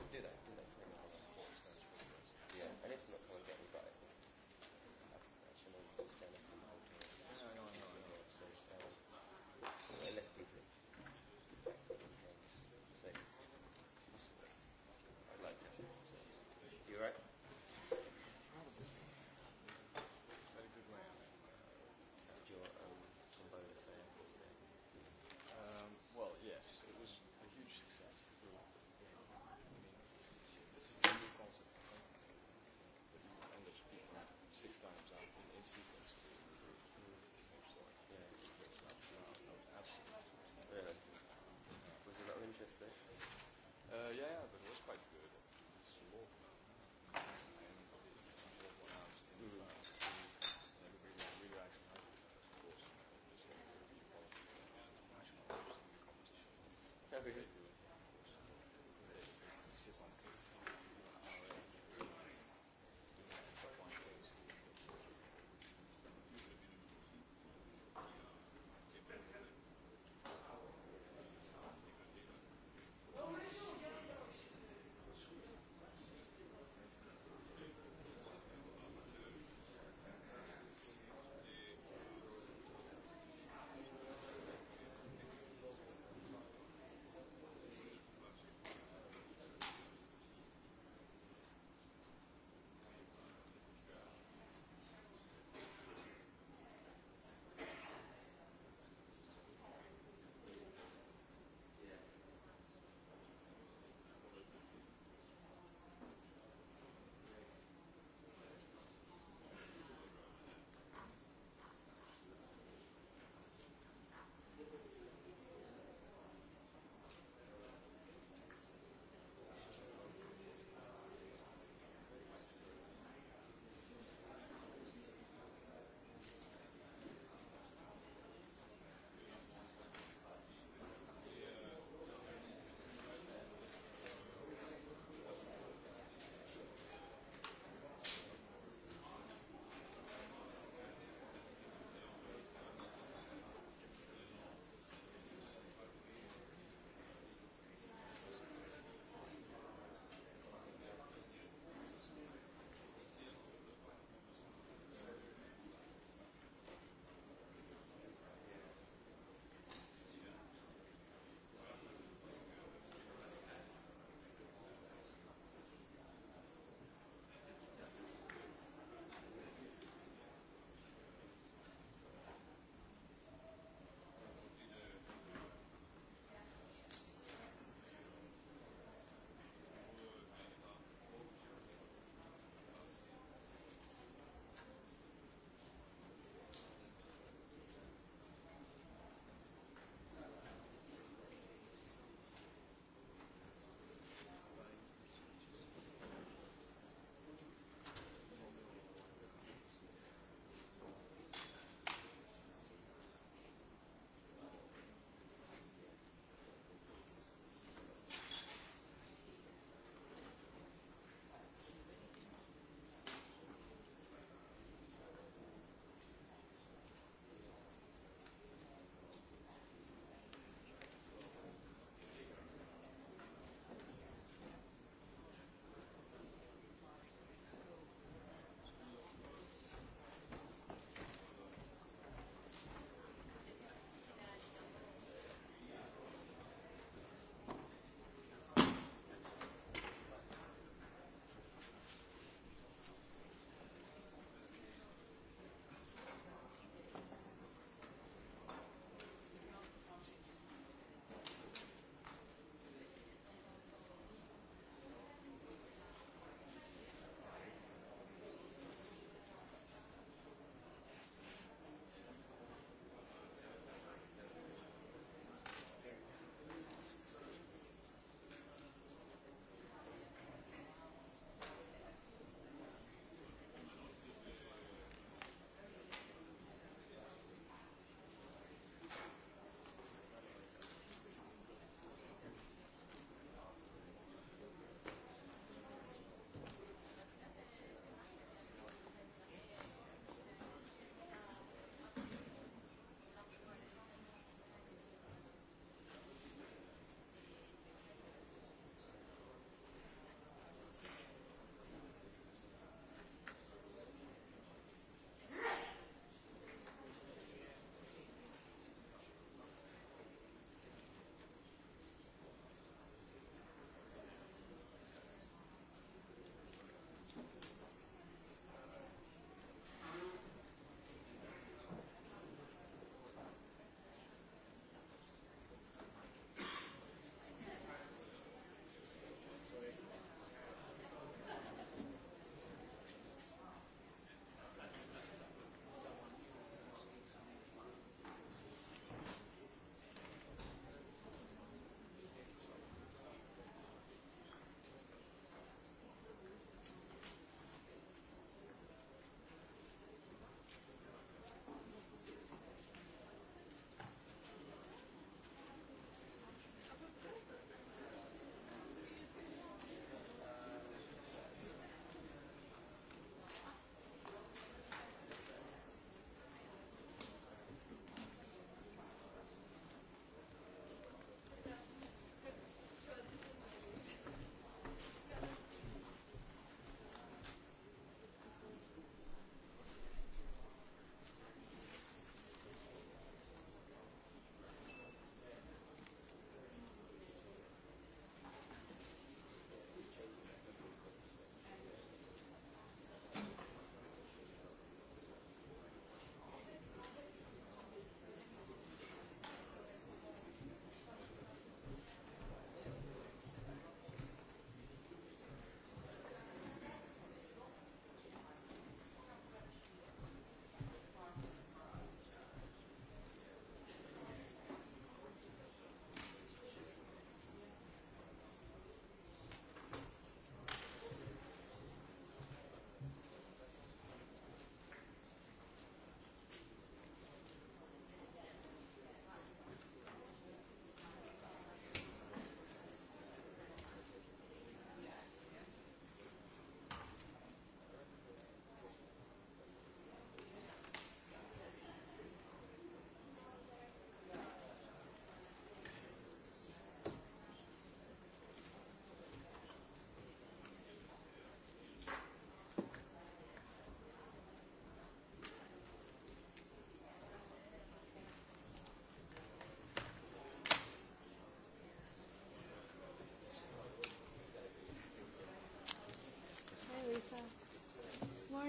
do teda. that.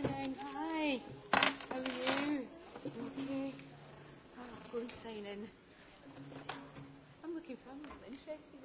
morning. Hi. How are you? Okay. Oh, go and sign in. I'm looking for, I'm little interested.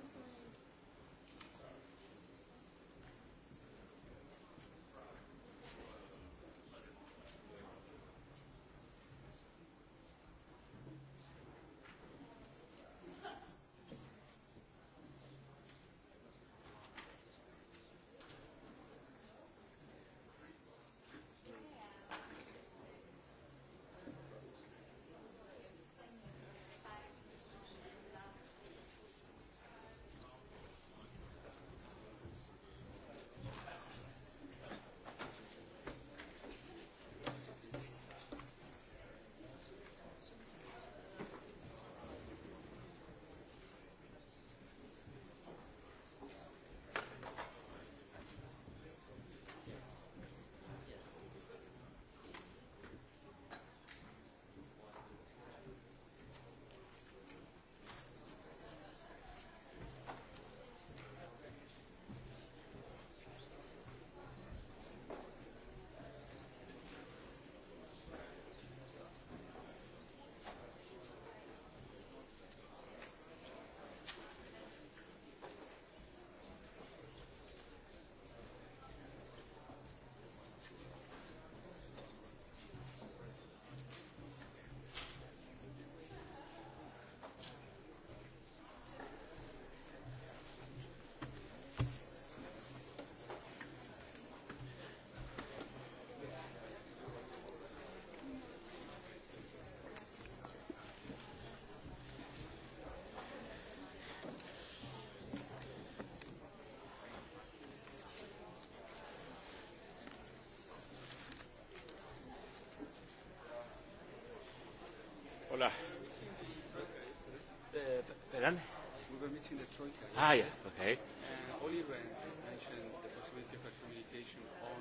Hola. Uh, eh, pardon? We were meeting the Troika. Ah, yes, okay. And Oli Rehn mentioned the possibility of a communication on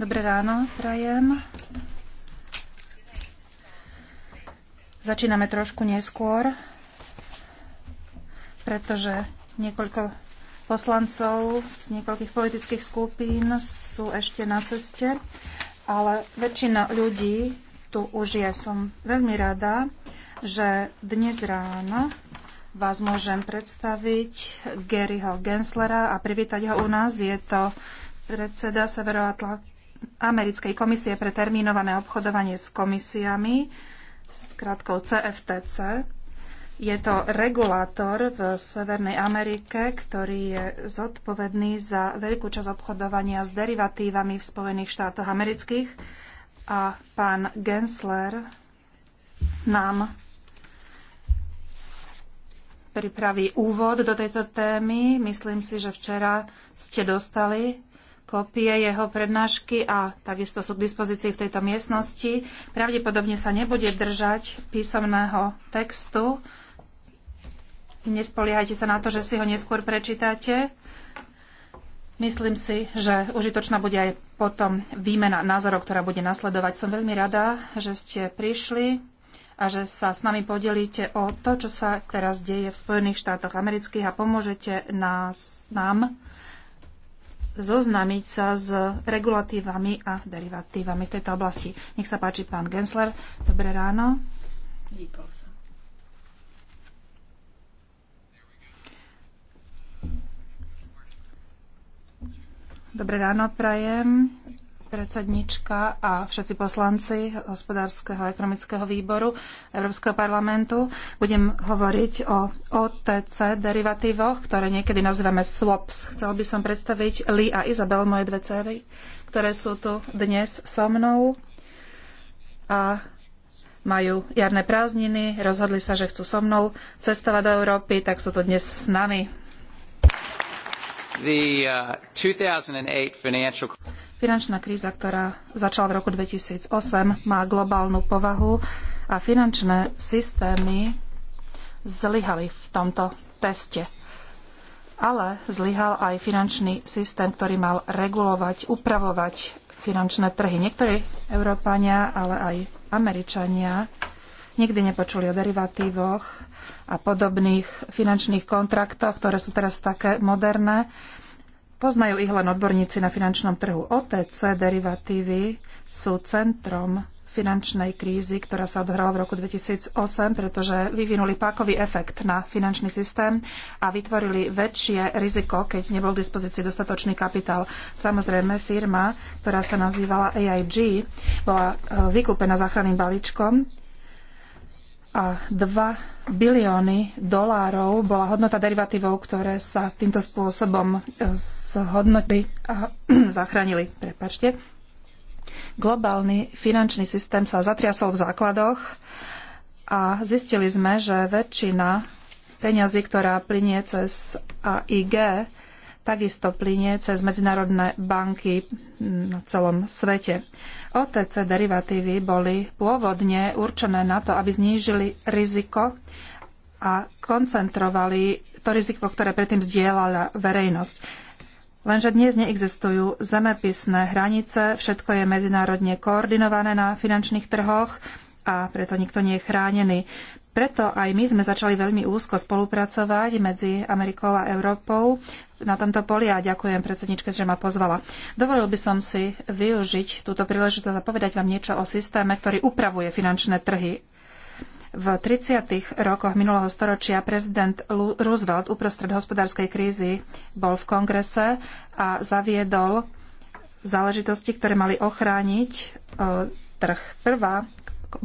Dobré ráno, prajem. Začíname trošku neskôr, pretože niekoľko poslancov z niekoľkých politických skupín sú ešte na ceste, ale väčšina ľudí tu už je. Som veľmi rada, že dnes ráno vás môžem predstaviť Garyho Genslera a privítať ho u nás. Je to predseda Severoamerickej komisie pre termínované obchodovanie s komisiami, s krátkou CFTC. Je to regulátor v Severnej Amerike, ktorý je zodpovedný za veľkú časť obchodovania s derivatívami v Spojených štátoch amerických. A pán Gensler nám pripraví úvod do tejto témy. Myslím si, že včera ste dostali Kopie jeho prednášky a takisto sú k dispozícii v tejto miestnosti. Pravdepodobne sa nebude držať písomného textu. Nespoliehajte sa na to, že si ho neskôr prečítate. Myslím si, že užitočná bude aj potom výmena názorov, ktorá bude nasledovať. Som veľmi rada, že ste prišli a že sa s nami podelíte o to, čo sa teraz deje v Spojených štátoch amerických a pomôžete nás, nám zoznamiť sa s regulatívami a derivatívami v tejto oblasti. Nech sa páči, pán Gensler. Dobré ráno. Dobré ráno, prajem predsednička a všetci poslanci hospodárskeho a ekonomického výboru Európskeho parlamentu. Budem hovoriť o OTC derivatívoch, ktoré niekedy nazývame swaps. Chcel by som predstaviť Lee a Izabel, moje dve cery, ktoré sú tu dnes so mnou a majú jarné prázdniny, rozhodli sa, že chcú so mnou cestovať do Európy, tak sú tu dnes s nami. Uh, Finančná kríza, ktorá začala v roku 2008, má globálnu povahu a finančné systémy zlyhali v tomto teste. Ale zlyhal aj finančný systém, ktorý mal regulovať, upravovať finančné trhy. Niektorí Európania, ale aj Američania nikdy nepočuli o derivatívoch a podobných finančných kontraktoch, ktoré sú teraz také moderné. Poznajú ich len odborníci na finančnom trhu. OTC derivatívy sú centrom finančnej krízy, ktorá sa odhrala v roku 2008, pretože vyvinuli pákový efekt na finančný systém a vytvorili väčšie riziko, keď nebol k dispozícii dostatočný kapitál. Samozrejme, firma, ktorá sa nazývala AIG, bola e, vykúpená záchranným balíčkom 2 bilióny dolárov bola hodnota derivatívov, ktoré sa týmto spôsobom e, zhodnotili a zachránili. Prepačte. Globálny finančný systém sa zatriasol v základoch a zistili sme, že väčšina peňazí, ktorá plinie cez AIG, takisto plinie cez medzinárodné banky na celom svete. OTC derivatívy boli pôvodne určené na to, aby znížili riziko a koncentrovali to riziko, ktoré predtým zdieľala verejnosť. Lenže dnes neexistujú zemepisné hranice, všetko je medzinárodne koordinované na finančných trhoch a preto nikto nie je chránený. Preto aj my sme začali veľmi úzko spolupracovať medzi Amerikou a Európou na tomto poli a ďakujem predsedničke, že ma pozvala. Dovolil by som si využiť túto príležitosť a povedať vám niečo o systéme, ktorý upravuje finančné trhy v 30. rokoch minulého storočia prezident Roosevelt uprostred hospodárskej krízy bol v kongrese a zaviedol záležitosti, ktoré mali ochrániť e, trh. Prvá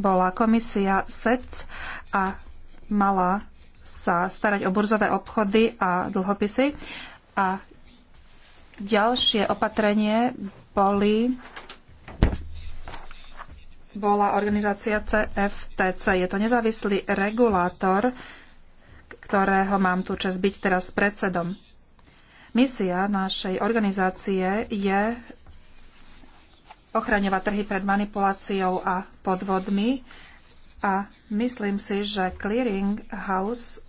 bola komisia SEC a mala sa starať o burzové obchody a dlhopisy. A ďalšie opatrenie boli, bola organizácia CFTC. Je to nezávislý regulátor, ktorého mám tu čas byť teraz predsedom. Misia našej organizácie je ochraňovať trhy pred manipuláciou a podvodmi a Myslím si, že clearing house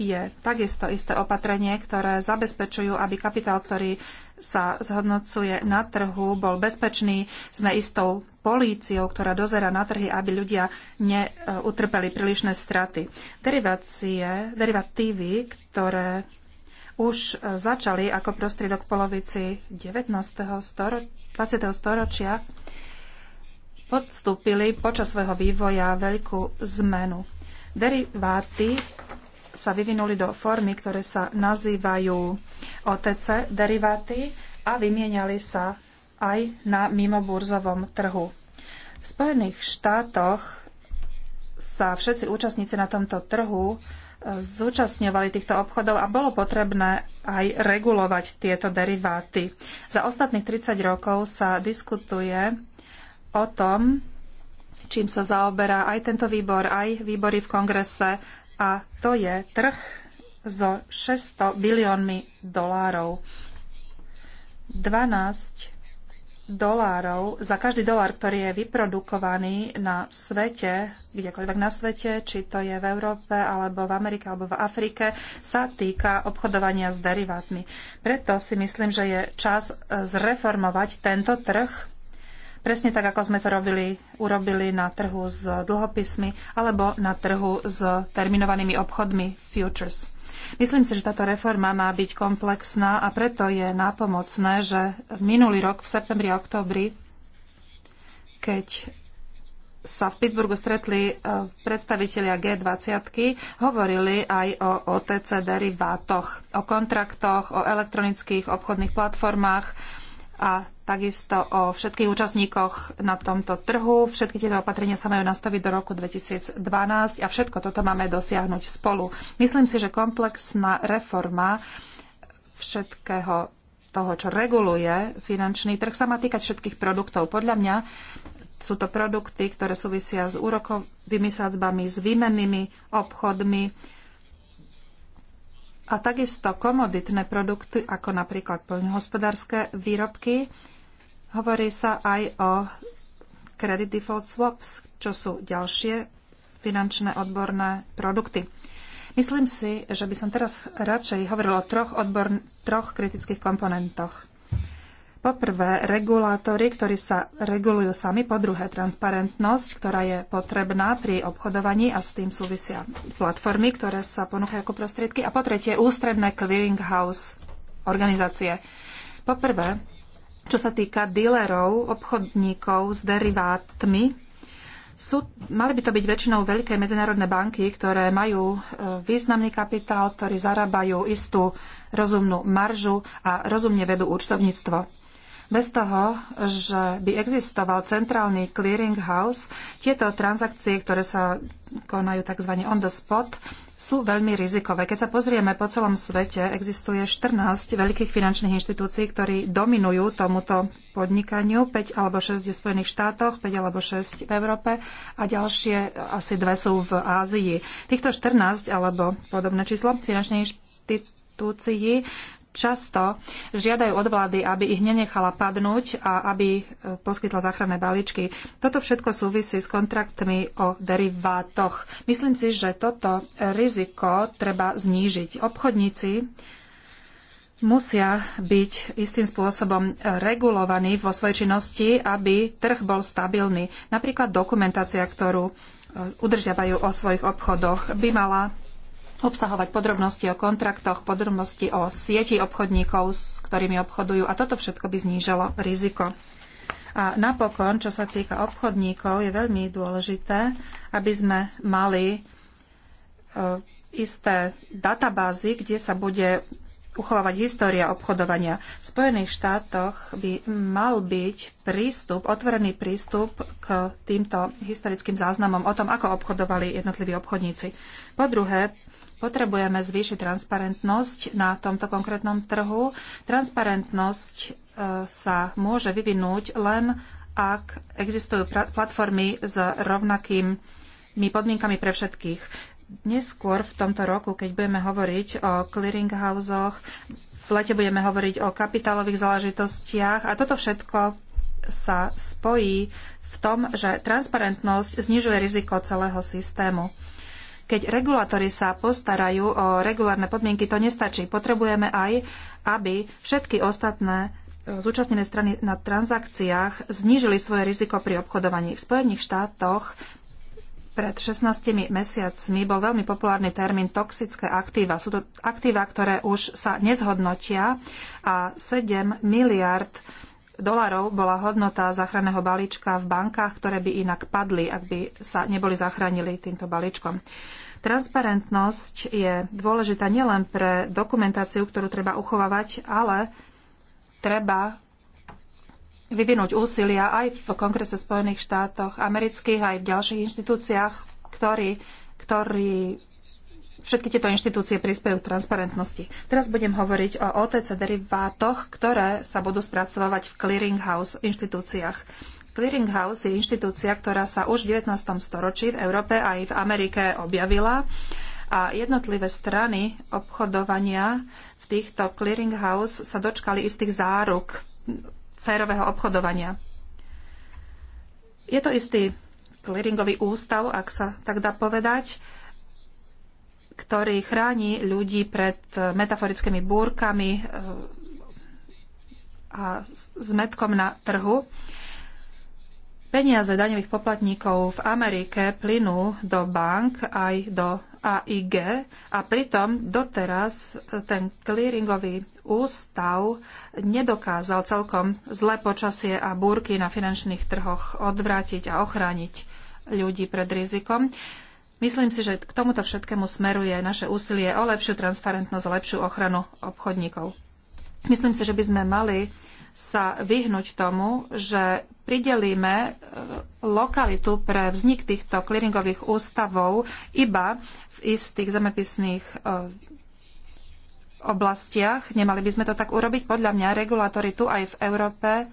je takisto isté opatrenie, ktoré zabezpečujú, aby kapitál, ktorý sa zhodnocuje na trhu, bol bezpečný. Sme istou políciou, ktorá dozera na trhy, aby ľudia neutrpeli prílišné straty. Derivácie, derivatívy, ktoré už začali ako prostriedok polovici 19. 20. storočia, podstúpili počas svojho vývoja veľkú zmenu. Deriváty sa vyvinuli do formy, ktoré sa nazývajú OTC deriváty a vymieniali sa aj na mimoburzovom trhu. V Spojených štátoch sa všetci účastníci na tomto trhu e, zúčastňovali týchto obchodov a bolo potrebné aj regulovať tieto deriváty. Za ostatných 30 rokov sa diskutuje o tom, čím sa zaoberá aj tento výbor, aj výbory v kongrese, a to je trh so 600 biliónmi dolárov. 12 dolárov za každý dolár, ktorý je vyprodukovaný na svete, kdekoľvek na svete, či to je v Európe, alebo v Amerike, alebo v Afrike, sa týka obchodovania s derivátmi. Preto si myslím, že je čas zreformovať tento trh presne tak, ako sme to robili, urobili na trhu s dlhopismi alebo na trhu s terminovanými obchodmi futures. Myslím si, že táto reforma má byť komplexná a preto je nápomocné, že minulý rok v septembri a oktobri, keď sa v Pittsburghu stretli e, predstavitelia G20, hovorili aj o OTC derivátoch, o kontraktoch, o elektronických obchodných platformách, a takisto o všetkých účastníkoch na tomto trhu. Všetky tieto opatrenia sa majú nastaviť do roku 2012 a všetko toto máme dosiahnuť spolu. Myslím si, že komplexná reforma všetkého toho, čo reguluje finančný trh, sa má týkať všetkých produktov. Podľa mňa sú to produkty, ktoré súvisia s úrokovými sadzbami, s výmennými obchodmi, a takisto komoditné produkty, ako napríklad poľnohospodárske výrobky, hovorí sa aj o credit default swaps, čo sú ďalšie finančné odborné produkty. Myslím si, že by som teraz radšej hovoril o troch, odborn- troch kritických komponentoch. Po prvé, regulátory, ktorí sa regulujú sami. Po druhé, transparentnosť, ktorá je potrebná pri obchodovaní a s tým súvisia platformy, ktoré sa ponúkajú ako prostriedky. A po tretie, ústredné clearinghouse organizácie. Po prvé, čo sa týka dílerov, obchodníkov s derivátmi, sú, mali by to byť väčšinou veľké medzinárodné banky, ktoré majú e, významný kapitál, ktorí zarábajú istú rozumnú maržu a rozumne vedú účtovníctvo. Bez toho, že by existoval centrálny clearing house, tieto transakcie, ktoré sa konajú tzv. on the spot, sú veľmi rizikové. Keď sa pozrieme po celom svete, existuje 14 veľkých finančných inštitúcií, ktorí dominujú tomuto podnikaniu, 5 alebo 6 v Spojených štátoch, 5 alebo 6 v Európe a ďalšie asi dve sú v Ázii. Týchto 14 alebo podobné číslo finančných inštitúcií inštitúcií často žiadajú od vlády, aby ich nenechala padnúť a aby e, poskytla záchranné balíčky. Toto všetko súvisí s kontraktmi o derivátoch. Myslím si, že toto riziko treba znížiť. Obchodníci musia byť istým spôsobom regulovaní vo svojej činnosti, aby trh bol stabilný. Napríklad dokumentácia, ktorú e, udržiavajú o svojich obchodoch, by mala obsahovať podrobnosti o kontraktoch, podrobnosti o sieti obchodníkov, s ktorými obchodujú a toto všetko by znížilo riziko. A napokon, čo sa týka obchodníkov, je veľmi dôležité, aby sme mali e, isté databázy, kde sa bude uchovávať história obchodovania. V Spojených štátoch by mal byť prístup, otvorený prístup k týmto historickým záznamom o tom, ako obchodovali jednotliví obchodníci. Po druhé, Potrebujeme zvýšiť transparentnosť na tomto konkrétnom trhu. Transparentnosť e, sa môže vyvinúť len, ak existujú platformy s rovnakými podmienkami pre všetkých. Neskôr v tomto roku, keď budeme hovoriť o clearinghousoch, v lete budeme hovoriť o kapitálových záležitostiach a toto všetko sa spojí v tom, že transparentnosť znižuje riziko celého systému. Keď regulátori sa postarajú o regulárne podmienky, to nestačí. Potrebujeme aj, aby všetky ostatné e, zúčastnené strany na transakciách znížili svoje riziko pri obchodovaní. V Spojených štátoch pred 16 mesiacmi bol veľmi populárny termín toxické aktíva. Sú to aktíva, ktoré už sa nezhodnotia a 7 miliard dolarov bola hodnota záchranného balíčka v bankách, ktoré by inak padli, ak by sa neboli zachránili týmto balíčkom. Transparentnosť je dôležitá nielen pre dokumentáciu, ktorú treba uchovávať, ale treba vyvinúť úsilia aj v Kongrese Spojených štátoch amerických, aj v ďalších inštitúciách, ktorí, ktorí všetky tieto inštitúcie prispiejú k transparentnosti. Teraz budem hovoriť o OTC derivátoch, ktoré sa budú spracovávať v clearinghouse inštitúciách. Clearinghouse je inštitúcia, ktorá sa už v 19. storočí v Európe aj v Amerike objavila a jednotlivé strany obchodovania v týchto clearinghouse sa dočkali istých záruk férového obchodovania. Je to istý clearingový ústav, ak sa tak dá povedať, ktorý chráni ľudí pred metaforickými búrkami e, a zmetkom na trhu. Peniaze daňových poplatníkov v Amerike plynú do bank aj do AIG a pritom doteraz ten clearingový ústav nedokázal celkom zlé počasie a búrky na finančných trhoch odvrátiť a ochrániť ľudí pred rizikom. Myslím si, že k tomuto všetkému smeruje naše úsilie o lepšiu transparentnosť, lepšiu ochranu obchodníkov. Myslím si, že by sme mali sa vyhnúť tomu, že pridelíme e, lokalitu pre vznik týchto clearingových ústavov iba v istých zemepisných e, oblastiach. Nemali by sme to tak urobiť. Podľa mňa regulátory tu aj v Európe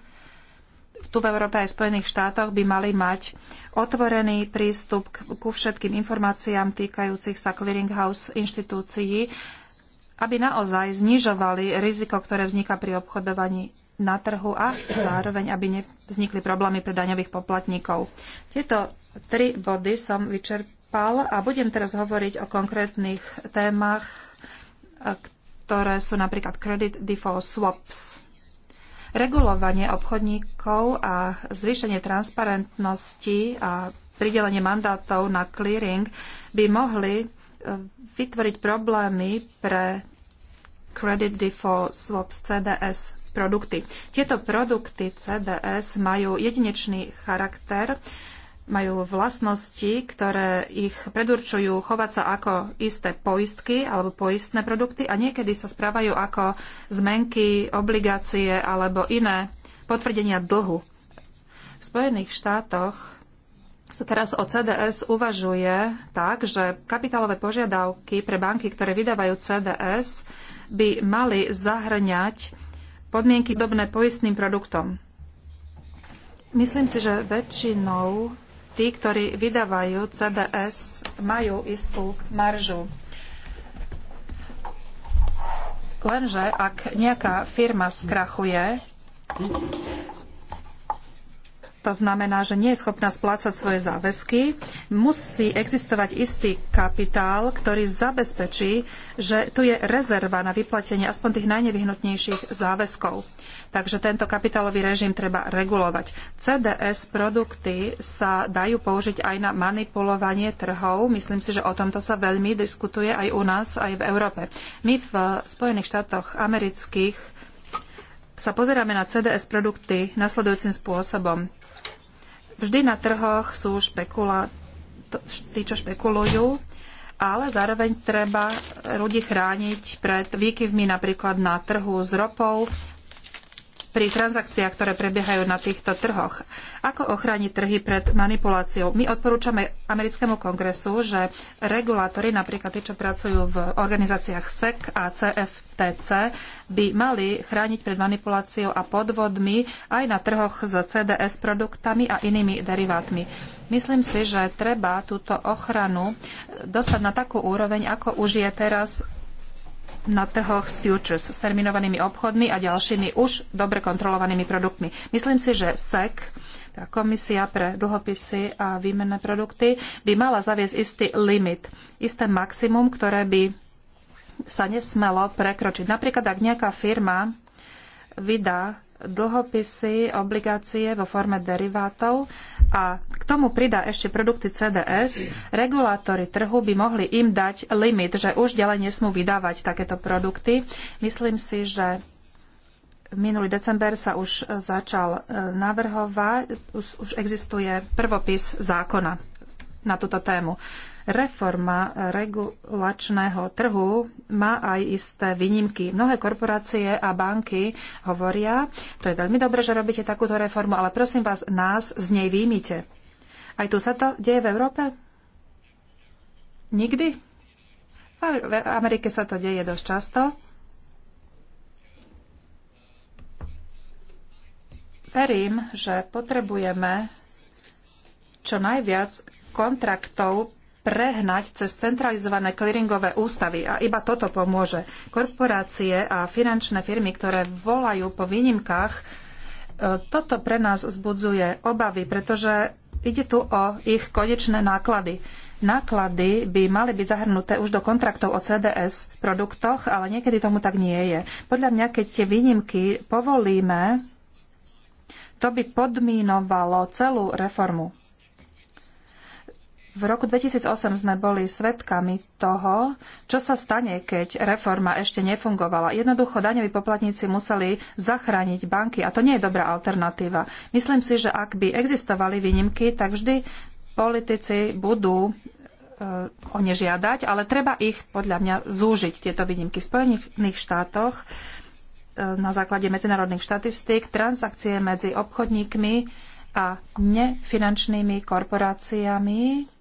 tu v Európe aj v Spojených štátoch by mali mať otvorený prístup ku všetkým informáciám týkajúcich sa clearinghouse inštitúcií, aby naozaj znižovali riziko, ktoré vzniká pri obchodovaní na trhu a zároveň, aby nevznikli problémy pre daňových poplatníkov. Tieto tri body som vyčerpal a budem teraz hovoriť o konkrétnych témach, ktoré sú napríklad credit default swaps. Regulovanie obchodníkov a zvýšenie transparentnosti a pridelenie mandátov na clearing by mohli e, vytvoriť problémy pre credit default swaps CDS produkty. Tieto produkty CDS majú jedinečný charakter, majú vlastnosti, ktoré ich predurčujú chovať sa ako isté poistky alebo poistné produkty a niekedy sa správajú ako zmenky, obligácie alebo iné potvrdenia dlhu. V Spojených štátoch sa teraz o CDS uvažuje tak, že kapitálové požiadavky pre banky, ktoré vydávajú CDS, by mali zahrňať podmienky dobné poistným produktom. Myslím si, že väčšinou tí, ktorí vydávajú CDS, majú istú maržu. Lenže ak nejaká firma skrachuje, to znamená, že nie je schopná splácať svoje záväzky, musí existovať istý kapitál, ktorý zabezpečí, že tu je rezerva na vyplatenie aspoň tých najnevyhnutnejších záväzkov. Takže tento kapitálový režim treba regulovať. CDS produkty sa dajú použiť aj na manipulovanie trhov. Myslím si, že o tomto sa veľmi diskutuje aj u nás, aj v Európe. My v Spojených štátoch amerických sa pozeráme na CDS produkty nasledujúcim spôsobom. Vždy na trhoch sú špekula, tí, čo špekulujú, ale zároveň treba ľudí chrániť pred výkyvmi napríklad na trhu s ropou pri transakciách, ktoré prebiehajú na týchto trhoch. Ako ochrániť trhy pred manipuláciou? My odporúčame americkému kongresu, že regulátori, napríklad tí, čo pracujú v organizáciách SEC a CFTC, by mali chrániť pred manipuláciou a podvodmi aj na trhoch s CDS produktami a inými derivátmi. Myslím si, že treba túto ochranu dostať na takú úroveň, ako už je teraz na trhoch s futures, s terminovanými obchodmi a ďalšími už dobre kontrolovanými produktmi. Myslím si, že SEC, tá komisia pre dlhopisy a výmenné produkty, by mala zaviesť istý limit, isté maximum, ktoré by sa nesmelo prekročiť. Napríklad, ak nejaká firma vydá dlhopisy, obligácie vo forme derivátov a tomu pridá ešte produkty CDS, regulátory trhu by mohli im dať limit, že už ďalej nesmú vydávať takéto produkty. Myslím si, že minulý december sa už začal e, navrhovať, už, už existuje prvopis zákona na túto tému. Reforma regulačného trhu má aj isté výnimky. Mnohé korporácie a banky hovoria, to je veľmi dobré, že robíte takúto reformu, ale prosím vás, nás z nej výjmite. Aj tu sa to deje v Európe? Nikdy? V Amerike sa to deje dosť často. Verím, že potrebujeme čo najviac kontraktov prehnať cez centralizované clearingové ústavy a iba toto pomôže. Korporácie a finančné firmy, ktoré volajú po výnimkách, e, toto pre nás zbudzuje obavy, pretože Ide tu o ich konečné náklady. Náklady by mali byť zahrnuté už do kontraktov o CDS produktoch, ale niekedy tomu tak nie je. Podľa mňa, keď tie výnimky povolíme, to by podmínovalo celú reformu. V roku 2008 sme boli svedkami toho, čo sa stane, keď reforma ešte nefungovala. Jednoducho daňoví poplatníci museli zachrániť banky a to nie je dobrá alternatíva. Myslím si, že ak by existovali výnimky, tak vždy politici budú eh, o ne žiadať, ale treba ich podľa mňa zúžiť, tieto výnimky. V Spojených štátoch eh, na základe medzinárodných štatistík transakcie medzi obchodníkmi a nefinančnými korporáciami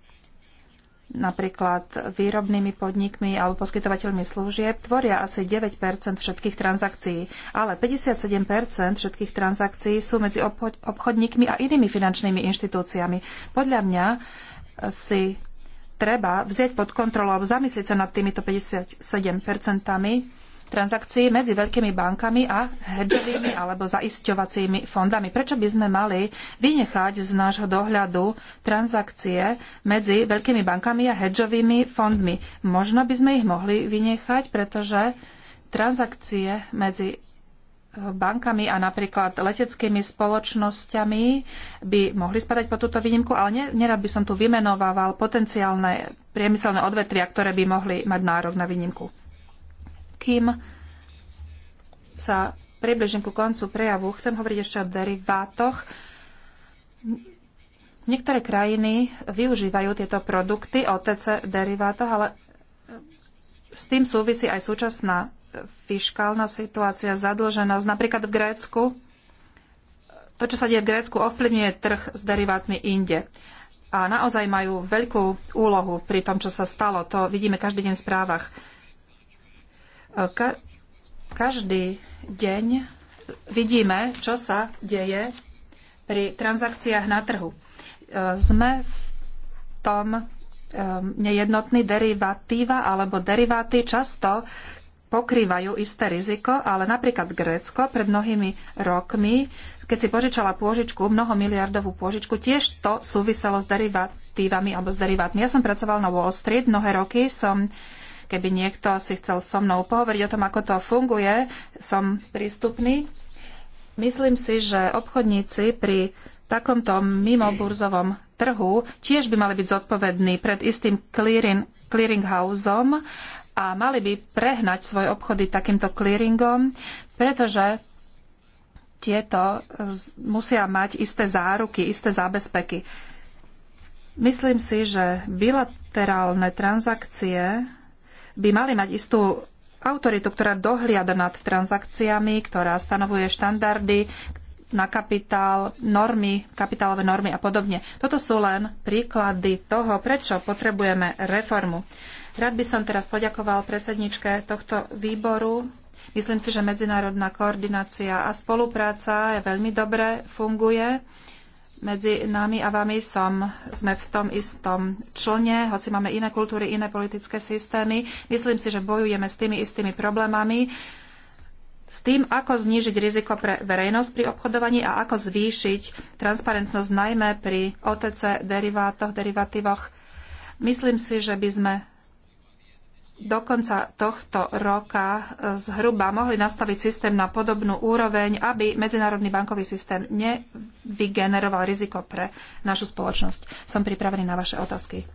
napríklad výrobnými podnikmi alebo poskytovateľmi služieb, tvoria asi 9 všetkých transakcií, ale 57 všetkých transakcií sú medzi obchodníkmi a inými finančnými inštitúciami. Podľa mňa si treba vziať pod kontrolou, zamyslieť sa nad týmito 57 percentami transakcií medzi veľkými bankami a hedžovými alebo zaisťovacími fondami. Prečo by sme mali vynechať z nášho dohľadu transakcie medzi veľkými bankami a hedžovými fondmi? Možno by sme ich mohli vynechať, pretože transakcie medzi eh, bankami a napríklad leteckými spoločnosťami by mohli spadať po túto výnimku, ale nerad by som tu vymenovával potenciálne priemyselné odvetvia, ktoré by mohli mať nárok na výnimku. Kým sa približím ku koncu prejavu, chcem hovoriť ešte o derivátoch. Niektoré krajiny využívajú tieto produkty OTC derivátoch, ale s tým súvisí aj súčasná fiškálna situácia, zadlženosť. Napríklad v Grécku to, čo sa deje v Grécku, ovplyvňuje trh s derivátmi inde. A naozaj majú veľkú úlohu pri tom, čo sa stalo. To vidíme každý deň v správach. Ka- každý deň vidíme, čo sa deje pri transakciách na trhu. E, sme v tom e, nejednotní derivatíva alebo deriváty často pokrývajú isté riziko, ale napríklad Grécko pred mnohými rokmi, keď si požičala pôžičku, mnohomiliardovú pôžičku, tiež to súviselo s derivatívami alebo s derivátmi. Ja som pracoval na Wall Street mnohé roky, som uh, Keby niekto si chcel so mnou pohovoriť o tom, ako to funguje, som prístupný. Myslím si, že obchodníci pri takomto mimoburzovom trhu tiež by mali byť zodpovední pred istým clearing, clearinghouseom a mali by prehnať svoje obchody takýmto clearingom, pretože tieto musia mať isté záruky, isté zábezpeky. Myslím si, že bilaterálne transakcie by mali mať istú autoritu, ktorá dohliada nad transakciami, ktorá stanovuje štandardy na kapitál, normy, kapitálové normy a podobne. Toto sú len príklady toho, prečo potrebujeme reformu. Rád by som teraz poďakoval predsedničke tohto výboru. Myslím si, že medzinárodná koordinácia a spolupráca je veľmi dobre funguje medzi nami a vami som, sme v tom istom člne, hoci máme iné kultúry, iné politické systémy. Myslím si, že bojujeme s tými istými problémami, s tým, ako znížiť riziko pre verejnosť pri obchodovaní a ako zvýšiť transparentnosť najmä pri OTC derivátoch, derivatívoch. Myslím si, že by sme do konca tohto roka eh, zhruba mohli nastaviť systém na podobnú úroveň, aby medzinárodný bankový systém nevygeneroval riziko pre našu spoločnosť. Som pripravený na vaše otázky.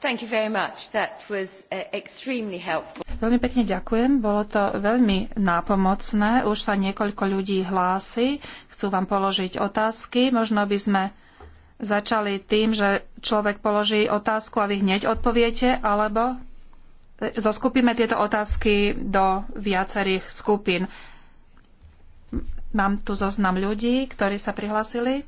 Eh, veľmi pekne ďakujem. Bolo to veľmi nápomocné. Už sa niekoľko ľudí hlási. Chcú vám položiť otázky. Možno by sme začali tým, že človek položí otázku a vy hneď odpoviete, alebo zoskupíme tieto otázky do viacerých skupín. Mám tu zoznam ľudí, ktorí sa prihlasili.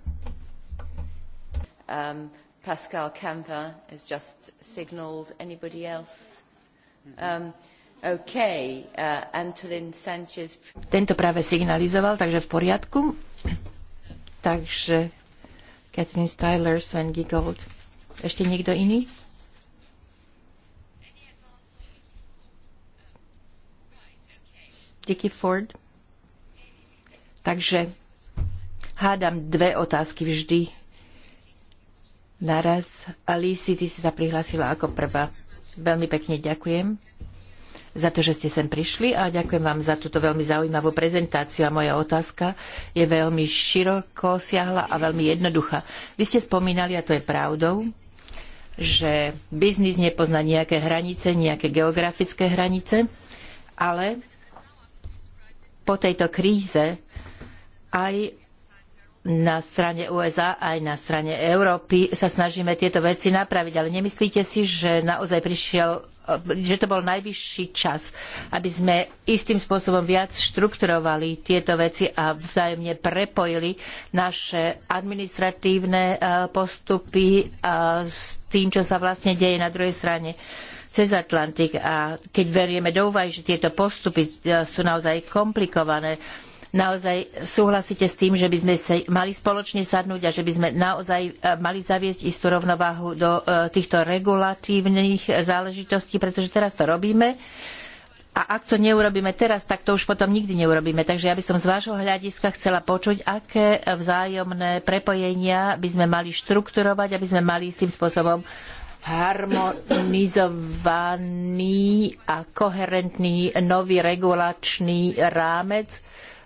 Um, Pascal Kampa has just signaled anybody else. Um, okay, uh, Antolin Sanchez. Tento práve signalizoval, takže v poriadku. Takže Catherine Styler, Sven Giegold. Ešte niekto iný? Dicky Ford. Takže hádam dve otázky vždy. Naraz. Alice, ty si sa prihlásila ako prvá. Veľmi pekne ďakujem za to, že ste sem prišli a ďakujem vám za túto veľmi zaujímavú prezentáciu a moja otázka je veľmi široko siahla a veľmi jednoduchá. Vy ste spomínali, a to je pravdou, že biznis nepozná nejaké hranice, nejaké geografické hranice, ale po tejto kríze aj na strane USA aj na strane Európy sa snažíme tieto veci napraviť, ale nemyslíte si, že naozaj prišiel, že to bol najvyšší čas, aby sme istým spôsobom viac štrukturovali tieto veci a vzájomne prepojili naše administratívne e, postupy e, s tým, čo sa vlastne deje na druhej strane cez Atlantik. A keď verieme do úvahy, že tieto postupy e, sú naozaj komplikované, naozaj súhlasíte s tým, že by sme sa mali spoločne sadnúť a že by sme naozaj e, mali zaviesť istú rovnováhu do e, týchto regulatívnych záležitostí, pretože teraz to robíme. A ak to neurobíme teraz, tak to už potom nikdy neurobíme. Takže ja by som z vášho hľadiska chcela počuť, aké vzájomné prepojenia by sme mali štrukturovať, aby sme mali istým spôsobom harmonizovaný a koherentný nový regulačný rámec,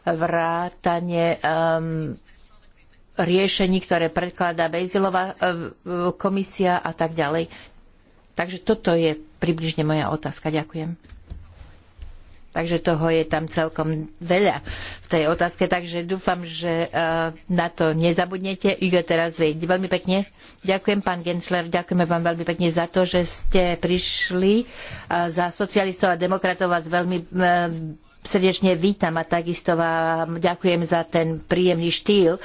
vrátane um, riešení, ktoré predkladá Bejzilová uh, komisia a tak ďalej. Takže toto je približne moja otázka. Ďakujem. Takže toho je tam celkom veľa v tej otázke, takže dúfam, že uh, na to nezabudnete. Igo teraz vie. Veľmi pekne. Ďakujem, pán Gensler, ďakujeme vám veľmi pekne za to, že ste prišli uh, za socialistov a demokratov vás veľmi srdečne vítam a takisto vám ďakujem za ten príjemný štýl,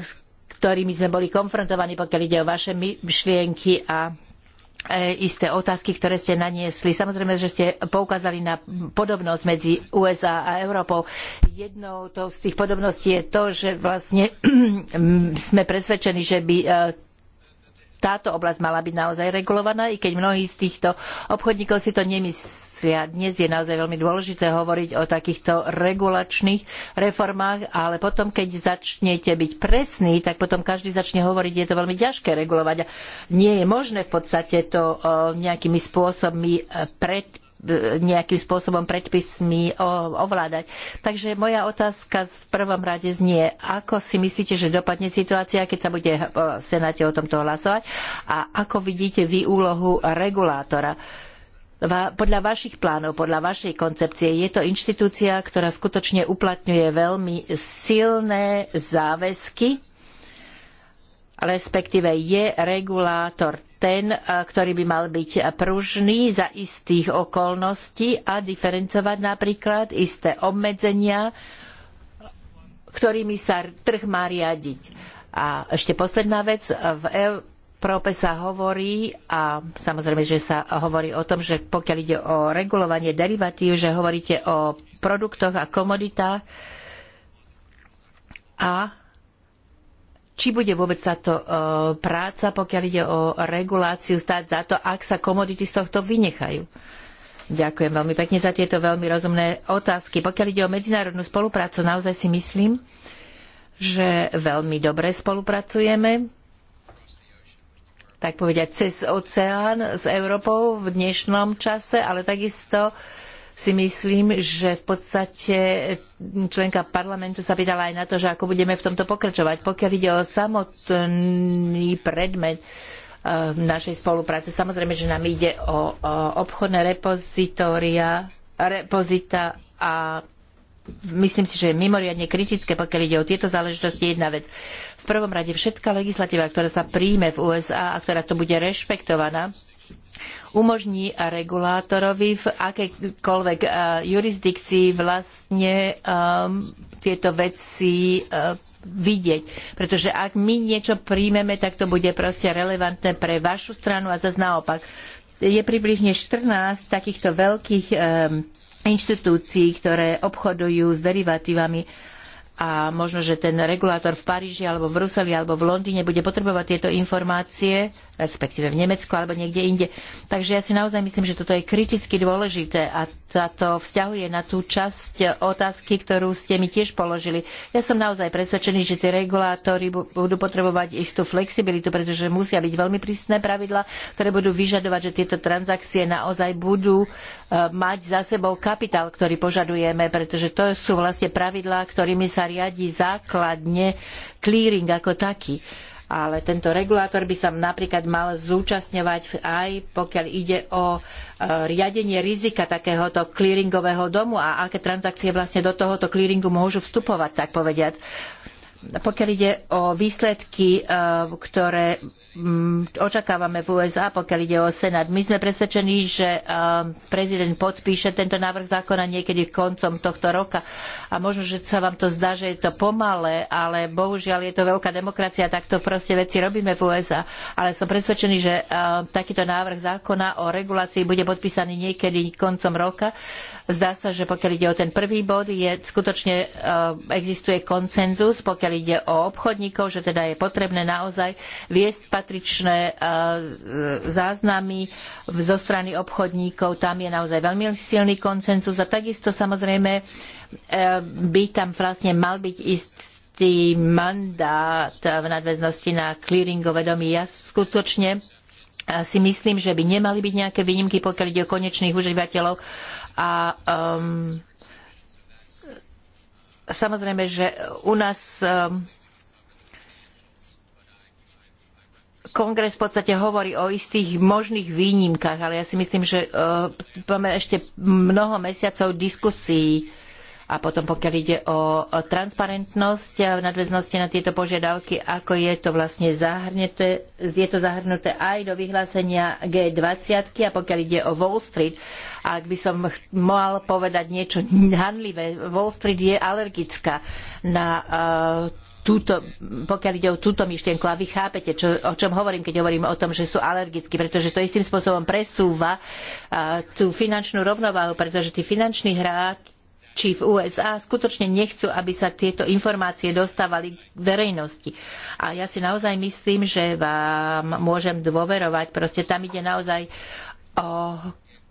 s ktorými sme boli konfrontovaní, pokiaľ ide o vaše myšlienky a e, isté otázky, ktoré ste naniesli. Samozrejme, že ste poukázali na podobnosť medzi USA a Európou. Jednou to z tých podobností je to, že vlastne sme presvedčení, že by e, táto oblasť mala byť naozaj regulovaná, i keď mnohí z týchto obchodníkov si to nemyslí a Dnes je naozaj veľmi dôležité hovoriť o takýchto regulačných reformách, ale potom, keď začnete byť presný, tak potom každý začne hovoriť, je to veľmi ťažké regulovať. nie je možné v podstate to e, nejakými spôsobmi e, pred e, nejakým spôsobom predpismi ovládať. Takže moja otázka v prvom rade znie, ako si myslíte, že dopadne situácia, keď sa bude v Senáte o tomto hlasovať a ako vidíte vy úlohu regulátora? podľa vašich plánov, podľa vašej koncepcie, je to inštitúcia, ktorá skutočne uplatňuje veľmi silné záväzky, respektíve je regulátor ten, ktorý by mal byť pružný za istých okolností a diferencovať napríklad isté obmedzenia, ktorými sa trh má riadiť. A ešte posledná vec. V e Európe sa hovorí, a samozrejme, že sa hovorí o tom, že pokiaľ ide o regulovanie derivatív, že hovoríte o produktoch a komoditách a či bude vôbec táto e, práca, pokiaľ ide o reguláciu, stáť za to, ak sa komodity z tohto vynechajú. Ďakujem veľmi pekne za tieto veľmi rozumné otázky. Pokiaľ ide o medzinárodnú spoluprácu, naozaj si myslím, že veľmi dobre spolupracujeme tak povedať, cez oceán s Európou v dnešnom čase, ale takisto si myslím, že v podstate členka parlamentu sa pýtala aj na to, že ako budeme v tomto pokračovať. Pokiaľ ide o samotný predmet eh, našej spolupráce, samozrejme, že nám ide o, obchodné repozitória, repozita a myslím si, že je mimoriadne kritické, pokiaľ ide o tieto záležitosti, jedna vec. V prvom rade všetká legislatíva, ktorá sa príjme v USA a ktorá tu bude rešpektovaná, umožní regulátorovi v akejkoľvek eh, jurisdikcii vlastne um, tieto veci uh, vidieť. Pretože ak my niečo príjmeme, tak to bude proste relevantné pre vašu stranu a zase naopak. Je približne 14 takýchto veľkých um, inštitúcií, ktoré obchodujú s derivatívami a možno, že ten regulátor v Paríži alebo v Bruseli alebo v Londýne bude potrebovať tieto informácie respektíve v Nemecku alebo niekde inde. Takže ja si naozaj myslím, že toto je kriticky dôležité a sa to vzťahuje na tú časť otázky, ktorú ste mi tiež položili. Ja som naozaj presvedčený, že tie regulátory budú potrebovať istú flexibilitu, pretože musia byť veľmi prísne pravidlá, ktoré budú vyžadovať, že tieto transakcie naozaj budú e, mať za sebou kapitál, ktorý požadujeme, pretože to sú vlastne pravidlá, ktorými sa riadi základne clearing ako taký ale tento regulátor by sa napríklad mal zúčastňovať aj pokiaľ ide o e, riadenie rizika takéhoto clearingového domu a aké transakcie vlastne do tohoto clearingu môžu vstupovať, tak povediať. Pokiaľ ide o výsledky, e, ktoré Mm, očakávame v USA, pokiaľ ide o Senát. My sme presvedčení, že um, prezident podpíše tento návrh zákona niekedy koncom tohto roka. A možno, že sa vám to zdá, že je to pomalé, ale bohužiaľ je to veľká demokracia, takto proste veci robíme v USA. Ale som presvedčený, že um, takýto návrh zákona o regulácii bude podpísaný niekedy koncom roka. Zdá sa, že pokiaľ ide o ten prvý bod, je skutočne um, existuje konsenzus, pokiaľ ide o obchodníkov, že teda je potrebné naozaj viesť patričné e, e, záznamy zo strany obchodníkov. Tam je naozaj veľmi silný koncenzus a takisto samozrejme e, by tam vlastne mal byť istý mandát v nadväznosti na clearingové domy. Ja skutočne si myslím, že by nemali byť nejaké výnimky, pokiaľ ide o konečných užívateľov. A um, samozrejme, že u nás um, kongres v podstate hovorí o istých možných výnimkách, ale ja si myslím, že e, máme ešte mnoho mesiacov diskusií a potom pokiaľ ide o, o transparentnosť a v nadväznosti na tieto požiadavky, ako je to vlastne zahrnuté, je to zahrnuté aj do vyhlásenia G20 a pokiaľ ide o Wall Street, ak by som mal povedať niečo hanlivé, Wall Street je alergická na uh, túto, pokiaľ ide o túto myšlienku, a vy chápete, čo, o čom hovorím, keď hovorím o tom, že sú alergickí, pretože to istým spôsobom presúva a, tú finančnú rovnováhu, pretože tí finanční hráči v USA skutočne nechcú, aby sa tieto informácie dostávali k verejnosti. A ja si naozaj myslím, že vám môžem dôverovať. Proste tam ide naozaj o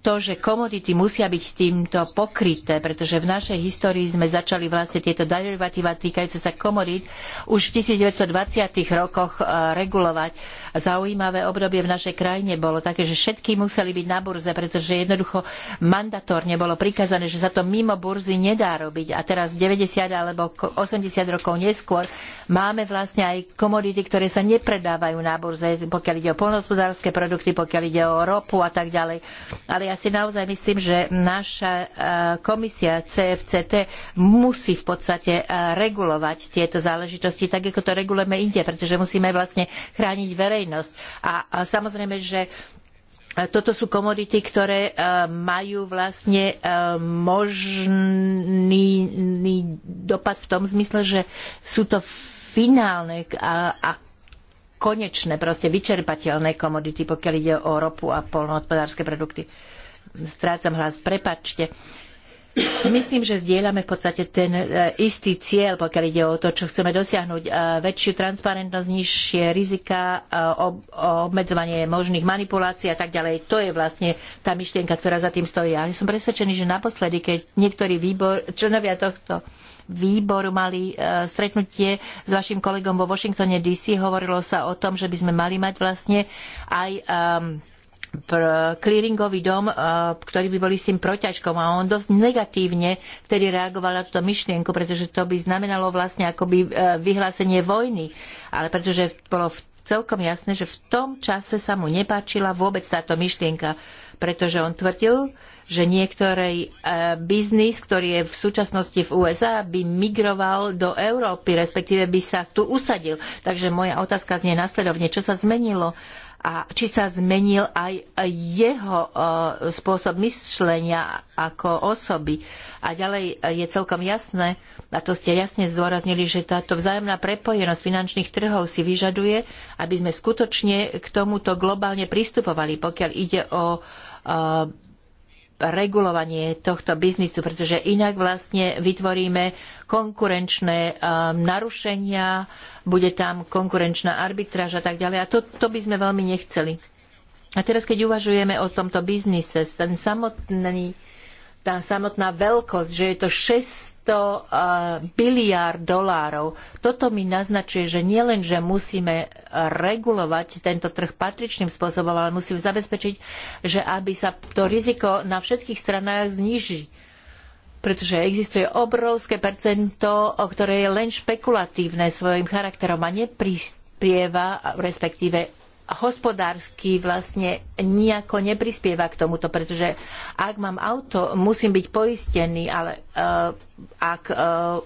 to, že komodity musia byť týmto pokryté, pretože v našej histórii sme začali vlastne tieto derivatíva týkajúce sa komodít už v 1920. rokoch e, regulovať. Zaujímavé obdobie v našej krajine bolo také, že všetky museli byť na burze, pretože jednoducho mandatórne bolo prikázané, že sa to mimo burzy nedá robiť. A teraz 90 alebo 80 rokov neskôr máme vlastne aj komodity, ktoré sa nepredávajú na burze, pokiaľ ide o poľnohospodárske produkty, pokiaľ ide o ropu a tak ďalej. Ale ja ja si naozaj myslím, že naša e, komisia CFCT musí v podstate e, regulovať tieto záležitosti tak, ako to regulujeme inde, pretože musíme vlastne chrániť verejnosť. A samozrejme, že e, toto sú komodity, ktoré majú vlastne možný dopad v tom zmysle, že sú to finálne a konečné, proste vyčerpateľné komodity, pokiaľ ide o ropu a poľnohospodárske produkty strácam hlas, prepačte. Myslím, že zdieľame v podstate ten e, istý cieľ, pokiaľ ide o to, čo chceme dosiahnuť. E, väčšiu transparentnosť, nižšie rizika, e, obmedzovanie možných manipulácií a tak ďalej. To je vlastne tá myšlienka, ktorá za tým stojí. Ale som presvedčený, že naposledy, keď niektorí výbor, členovia tohto výboru mali stretnutie s vašim kolegom vo Washingtone DC, hovorilo sa o tom, že by sme mali mať vlastne aj um, clearingový dom, ktorý by boli s tým proťažkom a on dosť negatívne vtedy reagoval na túto myšlienku, pretože to by znamenalo vlastne akoby e, vyhlásenie vojny, ale pretože bolo celkom jasné, že v tom čase sa mu nepáčila vôbec táto myšlienka, pretože on tvrdil, že niektorý e, biznis, ktorý je v súčasnosti v USA, by migroval do Európy, respektíve by sa tu usadil. Takže moja otázka znie nasledovne, čo sa zmenilo a či sa zmenil aj jeho e, spôsob myslenia ako osoby. A ďalej je celkom jasné, a to ste jasne zdôraznili, že táto vzájomná prepojenosť finančných trhov si vyžaduje, aby sme skutočne k tomuto globálne pristupovali, pokiaľ ide o e, regulovanie tohto biznisu, pretože inak vlastne vytvoríme konkurenčné um, narušenia, bude tam konkurenčná arbitráž a tak ďalej. A to, to by sme veľmi nechceli. A teraz, keď uvažujeme o tomto biznise, ten samotný tá samotná veľkosť, že je to 600 eh, biliárd dolárov. Toto mi naznačuje, že nielen, že musíme eh, regulovať tento trh patričným spôsobom, ale musíme zabezpečiť, že aby sa to riziko na všetkých stranách zníži pretože existuje obrovské percento, o ktoré je len špekulatívne svojim charakterom a neprispieva, respektíve hospodársky vlastne nejako neprispieva k tomuto, pretože ak mám auto, musím byť poistený, ale uh, ak uh,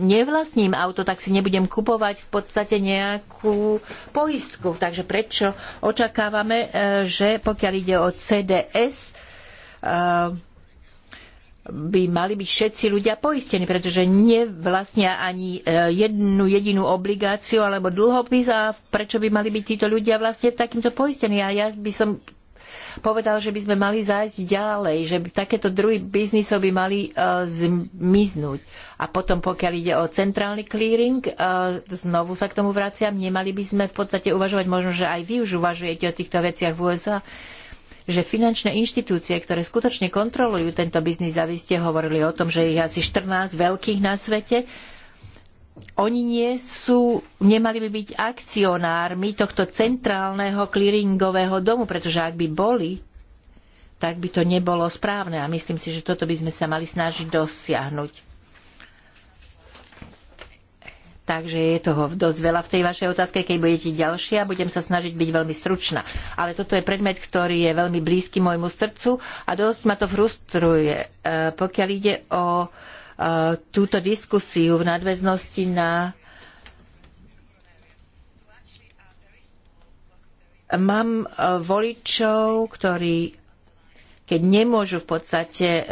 nevlastním auto, tak si nebudem kupovať v podstate nejakú poistku. Takže prečo očakávame, uh, že pokiaľ ide o CDS, uh, by mali byť všetci ľudia poistení, pretože nevlastnia ani e, jednu jedinú obligáciu alebo dlhopis a prečo by mali byť títo ľudia vlastne takýmto poistení. A ja by som povedal, že by sme mali zájsť ďalej, že takéto druhy biznisov by mali uh, zmiznúť. A potom, pokiaľ ide o centrálny clearing, uh, znovu sa k tomu vraciam, nemali by sme v podstate uvažovať, možno, že aj vy už uvažujete o týchto veciach v USA, že finančné inštitúcie, ktoré skutočne kontrolujú tento biznis, a vy ste hovorili o tom, že ich asi 14 veľkých na svete, oni nie sú, nemali by byť akcionármi tohto centrálneho clearingového domu, pretože ak by boli, tak by to nebolo správne a myslím si, že toto by sme sa mali snažiť dosiahnuť takže je toho dosť veľa v tej vašej otázke. Keď budete ďalšia, budem sa snažiť byť veľmi stručná. Ale toto je predmet, ktorý je veľmi blízky môjmu srdcu a dosť ma to frustruje. E, pokiaľ ide o e, túto diskusiu v nadväznosti na Mám e, voličov, ktorí keď nemôžu v podstate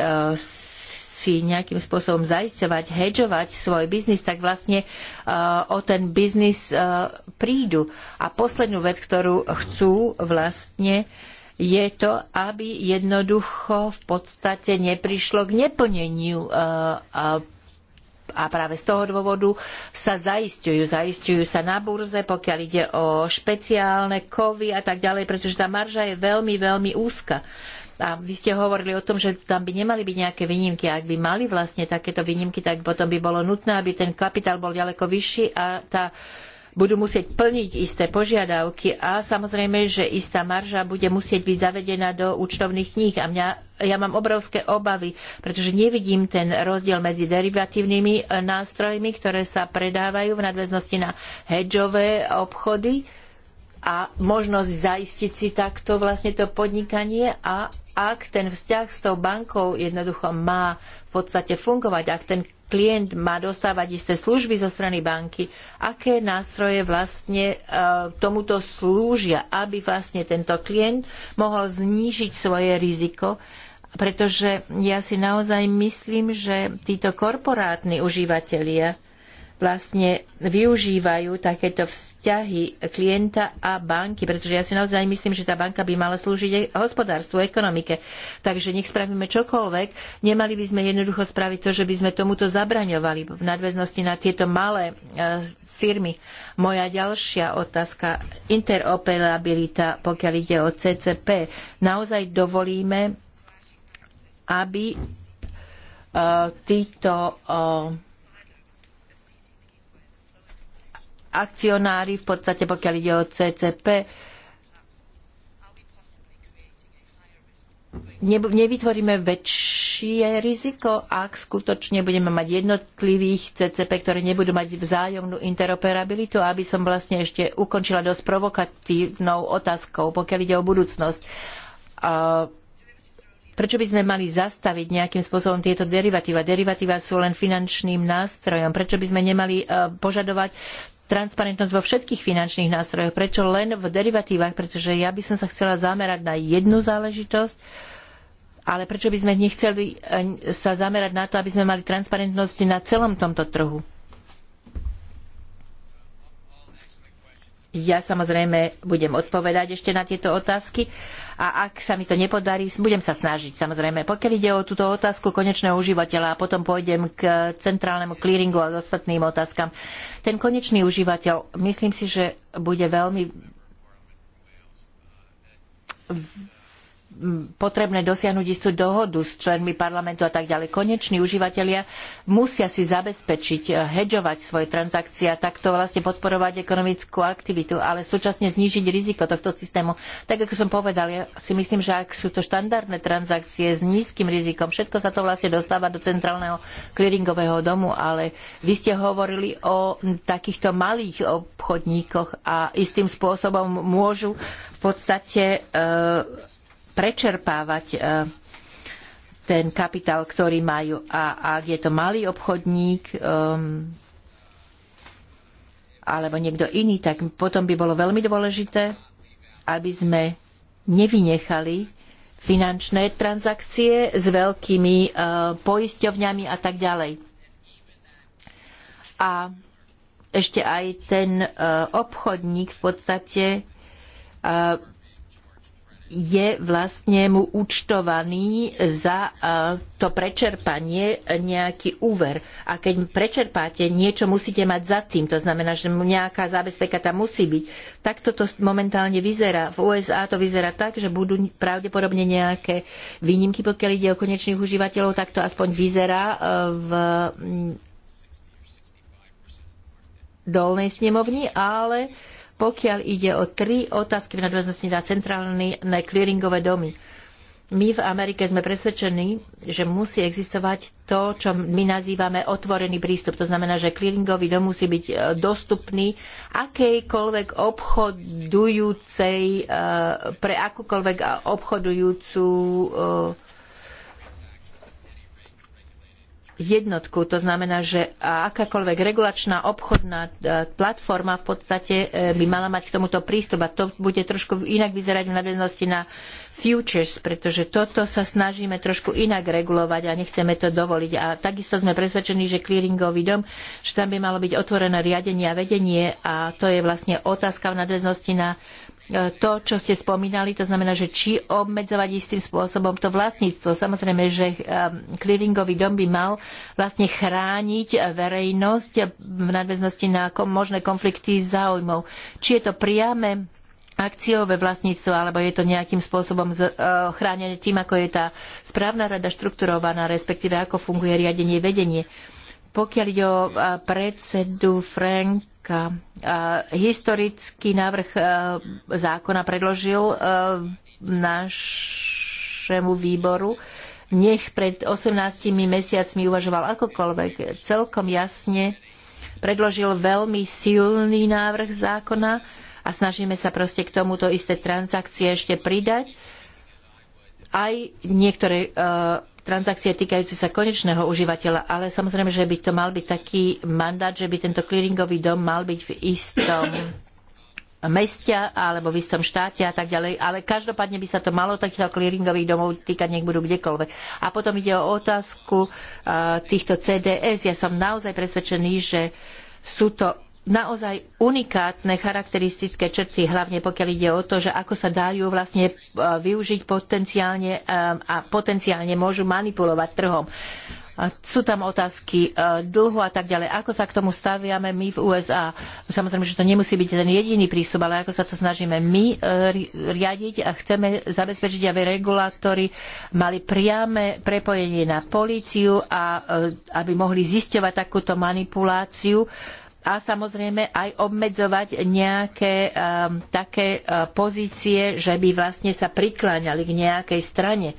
si nejakým spôsobom zaisťovať, hedžovať svoj biznis, tak vlastne e, o ten biznis e, prídu. A poslednú vec, ktorú chcú vlastne je to, aby jednoducho v podstate neprišlo k neplneniu e, a práve z toho dôvodu sa zaistujú. Zaistujú sa na burze, pokiaľ ide o špeciálne kovy a tak ďalej, pretože tá marža je veľmi, veľmi úzka. A vy ste hovorili o tom, že tam by nemali byť nejaké výnimky. Ak by mali vlastne takéto výnimky, tak potom by bolo nutné, aby ten kapitál bol ďaleko vyšší a tá budú musieť plniť isté požiadavky a samozrejme, že istá marža bude musieť byť zavedená do účtovných kníh. A mňa, ja mám obrovské obavy, pretože nevidím ten rozdiel medzi derivatívnymi eh, nástrojmi, ktoré sa predávajú v nadväznosti na hedžové obchody a možnosť zaistiť si takto vlastne to podnikanie a ak ten vzťah s tou bankou jednoducho má v podstate fungovať, ak ten klient má dostávať isté služby zo strany banky, aké nástroje vlastne e, tomuto slúžia, aby vlastne tento klient mohol znížiť svoje riziko, pretože ja si naozaj myslím, že títo korporátni užívateľia vlastne využívajú takéto vzťahy klienta a banky, pretože ja si naozaj myslím, že tá banka by mala slúžiť aj hospodárstvu, ekonomike. Takže nech spravíme čokoľvek, nemali by sme jednoducho spraviť to, že by sme tomuto zabraňovali v nadväznosti na tieto malé e, firmy. Moja ďalšia otázka, interoperabilita, pokiaľ ide o CCP, naozaj dovolíme, aby e, títo e, akcionári, v podstate pokiaľ ide o CCP, nevytvoríme väčšie riziko, ak skutočne budeme mať jednotlivých CCP, ktoré nebudú mať vzájomnú interoperabilitu, aby som vlastne ešte ukončila dosť provokatívnou otázkou, pokiaľ ide o budúcnosť. Prečo by sme mali zastaviť nejakým spôsobom tieto derivatíva? Derivatíva sú len finančným nástrojom. Prečo by sme nemali e, požadovať transparentnosť vo všetkých finančných nástrojoch. Prečo len v derivatívach? Pretože ja by som sa chcela zamerať na jednu záležitosť, ale prečo by sme nechceli eh, sa zamerať na to, aby sme mali transparentnosť na celom tomto trhu? Ja samozrejme budem odpovedať ešte na tieto otázky a ak sa mi to nepodarí, budem sa snažiť samozrejme. Pokiaľ ide o túto otázku konečného užívateľa a potom pôjdem k centrálnemu clearingu a ostatným otázkam, ten konečný užívateľ, myslím si, že bude veľmi potrebné dosiahnuť istú dohodu s členmi parlamentu a tak ďalej. Koneční užívateľia musia si zabezpečiť, e, hedžovať svoje transakcie a takto vlastne podporovať ekonomickú aktivitu, ale súčasne znížiť riziko tohto systému. Tak ako som povedal, ja si myslím, že ak sú to štandardné transakcie s nízkym rizikom, všetko sa to vlastne dostáva do centrálneho clearingového domu, ale vy ste hovorili o takýchto malých obchodníkoch a istým spôsobom môžu v podstate e, prečerpávať e, ten kapitál, ktorý majú. A ak je to malý obchodník, e, alebo niekto iný, tak potom by bolo veľmi dôležité, aby sme nevynechali finančné transakcie s veľkými e, poisťovňami a tak ďalej. A ešte aj ten obchodník v podstate je vlastne mu účtovaný za e, to prečerpanie e, nejaký úver. A keď prečerpáte, niečo musíte mať za tým. To znamená, že nejaká zábezpeka tam musí byť. Tak toto momentálne vyzerá. V USA to vyzerá tak, že budú pravdepodobne nejaké výnimky, pokiaľ ide o konečných užívateľov, tak to aspoň vyzerá e, v dolnej snemovni, ale pokiaľ ide o tri otázky v nadväznosti na centrálne clearingové domy. My v Amerike sme presvedčení, že musí existovať to, čo my nazývame otvorený prístup. To znamená, že clearingový dom musí byť e, dostupný akejkoľvek obchodujúcej, e, pre akúkoľvek obchodujúcu e, jednotku. To znamená, že akákoľvek regulačná obchodná e, platforma v podstate e, by mala mať k tomuto prístup a to bude trošku inak vyzerať v nadväznosti na futures, pretože toto sa snažíme trošku inak regulovať a nechceme to dovoliť. A takisto sme presvedčení, že clearingový dom, že tam by malo byť otvorené riadenie a vedenie a to je vlastne otázka v nadväznosti na to, čo ste spomínali, to znamená, že či obmedzovať istým spôsobom to vlastníctvo. Samozrejme, že um, clearingový dom by mal vlastne chrániť verejnosť v nadväznosti na možné konflikty záujmov. Či je to priame akciové vlastníctvo, alebo je to nejakým spôsobom uh, chránené tým, ako je tá správna rada štrukturovaná, respektíve ako funguje riadenie vedenie. Pokiaľ ide o uh, predsedu Frank, Polska. Historický návrh e, zákona predložil e, našemu výboru. Nech pred 18 mesiacmi uvažoval akokoľvek, celkom jasne predložil veľmi silný návrh zákona a snažíme sa proste k tomuto isté transakcie ešte pridať. Aj niektoré uh, transakcie týkajúce sa konečného užívateľa, ale samozrejme, že by to mal byť taký mandát, že by tento clearingový dom mal byť v istom meste alebo v istom štáte a tak ďalej, ale každopádne by sa to malo takýchto clearingových domov týkať, nech budú kdekoľvek. A potom ide o otázku eh, týchto CDS. Ja som naozaj presvedčený, že sú to naozaj unikátne charakteristické črty, hlavne pokiaľ ide o to, že ako sa dajú vlastne e, využiť potenciálne e, a potenciálne môžu manipulovať trhom. Sú tam otázky e, dlhu a tak ďalej. Ako sa k tomu staviame my v USA? Samozrejme, že to nemusí byť ten jediný prístup, ale ako sa to snažíme my riadiť a chceme zabezpečiť, aby regulátori mali priame prepojenie na políciu a aby mohli zisťovať takúto manipuláciu a samozrejme aj obmedzovať nejaké um, také uh, pozície, že by vlastne sa prikláňali k nejakej strane.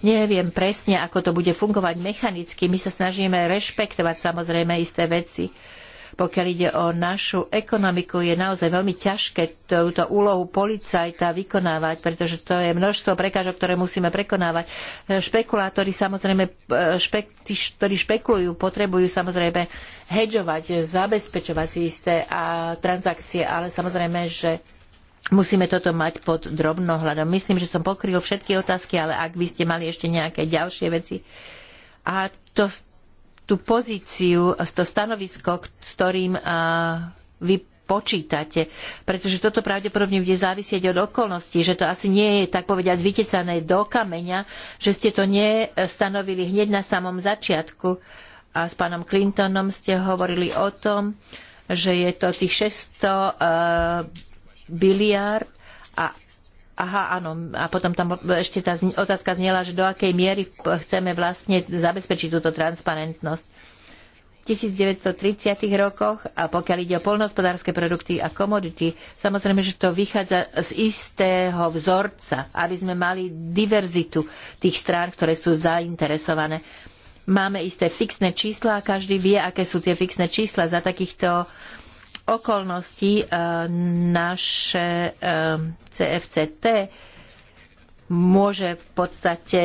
Neviem presne, ako to bude fungovať mechanicky. My sa snažíme rešpektovať samozrejme isté veci. Uh, pokiaľ ide o našu ekonomiku, je naozaj veľmi ťažké túto úlohu policajta vykonávať, pretože to je množstvo prekážok, ktoré musíme prekonávať. E, špekulátori samozrejme, e, špek, tí, ktorí špekulujú, potrebujú samozrejme hedžovať, zabezpečovať si isté a transakcie, ale samozrejme, že musíme toto mať pod drobnohľadom. Myslím, že som pokryl všetky otázky, ale ak by ste mali ešte nejaké ďalšie veci. A to tú pozíciu, to stanovisko, s ktorým vy počítate, pretože toto pravdepodobne bude závisieť od okolností, že to asi nie je, tak povediať, vytesané do kameňa, že ste to nestanovili hneď na samom začiatku. A s pánom Clintonom ste hovorili o tom, že je to tých 600 uh, e, a aha, áno, a potom tam ešte tá otázka zniela, že do akej miery chceme vlastne zabezpečiť túto transparentnosť. V 1930. rokoch, a pokiaľ ide o poľnohospodárske produkty a komodity, samozrejme, že to vychádza z istého vzorca, aby sme mali diverzitu tých strán, ktoré sú zainteresované. Máme isté fixné čísla a každý vie, aké sú tie fixné čísla. Za takýchto uh, okolností e, naše e, CFCT môže v podstate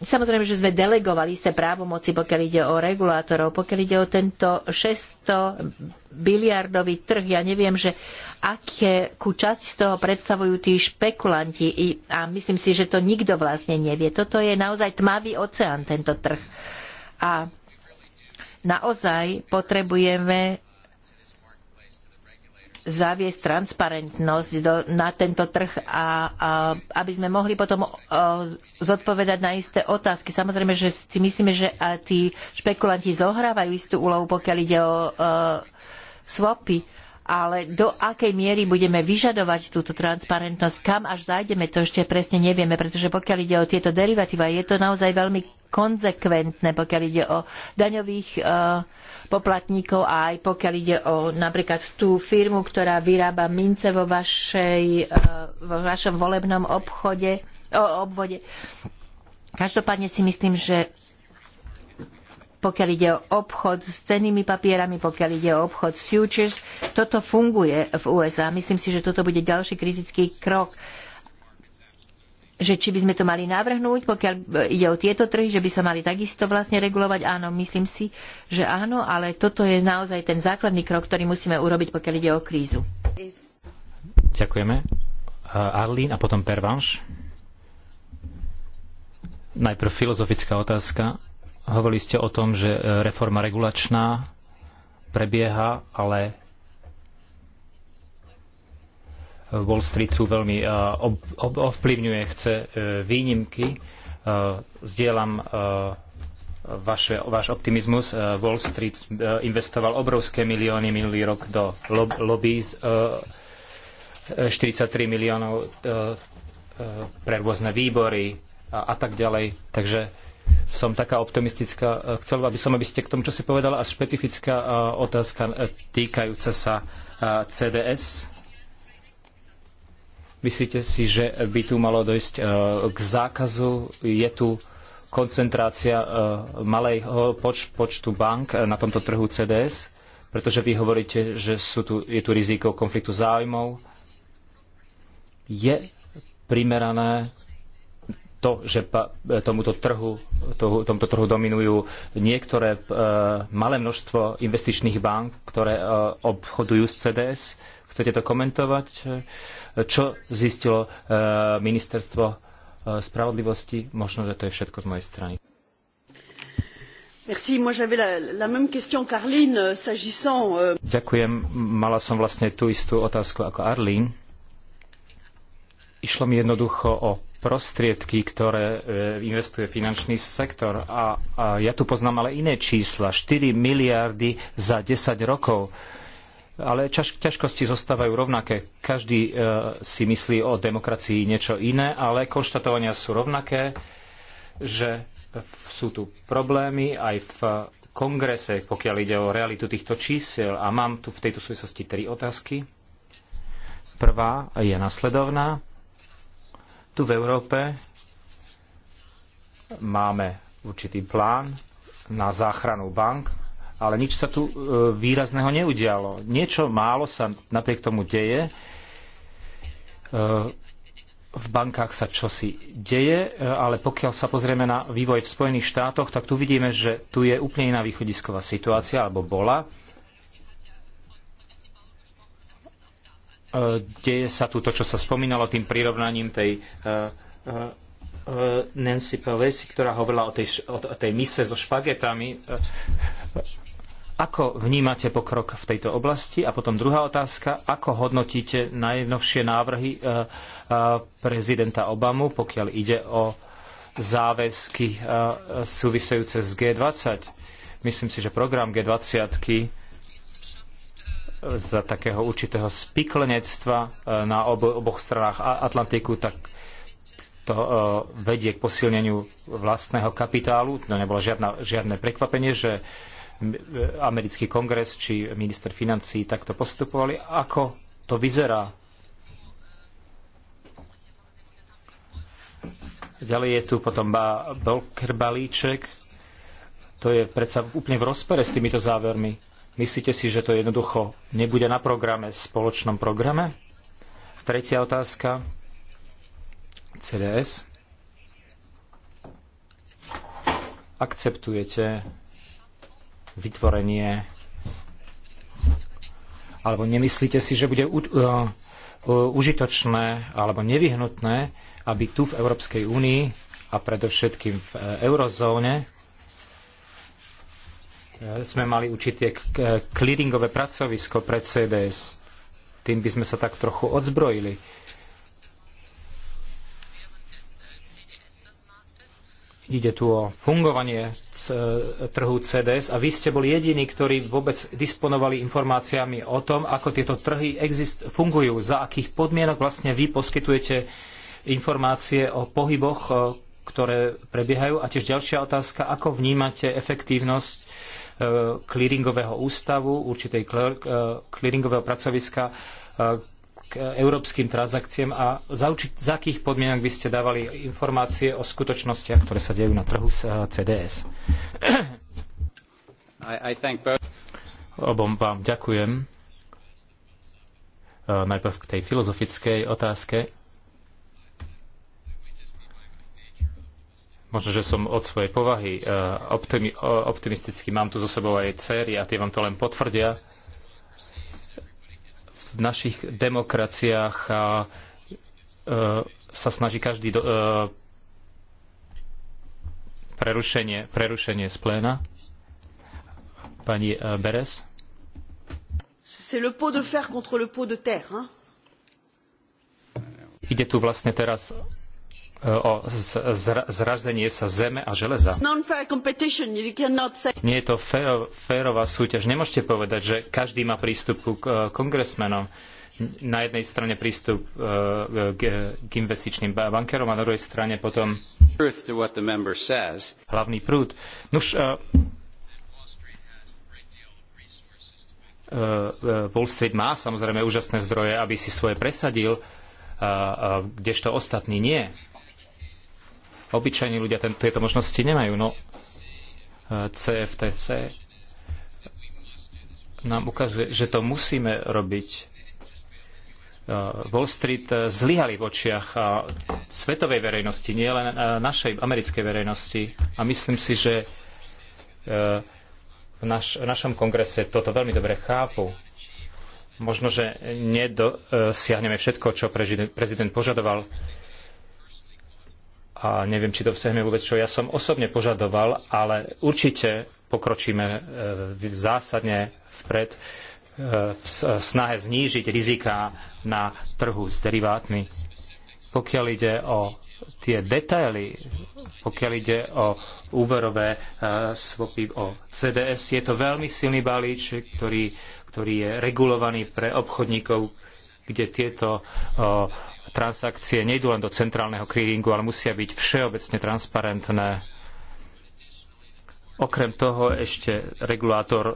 Samozrejme, že sme delegovali isté právomoci, pokiaľ ide o regulátorov, pokiaľ ide o tento 600 biliardový trh. Ja neviem, že aké ku časť z toho predstavujú tí špekulanti a myslím si, že to nikto vlastne nevie. Toto je naozaj tmavý oceán, tento trh. A naozaj potrebujeme zaviesť transparentnosť do, na tento trh a, a aby sme mohli potom o, zodpovedať na isté otázky. Samozrejme, že si myslíme, že a tí špekulanti zohrávajú istú úlohu, pokiaľ ide o swapy, ale do akej miery budeme vyžadovať túto transparentnosť, kam až zájdeme, to ešte presne nevieme, pretože pokiaľ ide o tieto derivatíva, je to naozaj veľmi konzekventné, pokiaľ ide o daňových e, poplatníkov a aj pokiaľ ide o napríklad tú firmu, ktorá vyrába mince vo, vašej, e, vo vašom volebnom obchode, o, obvode. Každopádne si myslím, že pokiaľ ide o obchod s cennými papierami, pokiaľ ide o obchod s futures, toto funguje v USA. Myslím si, že toto bude ďalší kritický krok že či by sme to mali navrhnúť, pokiaľ e, ide o tieto trhy, že by sa mali takisto vlastne regulovať. Áno, myslím si, že áno, ale toto je naozaj ten základný krok, ktorý musíme urobiť, pokiaľ ide o krízu. Ďakujeme. E, Arlín a potom Pervanš. Najprv filozofická otázka. Hovorili ste o tom, že e, reforma regulačná prebieha, ale Wall Street tu veľmi eh, ovplyvňuje, chce eh, výnimky. Eh, zdieľam vaše, váš optimizmus. Wall Street investoval obrovské milióny minulý rok do lobby 43 miliónov pre rôzne výbory a, a tak ďalej. Takže som taká optimistická. Chcel by som, aby ste k tomu, čo si povedala, a špecifická otázka týkajúca sa CDS Myslíte si, že by tu malo dojsť e, k zákazu? Je tu koncentrácia e, malého poč počtu bank e, na tomto trhu CDS? Pretože vy hovoríte, že tu, je tu riziko konfliktu záujmov. Je primerané to, že tomuto trhu, to, tomto trhu dominujú niektoré malé množstvo investičných bank, ktoré obchodujú s CDS? Chcete to komentovať? Čo zistilo eh, ministerstvo eh, spravodlivosti? Možno, že to je všetko z mojej strany. Euh, euh, Ďakujem. Mala som vlastne tú istú otázku ako Arlene. Išlo mi jednoducho o prostriedky, ktoré eh, investuje finančný sektor. A, a ja tu poznám ale iné čísla. 4 miliardy za 10 rokov ale ťažkosti zostávajú rovnaké. Každý e, si myslí o demokracii niečo iné, ale konštatovania sú rovnaké, že sú tu problémy aj v kongrese, pokiaľ ide o realitu týchto čísiel. A mám tu v tejto súvislosti tri otázky. Prvá je nasledovná. Tu v Európe máme určitý plán na záchranu bank, ale nič sa tu e, výrazného neudialo. Niečo málo sa napriek tomu deje. E, v bankách sa čosi deje, e, ale pokiaľ sa pozrieme na vývoj v Spojených štátoch, tak tu vidíme, že tu je úplne iná východisková situácia, alebo bola. Deje sa tu to, čo sa spomínalo tým prirovnaním tej Nancy Pelosi, ktorá hovorila o tej, o tej mise so špagetami ako vnímate pokrok v tejto oblasti? A potom druhá otázka, ako hodnotíte najnovšie návrhy e, e, prezidenta Obamu, pokiaľ ide o záväzky e, súvisejúce s G20? Myslím si, že program G20 za takého určitého spiklenectva na oboch stranách Atlantiku, tak to vedie k posilneniu vlastného kapitálu. To nebolo žiadne prekvapenie, že americký kongres či minister financí takto postupovali. Ako to vyzerá? Ďalej je tu potom Belker balíček. To je predsa úplne v rozpere s týmito závermi. Myslíte si, že to jednoducho nebude na programe, spoločnom programe? Tretia otázka. CDS. Akceptujete vytvorenie alebo nemyslíte si, že bude u, eh, eh, užitočné alebo nevyhnutné, aby tu v Európskej únii a predovšetkým v eh, eurozóne sme mali určité clearingové pracovisko pred CDS. Tým by sme sa tak trochu odzbrojili Ide tu o fungovanie trhu CDS a vy ste boli jediní, ktorí vôbec disponovali informáciami o tom, ako tieto trhy fungujú, za akých podmienok vlastne vy poskytujete informácie o pohyboch, e, ktoré prebiehajú. A tiež ďalšia otázka, ako vnímate efektívnosť e, clearingového ústavu, určitej e, clearingového pracoviska, k európskym transakciám a za, za akých podmienok by ste dávali informácie o skutočnostiach, ktoré sa dejú na trhu s eh, CDS? I, I Obom vám ďakujem. Eh, najprv k tej filozofickej otázke. Možno, že som od svojej povahy eh, optimi- optimistický. Mám tu so sebou aj cery a tie vám to len potvrdia v našich demokraciách a, e, sa snaží každý do, e, prerušenie, prerušenie z pléna. Pani e, Beres. C'est le pot de fer contre le pot de terre. Hein? Ide tu vlastne teraz Eh, o zrazenie sa zeme a železa. Nie je to férová súťaž. Nemôžete povedať, že každý má prístup k eh, kongresmenom. Na jednej strane prístup eh, k, k investičným bankerom a na druhej strane potom hlavný prúd. Nuž, Wall Street má samozrejme úžasné zdroje, aby si svoje presadil, kdežto ostatní nie. Obyčajní ľudia ten, tieto možnosti nemajú. No, CFTC e, nám ukazuje, že to musíme robiť. E, Wall Street e, zlyhali v očiach svetovej verejnosti, nie len našej americkej verejnosti. A myslím si, že v naš, našom kongrese toto veľmi dobre chápu. Možno, že nedosiahneme všetko, čo prezident požadoval, a neviem, či dosiahneme vôbec, čo ja som osobne požadoval, ale určite pokročíme e, zásadne vpred e, v e, snahe znížiť riziká na trhu s derivátmi. Pokiaľ ide o tie detaily, pokiaľ ide o úverové svopy, o CDS, je to veľmi silný balíč, ktorý, ktorý je regulovaný pre obchodníkov, kde tieto transakcie nejdú len do centrálneho clearingu, ale musia byť všeobecne transparentné. Okrem toho ešte regulátor e,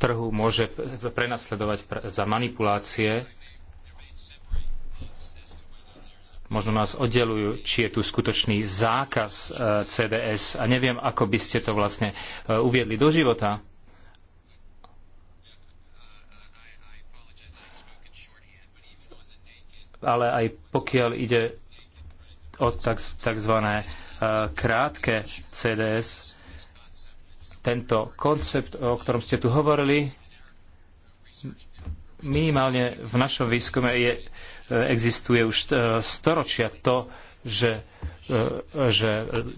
trhu môže prenasledovať za manipulácie. Možno nás oddelujú, či je tu skutočný zákaz e, CDS a neviem, ako by ste to vlastne e, uviedli do života. ale aj pokiaľ ide o tzv. E, krátke CDS, tento koncept, o ktorom ste tu hovorili, minimálne v našom výskume je, e, existuje už e, storočia to, že, že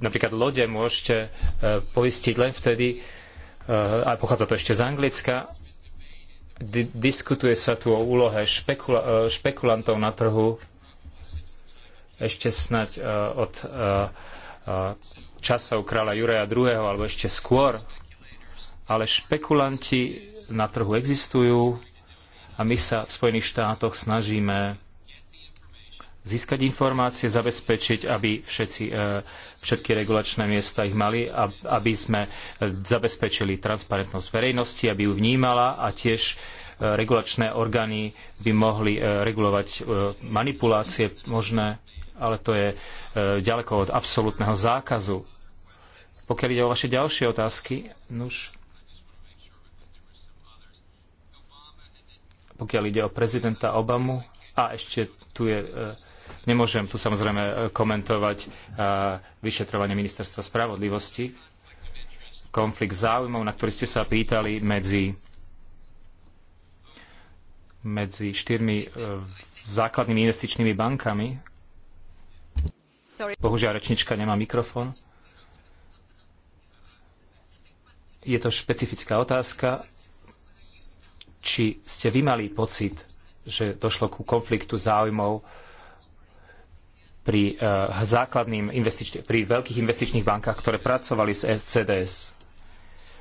napríklad lode môžete poistiť len vtedy, a pochádza to ešte z Anglicka, diskutuje sa tu o úlohe špekula- e, špekulantov na trhu ešte snať e, od e, časov kráľa Juraja II. alebo ešte skôr. Ale špekulanti na trhu existujú a my sa v Spojených štátoch snažíme získať informácie, zabezpečiť, aby všetci, e, všetky regulačné miesta ich mali, aby sme e, zabezpečili transparentnosť verejnosti, aby ju vnímala a tiež e, regulačné orgány by mohli regulovať manipulácie možné, ale to je ďaleko od absolútneho zákazu. Pokiaľ ide o vaše ďalšie otázky, nuž. Pokiaľ ide o prezidenta Obamu, a ešte tu je Nemôžem tu samozrejme e, komentovať e, vyšetrovanie ministerstva spravodlivosti. Konflikt záujmov, na ktorý ste sa pýtali medzi medzi štyrmi e, základnými investičnými bankami. Bohužiaľ, rečnička nemá mikrofón. Je to špecifická otázka, či ste vy mali pocit, že došlo ku konfliktu záujmov pri, uh, základným investič- pri veľkých investičných bankách, ktoré pracovali s e CDS.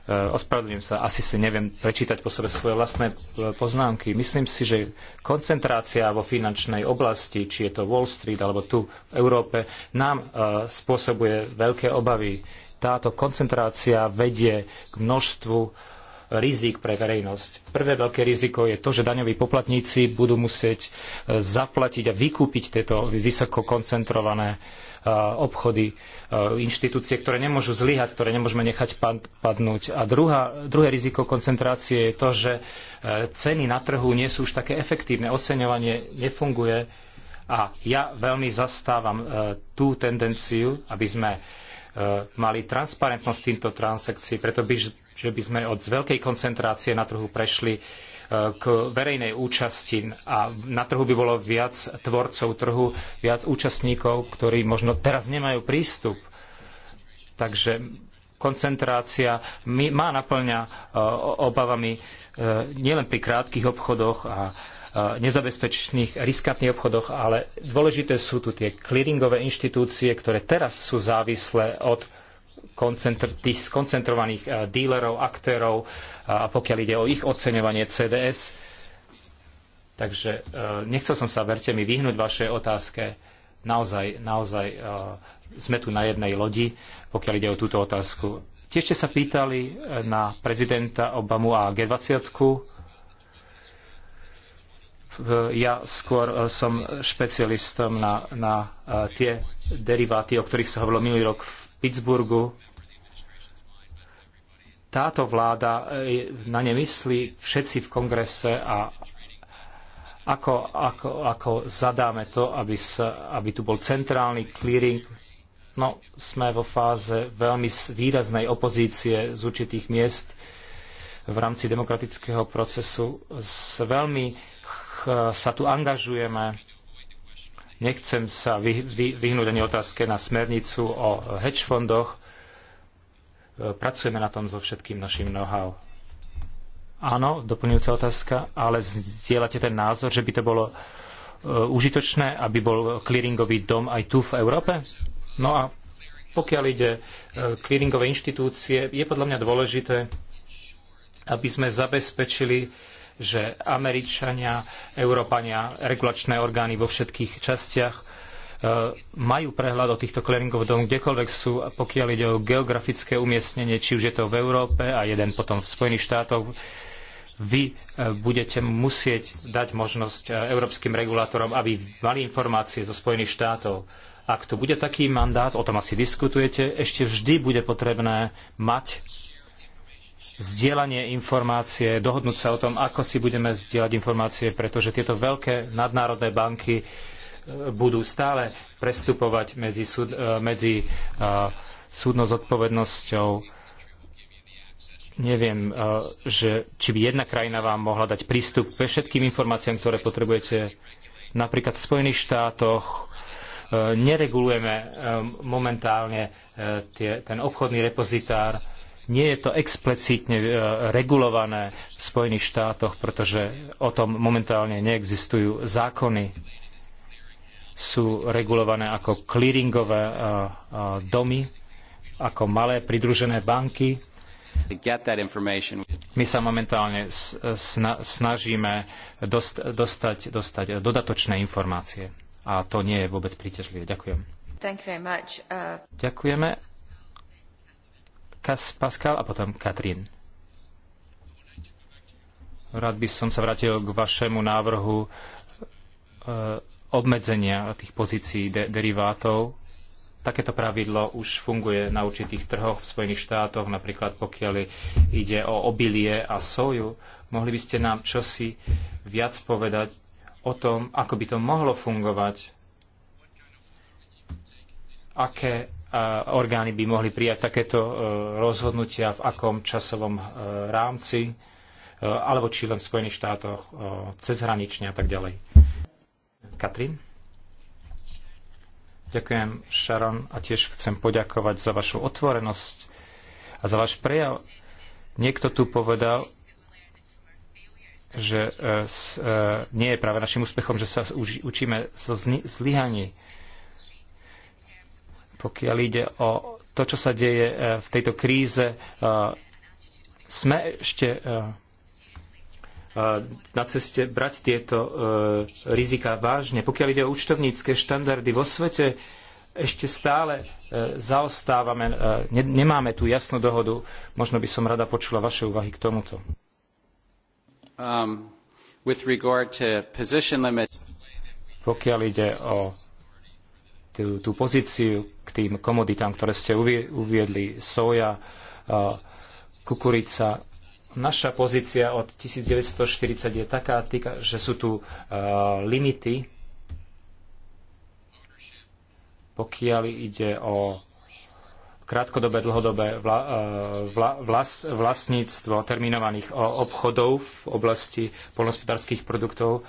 Uh, eh, ospravedlňujem sa, asi si neviem prečítať po sebe svoje vlastné eh, poznámky. Myslím si, že koncentrácia vo finančnej oblasti, či je to Wall Street alebo tu v Európe, nám uh, spôsobuje veľké obavy. Táto koncentrácia vedie k množstvu rizik pre verejnosť. Prvé veľké riziko je to, že daňoví poplatníci budú musieť e, zaplatiť a vykúpiť tieto vysoko koncentrované e, obchody, e, inštitúcie, ktoré nemôžu zlyhať, ktoré nemôžeme nechať padnúť. A druhá, druhé riziko koncentrácie je to, že ceny na trhu nie sú už také efektívne, oceňovanie nefunguje a ja veľmi zastávam tú tendenciu, aby sme mali transparentnosť týmto transakcií, preto že by sme od veľkej koncentrácie na trhu prešli e, k verejnej účasti a na trhu by bolo viac tvorcov trhu, viac účastníkov, ktorí možno teraz nemajú prístup. Takže koncentrácia má naplňa e, obavami e, nielen pri krátkych obchodoch a nezabezpečených riskantných obchodoch, ale dôležité sú tu tie clearingové inštitúcie, ktoré teraz sú závislé od tých skoncentrovaných eh, dílerov, aktérov a pokiaľ ide o ich oceňovanie CDS. Takže eh, nechcel som sa, verte mi, vyhnúť vašej otázke. Naozaj, naozaj eh, sme tu na jednej lodi, pokiaľ ide o túto otázku. Tiež ste sa pýtali na prezidenta Obamu a G20. Ja skôr som špecialistom na, na tie deriváty, o ktorých sa hovorilo minulý rok v Pittsburghu. Táto vláda e, na ne myslí všetci v kongrese a ako, ako, ako zadáme to, aby, sa, aby tu bol centrálny clearing. No, sme vo fáze veľmi výraznej opozície z určitých miest v rámci demokratického procesu. S veľmi sa tu angažujeme Nechcem sa vyhnúť ani otázke na smernicu o hedge fondoch. E, pracujeme na tom so všetkým našim know-how. Áno, doplňujúca otázka, ale zdieľate ten názor, že by to bolo e, užitočné, aby bol clearingový dom aj tu v Európe? No a pokiaľ ide e, clearingové inštitúcie, je podľa mňa dôležité, aby sme zabezpečili že Američania, Európania, regulačné orgány vo všetkých častiach e, majú prehľad o týchto clearingov domov, kdekoľvek sú, pokiaľ ide o geografické umiestnenie, či už je to v Európe a jeden potom v Spojených štátoch, vy e, budete musieť dať možnosť e, európskym regulátorom, aby mali informácie zo Spojených štátov. Ak tu bude taký mandát, o tom asi diskutujete, ešte vždy bude potrebné mať zdieľanie informácie, dohodnúť sa o tom, ako si budeme zdieľať informácie, pretože tieto veľké nadnárodné banky e, budú stále prestupovať medzi, súd, e, medzi e, súdnou zodpovednosťou. Neviem, že, či by jedna krajina vám mohla dať prístup ke všetkým informáciám, ktoré potrebujete. Napríklad v Spojených štátoch neregulujeme momentálne tie, ten obchodný repozitár nie je to explicitne e, regulované v Spojených štátoch, pretože o tom momentálne neexistujú zákony. Sú regulované ako clearingové e, e, domy, ako malé pridružené banky. My sa momentálne snažíme dostať, dostať dodatočné informácie a to nie je vôbec príťažlivé. Ďakujem. Uh... Ďakujeme. Kas, Pascal a potom Katrin. Rád by som sa vrátil k vašemu návrhu e, obmedzenia tých pozícií de- derivátov. Takéto pravidlo už funguje na určitých trhoch v Spojených štátoch, napríklad pokiaľ ide o obilie a soju. Mohli by ste nám čosi viac povedať o tom, ako by to mohlo fungovať? Aké orgány by mohli prijať takéto e, rozhodnutia v akom časovom e, rámci, e, alebo či len v Spojených štátoch, cezhranične a tak ďalej. Katrin? Ďakujem, Sharon, a tiež chcem poďakovať za vašu otvorenosť a za váš prejav. Niekto tu povedal, že nie je práve našim úspechom, že sa učíme zo zlyhaní pokiaľ ide o to, čo sa deje e, v tejto kríze, e, sme ešte e, na ceste brať tieto rizika vážne. Pokiaľ ide o účtovnícke štandardy vo svete, ešte stále zaostávame, nemáme tú jasnú dohodu. Možno by som rada počula vaše úvahy k tomuto. Um, to limits... Pokiaľ ide o tú, tú pozíciu k tým komoditám, ktoré ste uviedli, soja, kukurica. Naša pozícia od 1940 je taká, že sú tu limity, pokiaľ ide o krátkodobé, dlhodobé vla, vla, vlas, vlastníctvo terminovaných obchodov v oblasti poľnohospodárskych produktov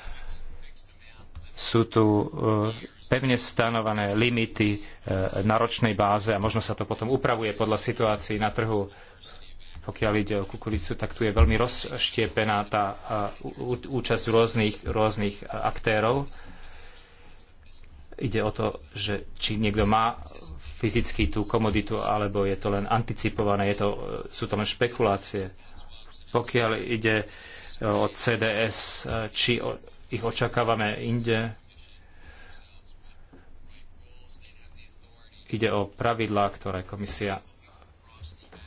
sú tu e, pevne stanovené limity e, na ročnej báze a možno sa to potom upravuje podľa situácií na trhu. Pokiaľ ide o kukuricu, tak tu je veľmi rozštiepená tá účasť rôznych, rôznych aktérov. Ide o to, že či niekto má fyzicky tú komoditu, alebo je to len anticipované, je to, e, sú to len špekulácie. Pokiaľ ide o CDS, či o ich očakávame inde. Ide o pravidlá, ktoré komisia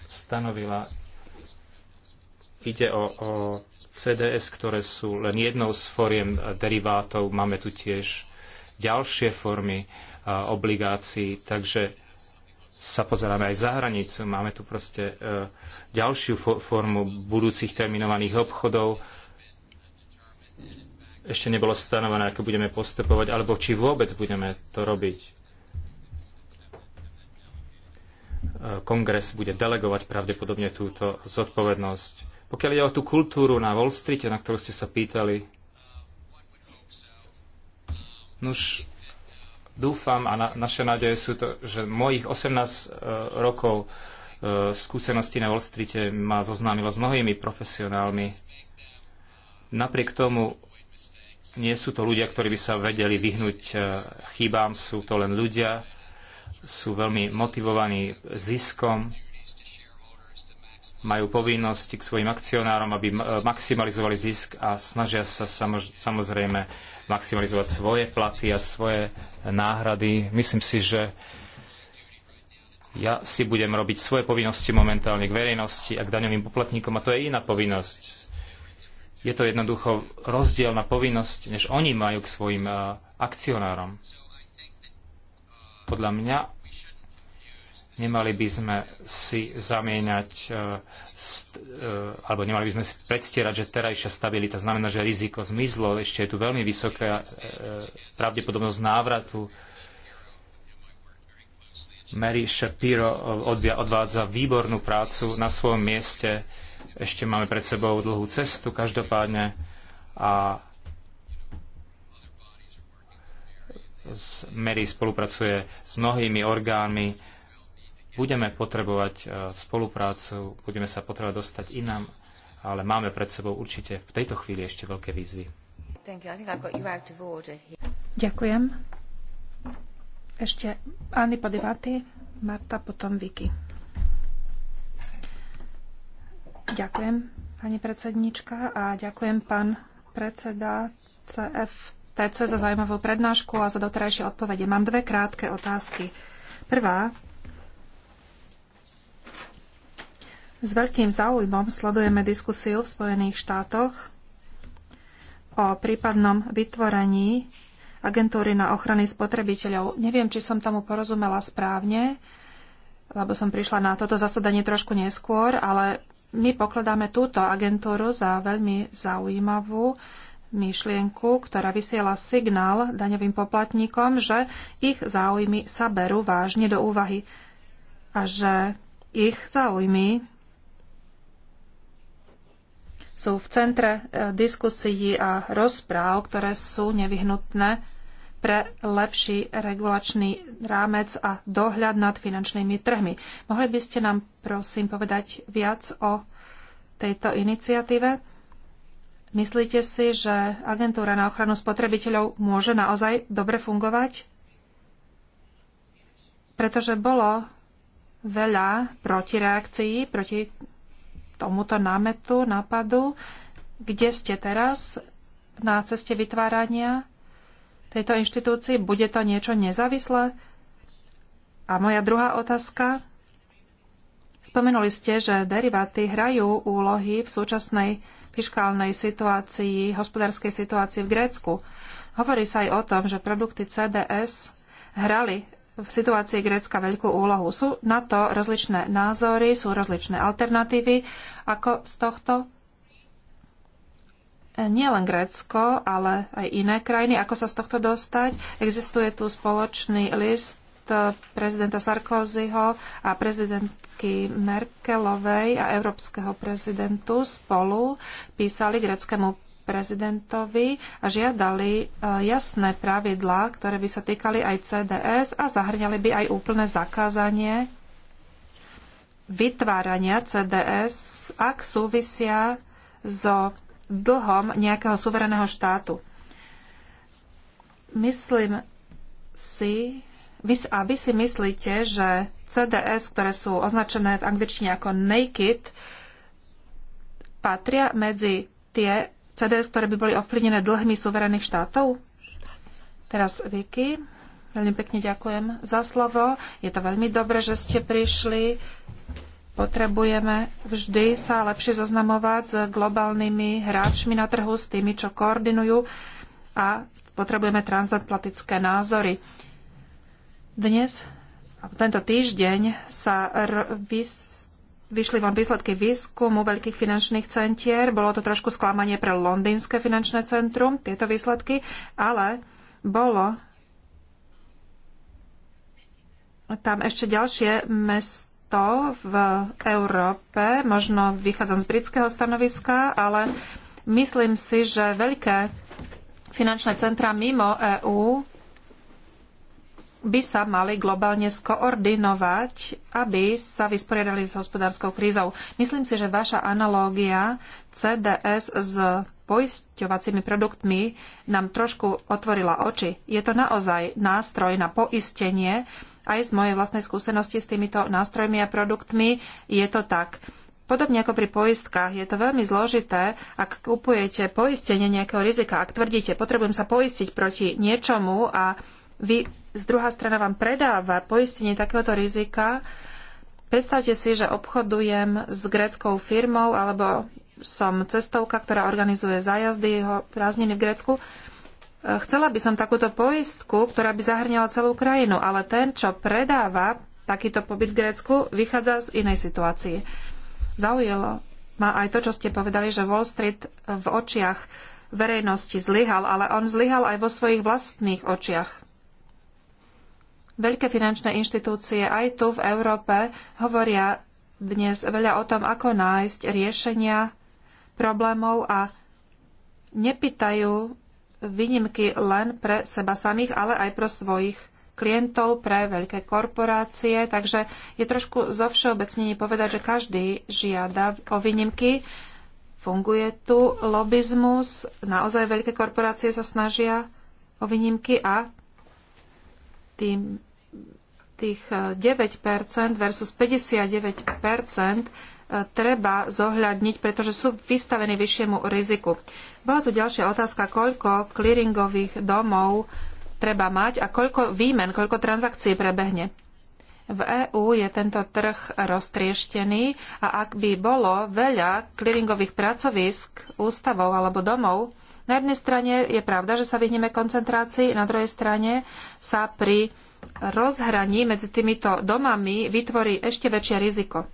stanovila. Ide o, o CDS, ktoré sú len jednou z foriem derivátov. Máme tu tiež ďalšie formy obligácií, takže sa pozeráme aj za hranicu. Máme tu proste e, ďalšiu formu budúcich terminovaných obchodov ešte nebolo stanovené, ako budeme postupovať, alebo či vôbec budeme to robiť. E, kongres bude delegovať pravdepodobne túto zodpovednosť. Pokiaľ ide o tú kultúru na Wall Street, na ktorú ste sa pýtali, nuž dúfam a na, naše nádeje sú to, že mojich 18 e, rokov e, skúseností na Wall Street ma zoznámilo s mnohými profesionálmi. Napriek tomu nie sú to ľudia, ktorí by sa vedeli vyhnúť e, chybám, sú to len ľudia, sú veľmi motivovaní ziskom, majú povinnosť k svojim akcionárom, aby e, maximalizovali zisk a snažia sa samozrejme maximalizovať svoje platy a svoje náhrady. Myslím si, že ja si budem robiť svoje povinnosti momentálne k verejnosti a k daňovým poplatníkom a to je iná povinnosť je to jednoducho rozdielna povinnosť, než oni majú k svojim eh, akcionárom. Podľa mňa nemali by sme si zamieňať eh, eh, alebo nemali by sme si predstierať, že terajšia stabilita znamená, že riziko zmizlo. Ešte je tu veľmi vysoká pravdepodobnosť návratu. Mary Shapiro odvádza výbornú prácu na svojom mieste ešte máme pred sebou dlhú cestu každopádne a Mary spolupracuje s mnohými orgánmi. Budeme potrebovať e, spoluprácu, budeme sa potrebovať dostať inám, ale máme pred sebou určite v tejto chvíli ešte veľké výzvy. Ďakujem. Ešte Anny Podivaty, Marta, potom Vicky. Ďakujem, pani predsednička, a ďakujem, pán predseda CFTC, za zaujímavú prednášku a za doterajšie odpovede. Mám dve krátke otázky. Prvá. S veľkým záujmom sledujeme diskusiu v Spojených štátoch o prípadnom vytvorení agentúry na ochrany spotrebiteľov. Neviem, či som tomu porozumela správne, lebo som prišla na toto zasadanie trošku neskôr, ale my pokladáme túto agentúru za veľmi zaujímavú myšlienku, ktorá vysiela signál daňovým poplatníkom, že ich záujmy sa berú vážne do úvahy a že ich záujmy sú v centre eh, diskusií a rozpráv, ktoré sú nevyhnutné pre lepší regulačný rámec a dohľad nad finančnými trhmi. Mohli by ste nám prosím povedať viac o tejto iniciatíve? Myslíte si, že agentúra na ochranu spotrebiteľov môže naozaj dobre fungovať? Pretože bolo veľa protireakcií proti tomuto námetu, nápadu. Kde ste teraz na ceste vytvárania tejto inštitúcii? Bude to niečo nezávislé? A moja druhá otázka. Spomenuli ste, že deriváty hrajú úlohy v súčasnej fiskálnej situácii, hospodárskej situácii v Grécku. Hovorí sa aj o tom, že produkty CDS hrali v situácii Grécka veľkú úlohu. Sú na to rozličné názory, sú rozličné alternatívy, ako z tohto nielen Grécko, ale aj iné krajiny, ako sa z tohto dostať. Existuje tu spoločný list eh, prezidenta Sarkozyho a prezidentky Merkelovej a európskeho prezidentu spolu písali greckému prezidentovi a žiadali eh, jasné pravidlá, ktoré by sa týkali aj CDS a zahrňali by aj úplné zakázanie vytvárania CDS, ak súvisia so dlhom nejakého suvereného štátu. Myslím si, vy, a vy si myslíte, že CDS, ktoré sú označené v angličtine ako naked, patria medzi tie CDS, ktoré by boli ovplyvnené dlhmi suverénnych štátov? Teraz Vicky. Veľmi pekne ďakujem za slovo. Je to veľmi dobré, že ste prišli. Potrebujeme vždy sa lepšie zoznamovať s globálnymi hráčmi na trhu, s tými, čo koordinujú a potrebujeme transatlantické názory. Dnes, tento týždeň, sa vys- vyšli von výsledky výskumu veľkých finančných centier. Bolo to trošku sklamanie pre Londýnske finančné centrum, tieto výsledky, ale bolo tam ešte ďalšie mesto, to v Európe, možno vychádzam z britského stanoviska, ale myslím si, že veľké finančné centra mimo EÚ by sa mali globálne skoordinovať, aby sa vysporiadali s hospodárskou krízou. Myslím si, že vaša analógia CDS s poisťovacími produktmi nám trošku otvorila oči. Je to naozaj nástroj na poistenie, aj z mojej vlastnej skúsenosti s týmito nástrojmi a produktmi je to tak. Podobne ako pri poistkách, je to veľmi zložité, ak kupujete poistenie nejakého rizika, ak tvrdíte, potrebujem sa poistiť proti niečomu a vy z druhá strana vám predáva poistenie takéhoto rizika, predstavte si, že obchodujem s greckou firmou alebo som cestovka, ktorá organizuje zájazdy, prázdniny v Grécku Chcela by som takúto poistku, ktorá by zahrňala celú krajinu, ale ten, čo predáva takýto pobyt v Grécku, vychádza z inej situácie. Zaujalo ma aj to, čo ste povedali, že Wall Street v očiach verejnosti zlyhal, ale on zlyhal aj vo svojich vlastných očiach. Veľké finančné inštitúcie aj tu v Európe hovoria dnes veľa o tom, ako nájsť riešenia problémov a nepýtajú výnimky len pre seba samých, ale aj pre svojich klientov, pre veľké korporácie. Takže je trošku zo všeobecnenie povedať, že každý žiada o výnimky. Funguje tu lobizmus, naozaj veľké korporácie sa snažia o výnimky a tým, tých 9% eh, versus 59% eh, treba zohľadniť, pretože sú vystavení vyššiemu riziku. Bola tu ďalšia otázka, koľko clearingových domov treba mať a koľko výmen, koľko transakcií prebehne. V EÚ je tento trh roztrieštený a ak by bolo veľa clearingových pracovisk, ústavov alebo domov, na jednej strane je pravda, že sa vyhneme koncentrácii, na druhej strane sa pri rozhraní medzi týmito domami vytvorí ešte väčšie riziko.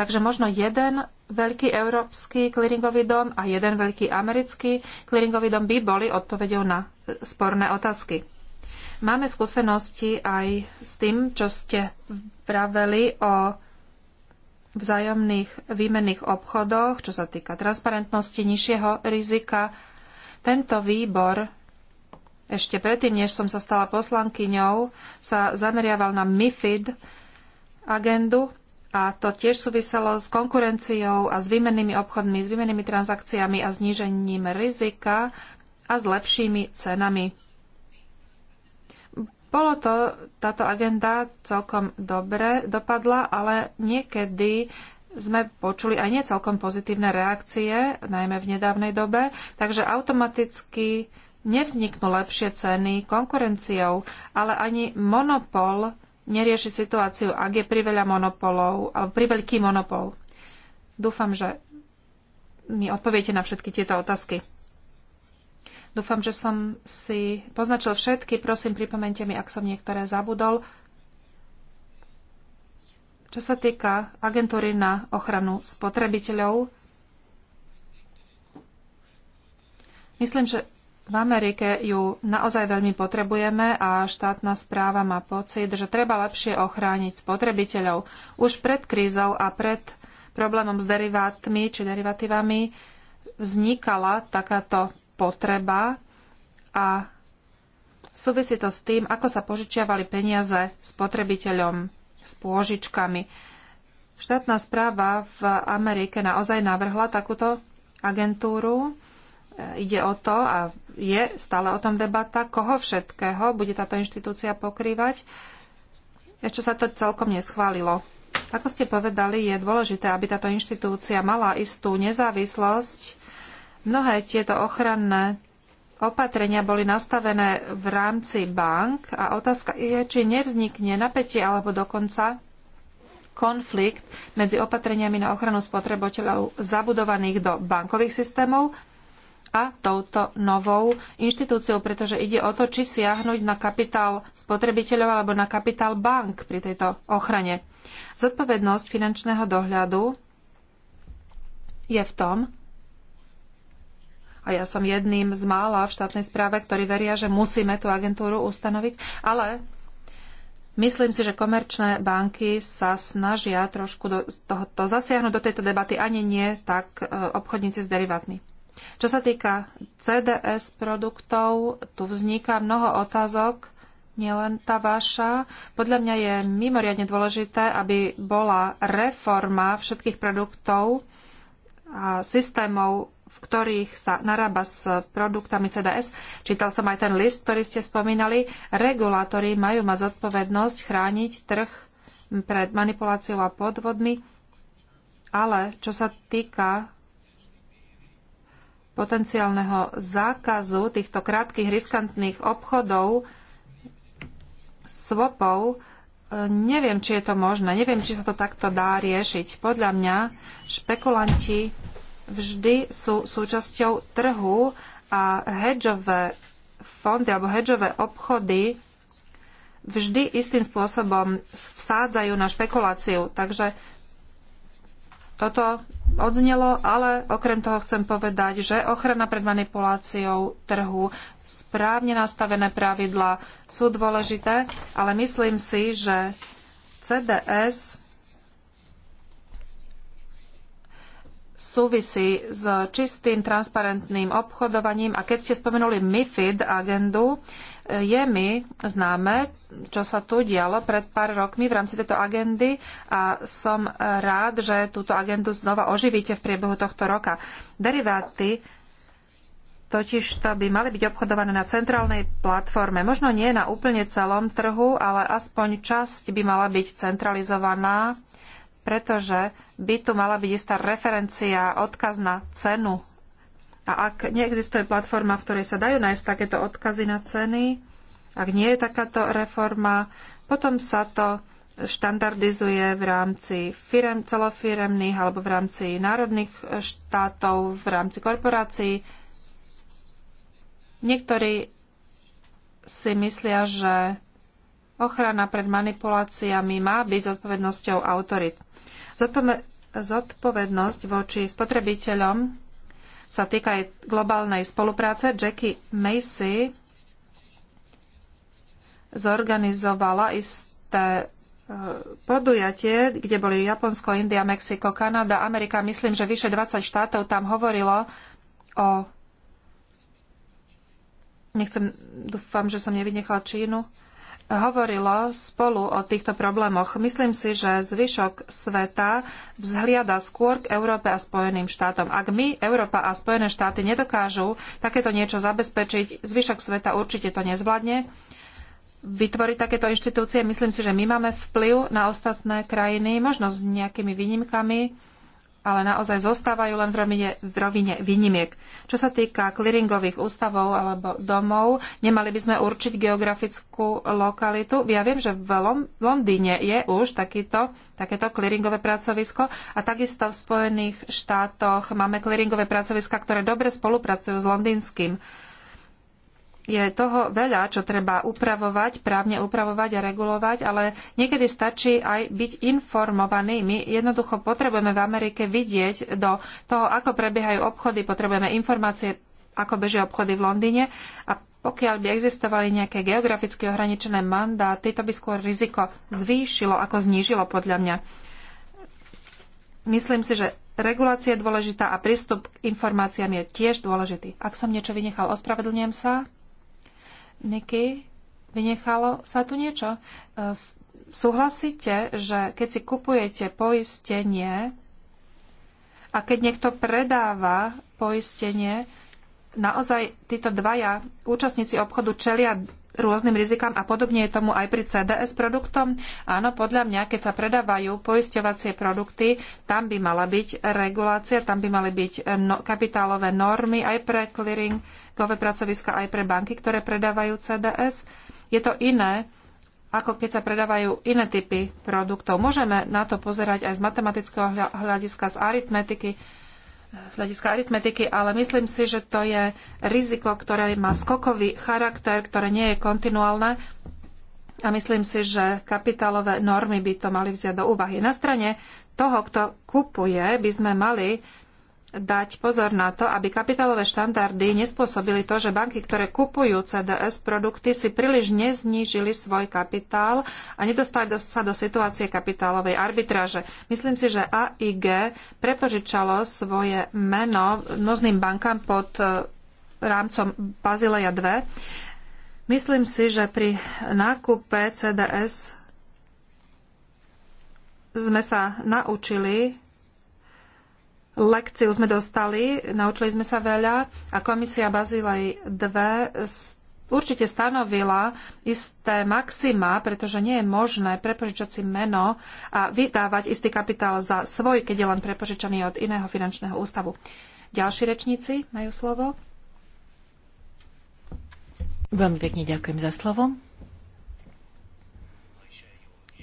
Takže možno jeden veľký európsky clearingový dom a jeden veľký americký clearingový dom by boli odpovedou na sporné otázky. Máme skúsenosti aj s tým, čo ste vraveli o vzájomných výmenných obchodoch, čo sa týka transparentnosti, nižšieho rizika. Tento výbor ešte predtým, než som sa stala poslankyňou, sa zameriaval na MIFID agendu a to tiež súviselo s konkurenciou a s výmennými obchodmi, s výmennými transakciami a znížením rizika a s lepšími cenami. Bolo to, táto agenda celkom dobre dopadla, ale niekedy sme počuli aj nie celkom pozitívne reakcie, najmä v nedávnej dobe, takže automaticky nevzniknú lepšie ceny konkurenciou, ale ani monopol nerieši situáciu, ak je priveľa monopolov, alebo priveľký monopol. Dúfam, že mi odpoviete na všetky tieto otázky. Dúfam, že som si poznačil všetky. Prosím, pripomente mi, ak som niektoré zabudol. Čo sa týka agentúry na ochranu spotrebiteľov, myslím, že v Amerike ju naozaj veľmi potrebujeme a štátna správa má pocit, že treba lepšie ochrániť spotrebiteľov. Už pred krízou a pred problémom s derivátmi či derivatívami vznikala takáto potreba a súvisí to s tým, ako sa požičiavali peniaze spotrebiteľom s pôžičkami. Štátna správa v Amerike naozaj navrhla takúto agentúru, ide o to, a je stále o tom debata, koho všetkého bude táto inštitúcia pokrývať. Ešte sa to celkom neschválilo. Ako ste povedali, je dôležité, aby táto inštitúcia mala istú nezávislosť. Mnohé tieto ochranné opatrenia boli nastavené v rámci bank a otázka je, či nevznikne napätie alebo dokonca konflikt medzi opatreniami na ochranu spotrebiteľov zabudovaných do bankových systémov a touto novou inštitúciou, pretože ide o to, či siahnuť na kapitál spotrebiteľov alebo na kapitál bank pri tejto ochrane. Zodpovednosť finančného dohľadu je v tom, a ja som jedným z mála v štátnej správe, ktorí veria, že musíme tú agentúru ustanoviť, ale myslím si, že komerčné banky sa snažia trošku do, tohoto zasiahnuť do tejto debaty, ani nie tak e, obchodníci s derivátmi. Čo sa týka CDS produktov, tu vzniká mnoho otázok, nielen tá vaša. Podľa mňa je mimoriadne dôležité, aby bola reforma všetkých produktov a systémov, v ktorých sa narába s produktami CDS. Čítal som aj ten list, ktorý ste spomínali. Regulátori majú mať zodpovednosť chrániť trh pred manipuláciou a podvodmi, ale čo sa týka potenciálneho zákazu týchto krátkých riskantných obchodov swapov e, neviem, či je to možné, neviem, či sa to takto dá riešiť. Podľa mňa špekulanti vždy sú súčasťou trhu a hedžové fondy alebo hedžové obchody vždy istým spôsobom vsádzajú na špekuláciu. Takže toto odznelo, ale okrem toho chcem povedať, že ochrana pred manipuláciou trhu, správne nastavené pravidlá sú dôležité, ale myslím si, že CDS súvisí s čistým, transparentným obchodovaním. A keď ste spomenuli MIFID agendu, je mi známe, čo sa tu dialo pred pár rokmi v rámci tejto agendy a som rád, že túto agendu znova oživíte v priebehu tohto roka. Deriváty totiž to by mali byť obchodované na centrálnej platforme. Možno nie na úplne celom trhu, ale aspoň časť by mala byť centralizovaná, pretože by tu mala byť istá referencia, odkaz na cenu a ak neexistuje platforma, v ktorej sa dajú nájsť takéto odkazy na ceny, ak nie je takáto reforma, potom sa to štandardizuje v rámci firem, celofiremných alebo v rámci národných štátov, v rámci korporácií. Niektorí si myslia, že ochrana pred manipuláciami má byť zodpovednosťou autorit. Zodpovednosť voči spotrebiteľom sa týka aj globálnej spolupráce. Jackie Macy zorganizovala isté e, podujatie, kde boli Japonsko, India, Mexiko, Kanada, Amerika. Myslím, že vyše 20 štátov tam hovorilo o... Nechcem, dúfam, že som nevynechala Čínu hovorilo spolu o týchto problémoch. Myslím si, že zvyšok sveta vzhliada skôr k Európe a Spojeným štátom. Ak my, Európa a Spojené štáty, nedokážu takéto niečo zabezpečiť, zvyšok sveta určite to nezvládne. Vytvoriť takéto inštitúcie, myslím si, že my máme vplyv na ostatné krajiny, možno s nejakými výnimkami ale naozaj zostávajú len v rovine, v rovine výnimiek. Čo sa týka clearingových ústavov alebo domov, nemali by sme určiť geografickú lokalitu. Ja viem, že v Londýne je už takýto, takéto clearingové pracovisko a takisto v Spojených štátoch máme clearingové pracoviska, ktoré dobre spolupracujú s uh, je toho veľa, čo treba upravovať, právne upravovať a regulovať, ale niekedy stačí aj byť informovaný. My jednoducho potrebujeme v Amerike vidieť do toho, ako prebiehajú obchody, potrebujeme informácie, ako bežia obchody v Londýne a pokiaľ by existovali nejaké geograficky ohraničené mandáty, to by skôr riziko zvýšilo ako znížilo podľa mňa. Myslím si, že regulácia je dôležitá a prístup k informáciám je tiež dôležitý. Ak som niečo vynechal, ospravedlňujem sa. Niky, vynechalo sa tu niečo. E, súhlasíte, že keď si kupujete poistenie a keď niekto predáva poistenie, naozaj títo dvaja účastníci obchodu čelia rôznym rizikám a podobne je tomu aj pri CDS produktom. Áno, podľa mňa, keď sa predávajú poisťovacie produkty, tam by mala byť regulácia, tam by mali byť no- kapitálové normy aj pre clearing kové pracoviska aj pre banky, ktoré predávajú CDS. Je to iné, ako keď sa predávajú iné typy produktov. Môžeme na to pozerať aj z matematického hľadiska, z aritmetiky, z hľadiska aritmetiky, ale myslím si, že to je riziko, ktoré má skokový charakter, ktoré nie je kontinuálne a myslím si, že kapitálové normy by to mali vziať do úvahy. Na strane toho, kto kupuje, by sme mali dať pozor na to, aby kapitálové štandardy nespôsobili to, že banky, ktoré kupujú CDS produkty, si príliš neznížili svoj kapitál a nedostali sa do situácie kapitálovej arbitráže. Myslím si, že AIG prepožičalo svoje meno mnozným bankám pod e, rámcom Bazileja 2. Myslím si, že pri nákupe CDS sme sa naučili lekciu sme dostali, naučili sme sa veľa a komisia Bazilej 2 určite stanovila isté maxima, pretože nie je možné prepožičať si meno a vydávať istý kapitál za svoj, keď je len prepožičaný od iného finančného ústavu. Ďalší rečníci majú slovo. Veľmi pekne ďakujem za slovo.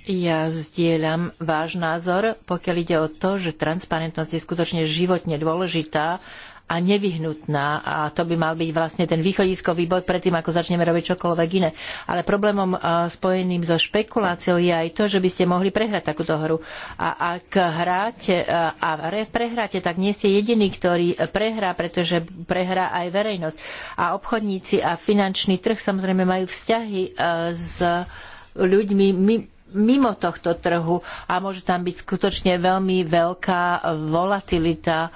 Ja zdieľam váš názor, pokiaľ ide o to, že transparentnosť je skutočne životne dôležitá a nevyhnutná a to by mal byť vlastne ten východiskový bod predtým, ako začneme robiť čokoľvek iné. Ale problémom spojeným so špekuláciou je aj to, že by ste mohli prehrať takúto hru. A ak hráte a prehráte, tak nie ste jediný, ktorý prehrá, pretože prehrá aj verejnosť. A obchodníci a finančný trh samozrejme majú vzťahy s ľuďmi mimo tohto trhu a môže tam byť skutočne veľmi veľká volatilita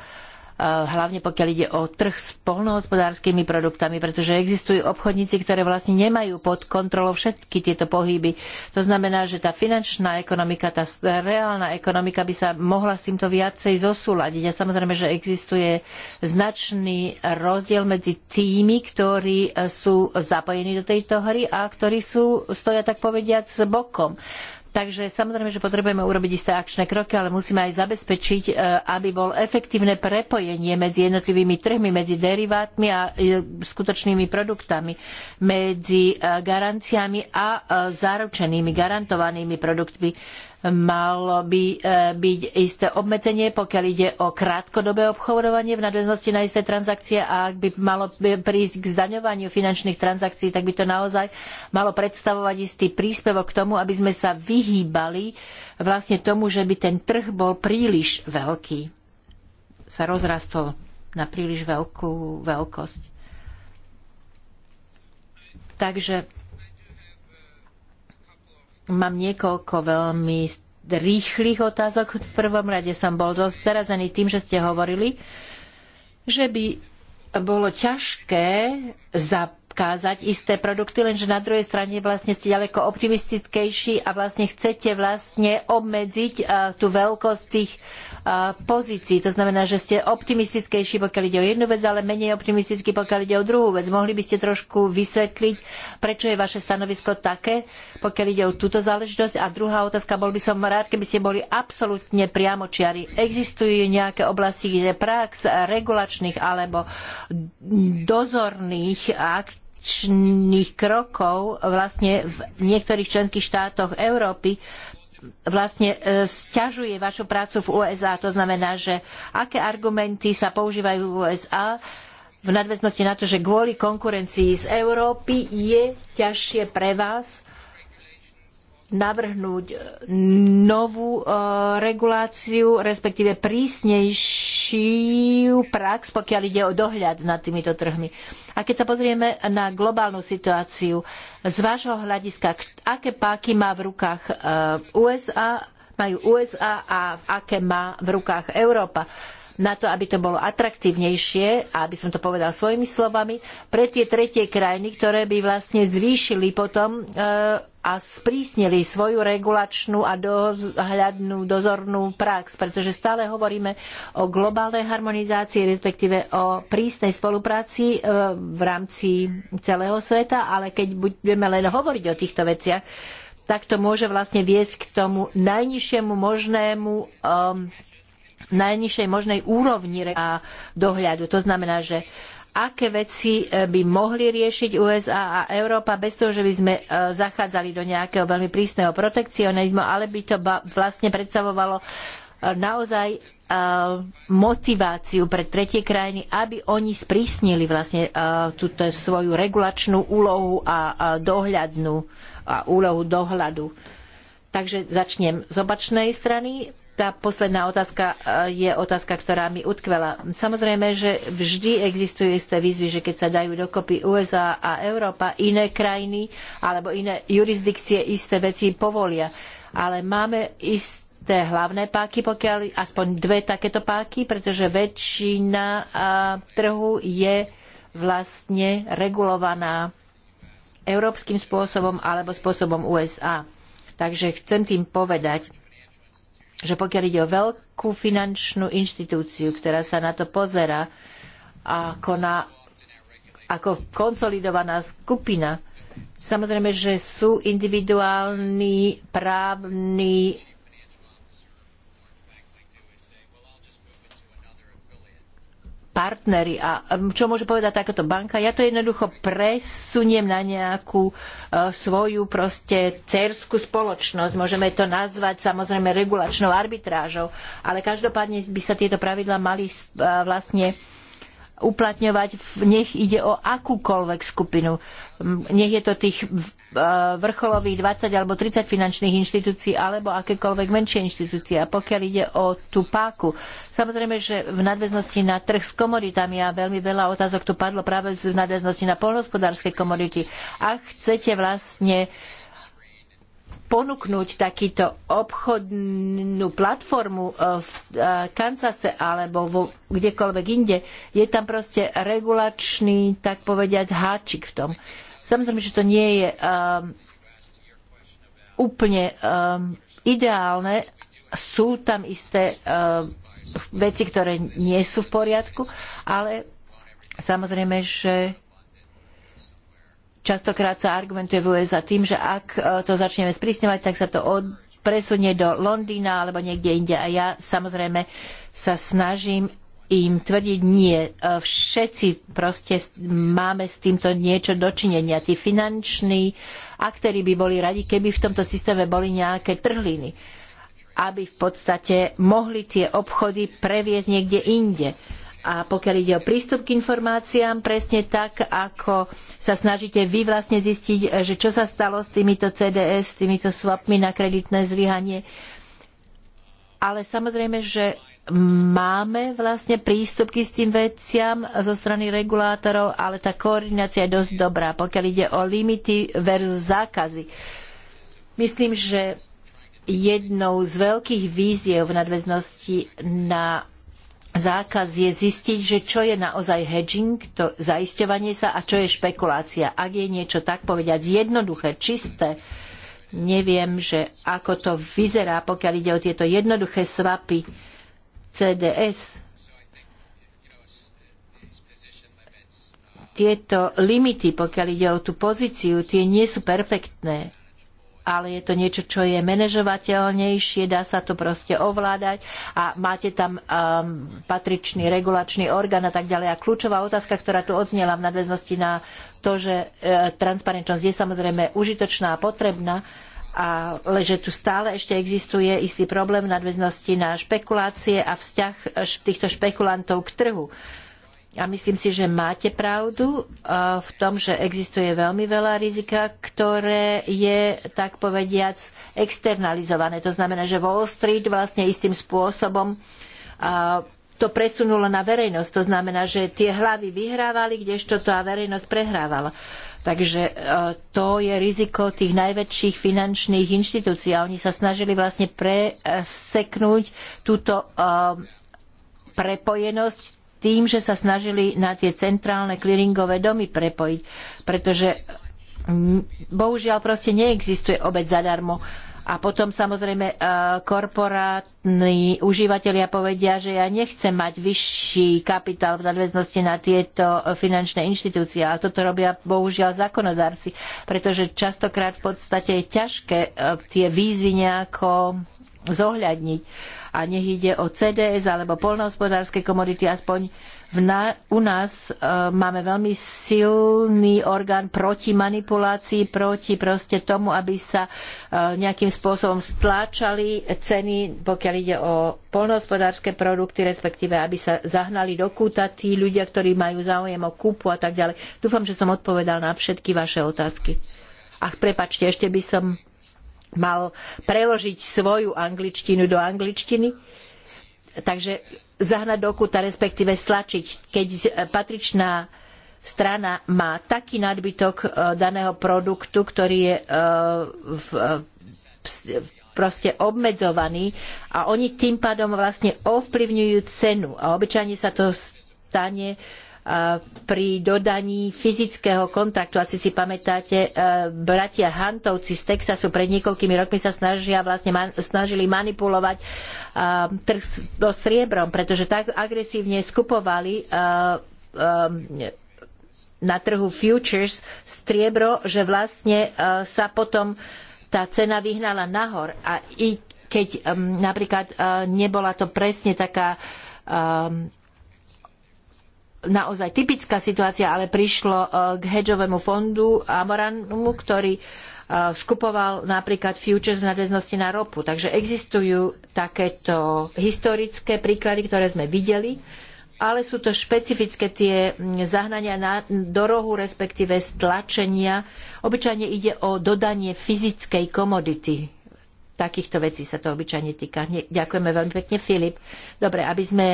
E, hlavne pokiaľ ide o trh s polnohospodárskymi produktami, pretože existujú obchodníci, ktoré vlastne nemajú pod kontrolou všetky tieto pohyby. To znamená, že tá finančná ekonomika, tá reálna ekonomika by sa mohla s týmto viacej zosúľadiť. A samozrejme, že existuje značný rozdiel medzi tými, ktorí e, sú zapojení do tejto hry a ktorí sú, stoja tak povediať, s bokom. Takže samozrejme, že potrebujeme urobiť isté akčné kroky, ale musíme aj zabezpečiť, e, aby bol efektívne prepojenie medzi jednotlivými trhmi, medzi derivátmi a e, skutočnými produktami, medzi e, garanciami a zaručenými, garantovanými produktmi malo by e, byť isté obmedzenie, pokiaľ ide o krátkodobé obchodovanie v nadväznosti na isté transakcie a ak by malo prísť k zdaňovaniu finančných transakcií, tak by to naozaj malo predstavovať istý príspevok k tomu, aby sme sa vyhýbali vlastne tomu, že by ten trh bol príliš veľký. Sa rozrastol na príliš veľkú veľkosť. Takže Mám niekoľko veľmi rýchlych otázok. V prvom rade som bol dosť zarazený tým, že ste hovorili, že by bolo ťažké za zakázať isté produkty, lenže na druhej strane vlastne ste ďaleko optimistickejší a vlastne chcete vlastne obmedziť eh, tú veľkosť tých eh, pozícií. To znamená, že ste optimistickejší, pokiaľ ide o jednu vec, ale menej optimistický, pokiaľ ide o druhú vec. Mohli by ste trošku vysvetliť, prečo je vaše stanovisko také, pokiaľ ide o túto záležitosť. A druhá otázka, bol by som rád, keby ste boli absolútne priamočiari. Existujú nejaké oblasti, kde prax regulačných alebo dozorných akt spoločných krokov vlastne v niektorých členských štátoch Európy vlastne e, sťažuje vašu prácu v USA. To znamená, že aké argumenty sa používajú v USA v nadväznosti na to, že kvôli konkurencii z Európy je ťažšie pre vás navrhnúť e, novú e, reguláciu, respektíve prísnejšiu prax, pokiaľ ide o dohľad nad týmito trhmi. A keď sa pozrieme na globálnu situáciu, z vášho hľadiska, aké páky má v rukách e, USA, majú USA a aké má v rukách Európa? na to, aby to bolo atraktívnejšie, a aby som to povedal svojimi slovami, pre tie tretie krajiny, ktoré by vlastne zvýšili potom e, a sprísnili svoju regulačnú a dohľadnú dozornú prax, pretože stále hovoríme o globálnej harmonizácii, respektíve o prísnej spolupráci e, v rámci celého sveta, ale keď budeme len hovoriť o týchto veciach, tak to môže vlastne viesť k tomu najnižšiemu možnému um, najnižšej možnej úrovni a dohľadu. To znamená, že aké veci e, by mohli riešiť USA a Európa bez toho, že by sme e, zachádzali do nejakého veľmi prísneho protekcionizmu, ale by to vlastne predstavovalo e, naozaj motiváciu pre tretie krajiny, aby oni sprísnili vlastne túto svoju regulačnú úlohu a dohľadnú a úlohu dohľadu. Takže začnem z opačnej strany tá posledná otázka eh, je otázka, ktorá mi utkvela. Samozrejme, že vždy existujú isté výzvy, že keď sa dajú dokopy USA a Európa, iné krajiny alebo iné jurisdikcie isté veci povolia. Ale máme isté hlavné páky, pokiaľ aspoň dve takéto páky, pretože väčšina eh, trhu je vlastne regulovaná európskym spôsobom alebo spôsobom USA. Takže chcem tým povedať, že pokiaľ ide o veľkú finančnú inštitúciu, ktorá sa na to pozera ako, na, ako konsolidovaná skupina, samozrejme, že sú individuálni právni partneri A čo môže povedať takáto banka? Ja to jednoducho presuniem na nejakú e, svoju proste cerskú spoločnosť. Môžeme to nazvať samozrejme regulačnou arbitrážou, ale každopádne by sa tieto pravidlá mali e, vlastne uplatňovať, nech ide o akúkoľvek skupinu. Nech je to tých vrcholových 20 alebo 30 finančných inštitúcií alebo akékoľvek menšie inštitúcie. A pokiaľ ide o tú páku, samozrejme, že v nadväznosti na trh s komoditami a veľmi veľa otázok tu padlo práve v nadväznosti na polnohospodárske komodity. Ak chcete vlastne uh, ponúknuť takýto obchodnú platformu e, v e, Kansase alebo vo, kdekoľvek inde, je tam proste regulačný, tak povediať, háčik v tom. Samozrejme, že to nie je um, úplne um, ideálne. Sú tam isté um, veci, ktoré nie sú v poriadku, ale samozrejme, že Častokrát sa argumentuje v USA tým, že ak e, to začneme sprísňovať, tak sa to od, presunie do Londýna alebo niekde inde. A ja samozrejme sa snažím im tvrdiť nie. E, všetci proste máme s týmto niečo dočinenia. Tí finanční aktéry by boli radi, keby v tomto systéme boli nejaké trhliny aby v podstate mohli tie obchody previesť niekde inde. A pokiaľ ide o prístup k informáciám, presne tak, ako sa snažíte vy vlastne zistiť, že čo sa stalo s týmito CDS, s týmito swapmi na kreditné zlyhanie. Ale samozrejme, že máme vlastne prístup k istým veciam zo strany regulátorov, ale tá koordinácia je dosť dobrá, pokiaľ ide o limity versus zákazy. Myslím, že jednou z veľkých víziev v nadväznosti na zákaz je zistiť, že čo je naozaj hedging, to zaisťovanie sa a čo je špekulácia. Ak je niečo tak povedať jednoduché, čisté, neviem, že ako to vyzerá, pokiaľ ide o tieto jednoduché svapy CDS. Tieto limity, pokiaľ ide o tú pozíciu, tie nie sú perfektné ale je to niečo, čo je manažovateľnejšie, dá sa to proste ovládať a máte tam um, patričný regulačný orgán a tak ďalej. A kľúčová otázka, ktorá tu odznela v nadväznosti na to, že e, transparentnosť je samozrejme užitočná a potrebná, ale že tu stále ešte existuje istý problém v nadväznosti na špekulácie a vzťah týchto špekulantov k trhu a myslím si, že máte pravdu e, v tom, že existuje veľmi veľa rizika, ktoré je, tak povediac, externalizované. To znamená, že Wall Street vlastne istým spôsobom e, to presunulo na verejnosť. To znamená, že tie hlavy vyhrávali, kdežto a verejnosť prehrávala. Takže e, to je riziko tých najväčších finančných inštitúcií a oni sa snažili vlastne preseknúť túto prepojenosť tým, že sa snažili na tie centrálne clearingové domy prepojiť, pretože bohužiaľ proste neexistuje obec zadarmo. A potom samozrejme e, korporátni užívateľia povedia, že ja nechcem mať vyšší kapitál v nadväznosti na tieto finančné inštitúcie. A toto robia bohužiaľ zákonodárci, pretože častokrát v podstate je ťažké e, tie výzvy nejako zohľadniť. A nech ide o CDS alebo poľnohospodárske komodity, aspoň na, u nás e, máme veľmi silný orgán proti manipulácii, proti proste tomu, aby sa e, nejakým spôsobom stláčali ceny, pokiaľ ide o poľnohospodárske produkty, respektíve aby sa zahnali do kúta tí ľudia, ktorí majú záujem o kúpu a tak ďalej. Dúfam, že som odpovedal na všetky vaše otázky. Ach, prepačte, ešte by som mal preložiť svoju angličtinu do angličtiny. Takže zahnať do kúta, respektíve stlačiť, keď patričná strana má taký nadbytok e, daného produktu, ktorý je e, v, e, v, proste obmedzovaný a oni tým pádom vlastne ovplyvňujú cenu a obyčajne sa to stane uh, Eh, pri dodaní fyzického kontaktu. Asi si pamätáte, eh, bratia Hantovci z Texasu pred niekoľkými rokmi sa snažia, vlastne man, snažili manipulovať eh, trh so striebrom, pretože tak agresívne skupovali na trhu futures striebro, že vlastne sa potom tá cena vyhnala nahor. A i keď napríklad nebola to presne taká naozaj typická situácia, ale prišlo e, k hedžovému fondu Amoranumu, ktorý e, skupoval napríklad futures v nadväznosti na ropu. Takže existujú takéto historické príklady, ktoré sme videli, ale sú to špecifické tie zahnania na, do rohu, respektíve stlačenia. Obyčajne ide o dodanie fyzickej komodity. Takýchto vecí sa to obyčajne týka. Ďakujeme veľmi pekne, Filip. Dobre, aby sme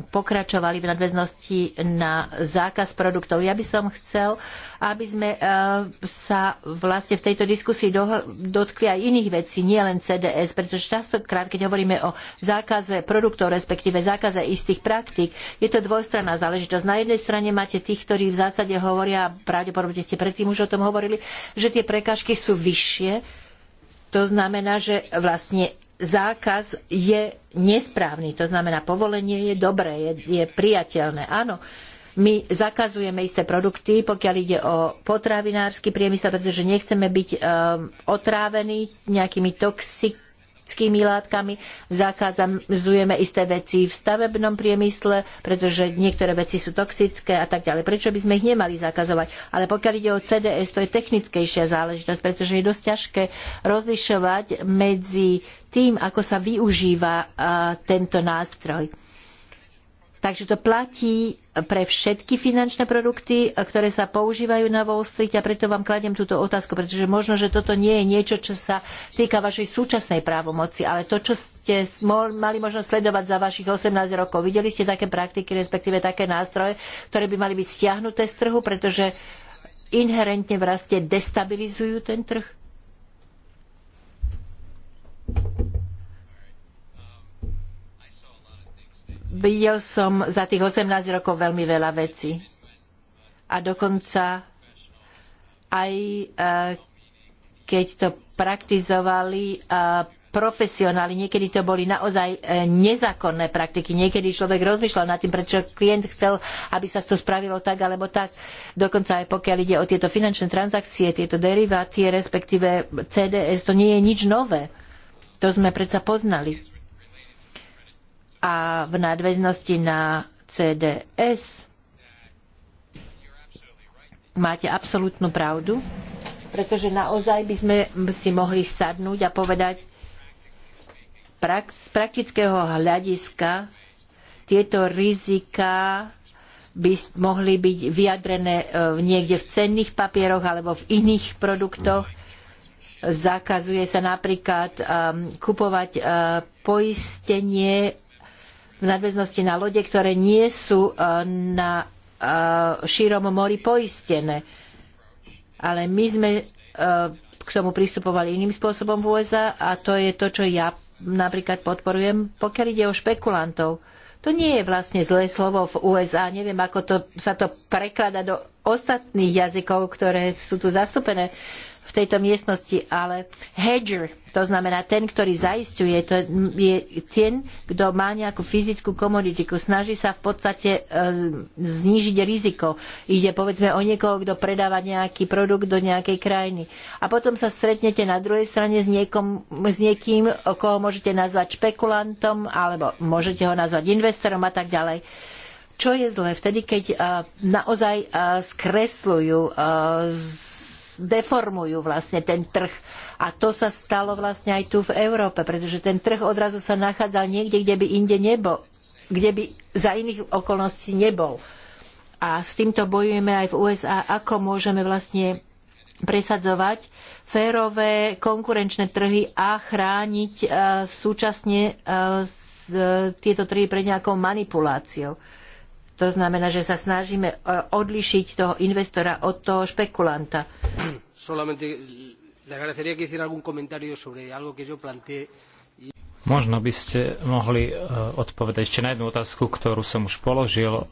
pokračovali v nadväznosti na zákaz produktov. Ja by som chcel, aby sme e, sa vlastne v tejto diskusii dotkli aj iných vecí, nielen CDS, pretože častokrát, keď hovoríme o zákaze produktov, respektíve zákaze istých praktík, je to dvojstranná záležitosť. Na jednej strane máte tých, ktorí v zásade hovoria, pravdepodobne ste predtým už o tom hovorili, že tie prekážky sú vyššie, to znamená, že vlastne zákaz je nesprávny. To znamená, povolenie je dobré, je, je priateľné. Áno, my zakazujeme isté produkty, pokiaľ ide o potravinársky priemysel, pretože nechceme byť um, otrávení nejakými toxik toxickými látkami, zakazujeme isté veci v stavebnom priemysle, pretože niektoré veci sú toxické a tak ďalej. Prečo by sme ich nemali zakazovať? Ale pokiaľ ide o CDS, to je technickejšia záležitosť, pretože je dosť ťažké rozlišovať medzi tým, ako sa využíva tento nástroj. Takže to platí pre všetky finančné produkty, ktoré sa používajú na Wall Street a preto vám kladem túto otázku, pretože možno, že toto nie je niečo, čo sa týka vašej súčasnej právomoci, ale to, čo ste mali možno sledovať za vašich 18 rokov, videli ste také praktiky, respektíve také nástroje, ktoré by mali byť stiahnuté z trhu, pretože inherentne v raste destabilizujú ten trh? videl som za tých 18 rokov veľmi veľa vecí. A dokonca aj eh, keď to praktizovali eh, profesionáli, niekedy to boli naozaj eh, nezákonné praktiky. Niekedy človek rozmýšľal nad tým, prečo klient chcel, aby sa to spravilo tak alebo tak. Dokonca aj pokiaľ ide o tieto finančné transakcie, tieto deriváty, respektíve CDS, to nie je nič nové. To sme predsa poznali a v nadväznosti na CDS máte absolútnu pravdu, pretože naozaj by sme si mohli sadnúť a povedať, z praktického hľadiska tieto rizika by mohli byť vyjadrené e, niekde v cenných papieroch alebo v iných produktoch. Zakazuje sa napríklad ehm, kupovať e, poistenie v nadväznosti na lode, ktoré nie sú e, na e, šírom mori poistené. Ale my sme e, k tomu pristupovali iným spôsobom v USA a to je to, čo ja napríklad podporujem, pokiaľ ide o špekulantov. To nie je vlastne zlé slovo v USA. Neviem, ako to, sa to preklada do ostatných jazykov, ktoré sú tu zastúpené tejto miestnosti, ale hedger, to znamená ten, ktorý zaistuje, to je ten, kto má nejakú fyzickú komoditiku, snaží sa v podstate e, znížiť riziko. Ide povedzme o niekoho, kto predáva nejaký produkt do nejakej krajiny. A potom sa stretnete na druhej strane s, niekom, s niekým, koho môžete nazvať špekulantom, alebo môžete ho nazvať investorom a tak ďalej čo je zlé vtedy, keď e, naozaj e, skresľujú deformujú vlastne ten trh. A to sa stalo vlastne aj tu v Európe, pretože ten trh odrazu sa nachádzal niekde, kde by inde nebol, kde by za iných okolností nebol. A s týmto bojujeme aj v USA, ako môžeme vlastne presadzovať férové konkurenčné trhy a chrániť e, súčasne e, e, tieto trhy pred nejakou manipuláciou. To znamená, že sa snažíme e, odlišiť toho investora od toho špekulanta. Možno by ste mohli e, odpovedať ešte na jednu otázku, ktorú som už položil.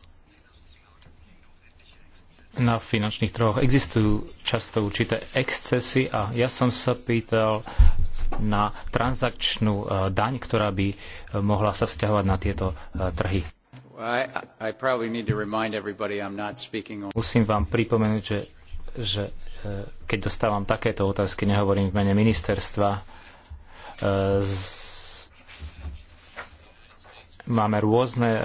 Na finančných trhoch existujú často určité excesy a ja som sa pýtal na transakčnú e, daň, ktorá by mohla sa vzťahovať na tieto trhy. Musím vám pripomenúť, že, že e, keď dostávam takéto otázky, nehovorím v mene ministerstva, e, máme rôzne e,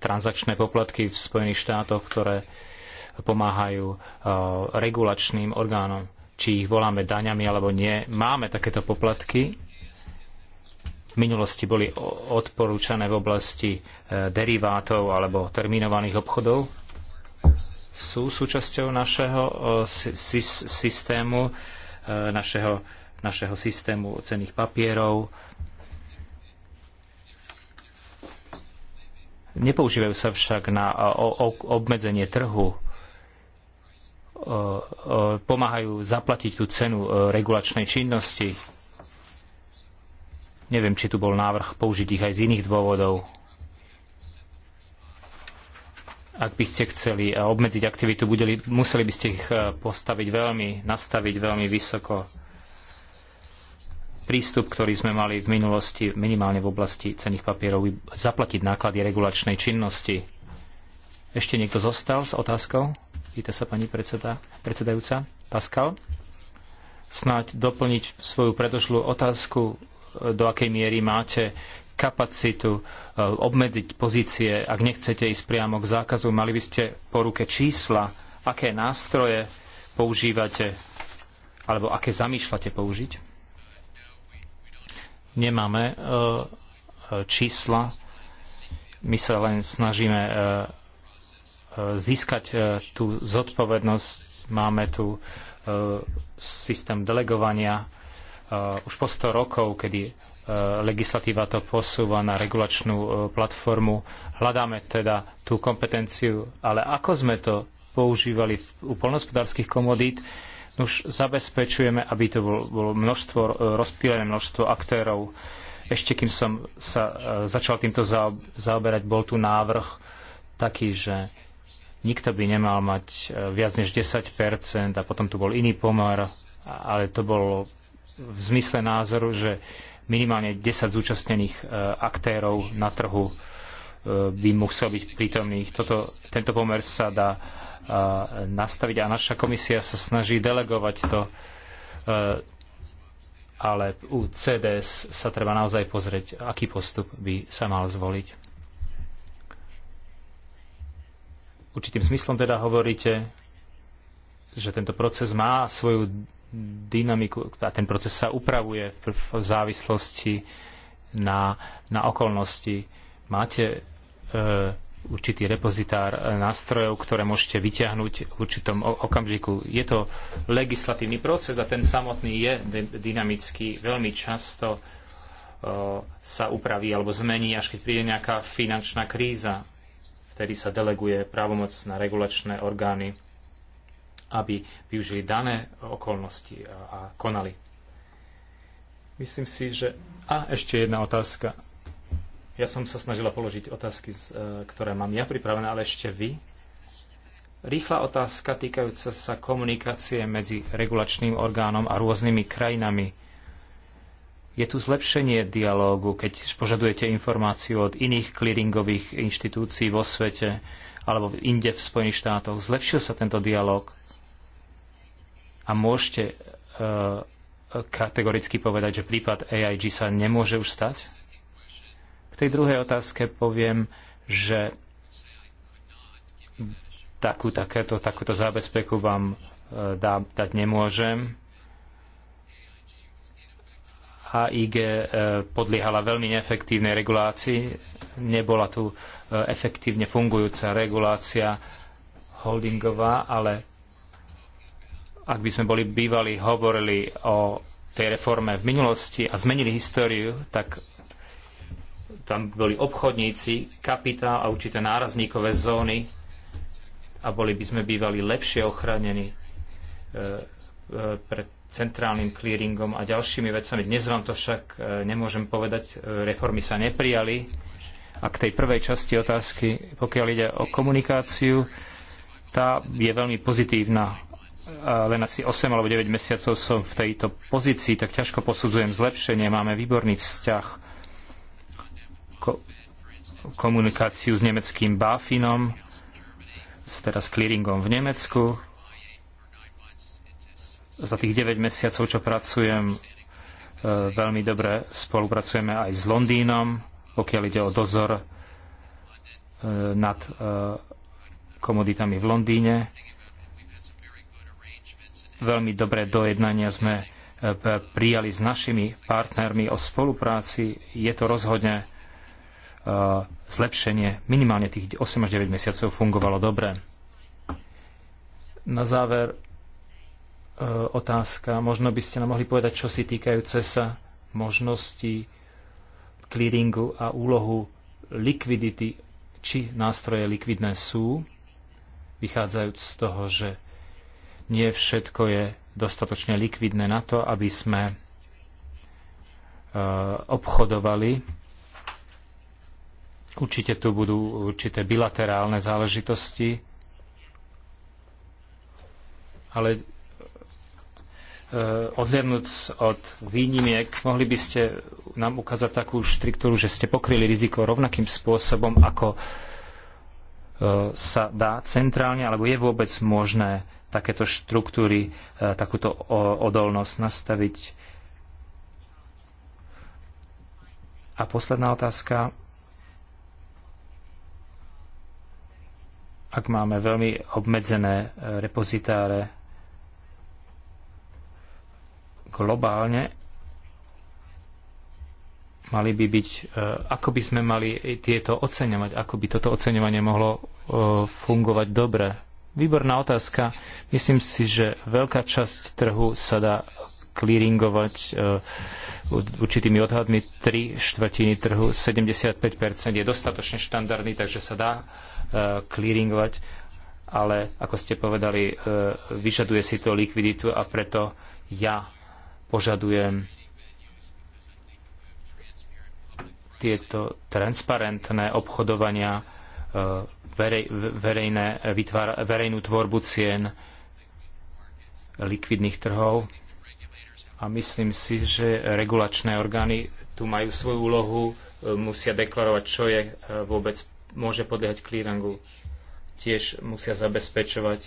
transakčné poplatky v Spojených štátoch, ktoré pomáhajú regulačným orgánom, či ich voláme daňami alebo nie. Máme takéto poplatky v minulosti boli odporúčané v oblasti e, derivátov alebo terminovaných obchodov, sú súčasťou našeho e, systému, e, našeho, našeho systému cených papierov. Nepoužívajú sa však na obmedzenie trhu. Pomáhajú zaplatiť tú cenu regulačnej činnosti Neviem, či tu bol návrh použiť ich aj z iných dôvodov. Ak by ste chceli eh, obmedziť aktivitu, budeli, museli by ste ich eh, postaviť veľmi, nastaviť veľmi vysoko. Prístup, ktorý sme mali v minulosti, minimálne v oblasti cených papierov, zaplatiť náklady regulačnej činnosti. Ešte niekto zostal s otázkou? Pýta sa pani predseda, predsedajúca. Pascal? snáď doplniť svoju predošlú otázku do akej miery máte kapacitu e, obmedziť pozície, ak nechcete ísť priamo k zákazu. Mali by ste po ruke čísla, aké nástroje používate alebo aké zamýšľate použiť? Nemáme e, čísla. My sa len snažíme e, získať tú zodpovednosť. Máme tu systém delegovania Eh, už po 100 rokov, kedy eh, legislatíva to posúva na regulačnú eh, platformu. Hľadáme teda tú kompetenciu, ale ako sme to používali u polnospodárských komodít, už zabezpečujeme, aby to bolo množstvo, rozptýlené množstvo aktérov. Ešte kým som sa začal týmto zaoberať, bol tu návrh taký, že nikto by nemal mať viac než 10% a potom tu bol iný pomer, ale to bolo v zmysle názoru, že minimálne 10 zúčastnených e, aktérov na trhu e, by musel byť prítomných. Toto, tento pomer sa dá e, nastaviť a naša komisia sa snaží delegovať to, ale u CDS sa treba naozaj pozrieť, aký postup by sa mal zvoliť. Určitým zmyslom teda hovoríte, že tento proces má svoju dynamiku a ten proces sa upravuje v, v závislosti na, na okolnosti. Máte e, určitý repozitár nástrojov, ktoré môžete vyťahnuť v určitom okamžiku. Je to legislatívny proces a ten samotný je dynamický. Veľmi často e, sa upraví alebo zmení, až keď príde nejaká finančná kríza. Vtedy sa deleguje právomoc na regulačné orgány aby využili dané okolnosti a, a konali. Myslím si, že... A ešte jedna otázka. Ja som sa snažila položiť otázky, e, ktoré mám ja pripravené, ale ešte vy. Rýchla otázka týkajúca sa komunikácie medzi regulačným orgánom a rôznymi krajinami. Je tu zlepšenie dialógu, keď požadujete informáciu od iných clearingových inštitúcií vo svete alebo inde v Spojených štátoch? Zlepšil sa tento dialóg? a môžete e, kategoricky povedať, že prípad AIG sa nemôže už stať? K tej druhej otázke poviem, že takú, takéto, takúto zábezpeku vám e, dá, dať nemôžem. AIG e, podliehala veľmi neefektívnej regulácii, nebola tu efektívne fungujúca regulácia holdingová, ale ak by sme boli bývali hovorili o tej reforme v minulosti a zmenili históriu, tak tam boli obchodníci, kapitál a určité nárazníkové zóny a boli by sme bývali lepšie ochránení e, e, pred centrálnym clearingom a ďalšími vecami. Dnes vám to však e, nemôžem povedať, reformy sa neprijali. A k tej prvej časti otázky, pokiaľ ide o komunikáciu, tá je veľmi pozitívna len asi 8 alebo 9 mesiacov som v tejto pozícii, tak ťažko posudzujem zlepšenie. Máme výborný vzťah ko- komunikáciu s nemeckým Báfinom, s teraz clearingom v Nemecku. Za tých 9 mesiacov, čo pracujem, e, veľmi dobre spolupracujeme aj s Londýnom, pokiaľ ide o dozor e, nad e, komoditami v Londýne Veľmi dobré dojednania sme e, prijali s našimi partnermi o spolupráci. Je to rozhodne e, zlepšenie. Minimálne tých 8 až 9 mesiacov fungovalo dobre. Na záver e, otázka. Možno by ste nám mohli povedať, čo si týkajúce sa možnosti clearingu a úlohu likvidity, či nástroje likvidné sú, vychádzajúc z toho, že nie všetko je dostatočne likvidné na to, aby sme e, obchodovali. Určite tu budú určité bilaterálne záležitosti, ale e, odhľadnúc od výnimiek, mohli by ste nám ukázať takú štruktúru, že ste pokryli riziko rovnakým spôsobom, ako e, sa dá centrálne, alebo je vôbec možné takéto štruktúry, e, takúto odolnosť nastaviť. A posledná otázka. Ak máme veľmi obmedzené e, repozitáre globálne, mali by byť, e, ako by sme mali tieto oceňovať, ako by toto oceňovanie mohlo fungovať dobre Výborná otázka. Myslím si, že veľká časť trhu sa dá clearingovať e, určitými odhadmi. Tri štvrtiny trhu, 75% je dostatočne štandardný, takže sa dá e, clearingovať, ale ako ste povedali, e, vyžaduje si to likviditu a preto ja požadujem tieto transparentné obchodovania verej, verejné, vytvár, verejnú tvorbu cien likvidných trhov. A myslím si, že regulačné orgány tu majú svoju úlohu, e, musia deklarovať, čo je e, vôbec môže podliehať clearingu. Tiež musia zabezpečovať,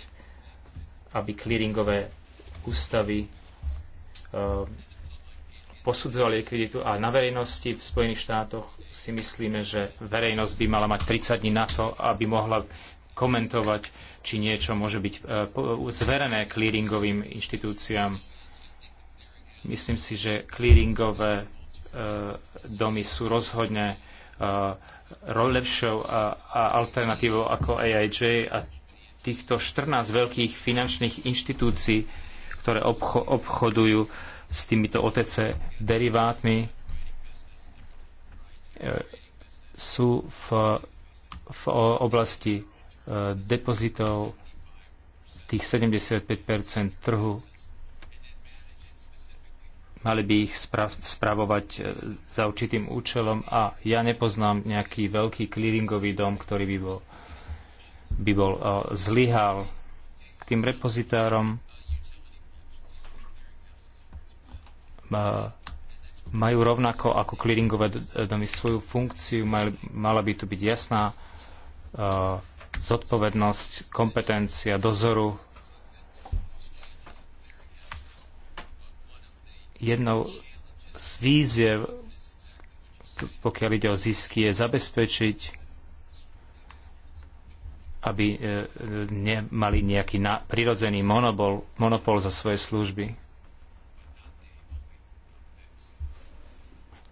aby clearingové ústavy e, posudzoval likviditu a na verejnosti v Spojených štátoch si myslíme, že verejnosť by mala mať 30 dní na to, aby mohla komentovať, či niečo môže byť e, zverené clearingovým inštitúciám. Myslím si, že clearingové e, domy sú rozhodne e, lepšou alternatívou ako AIJ a týchto 14 veľkých finančných inštitúcií, ktoré obchodujú s týmito OTC derivátmi e, sú v, v oblasti e, depozitov tých 75 trhu. Mali by ich spravovať e, za určitým účelom a ja nepoznám nejaký veľký clearingový dom, ktorý by bol, by bol zlyhal k tým repozitárom majú rovnako ako clearingové e, domy svoju funkciu, mala by tu byť jasná e, zodpovednosť, kompetencia, dozoru. Jednou z víziev, pokiaľ ide o zisky, je zabezpečiť, aby e, nemali nejaký prirodzený monopol, monopol za svoje služby.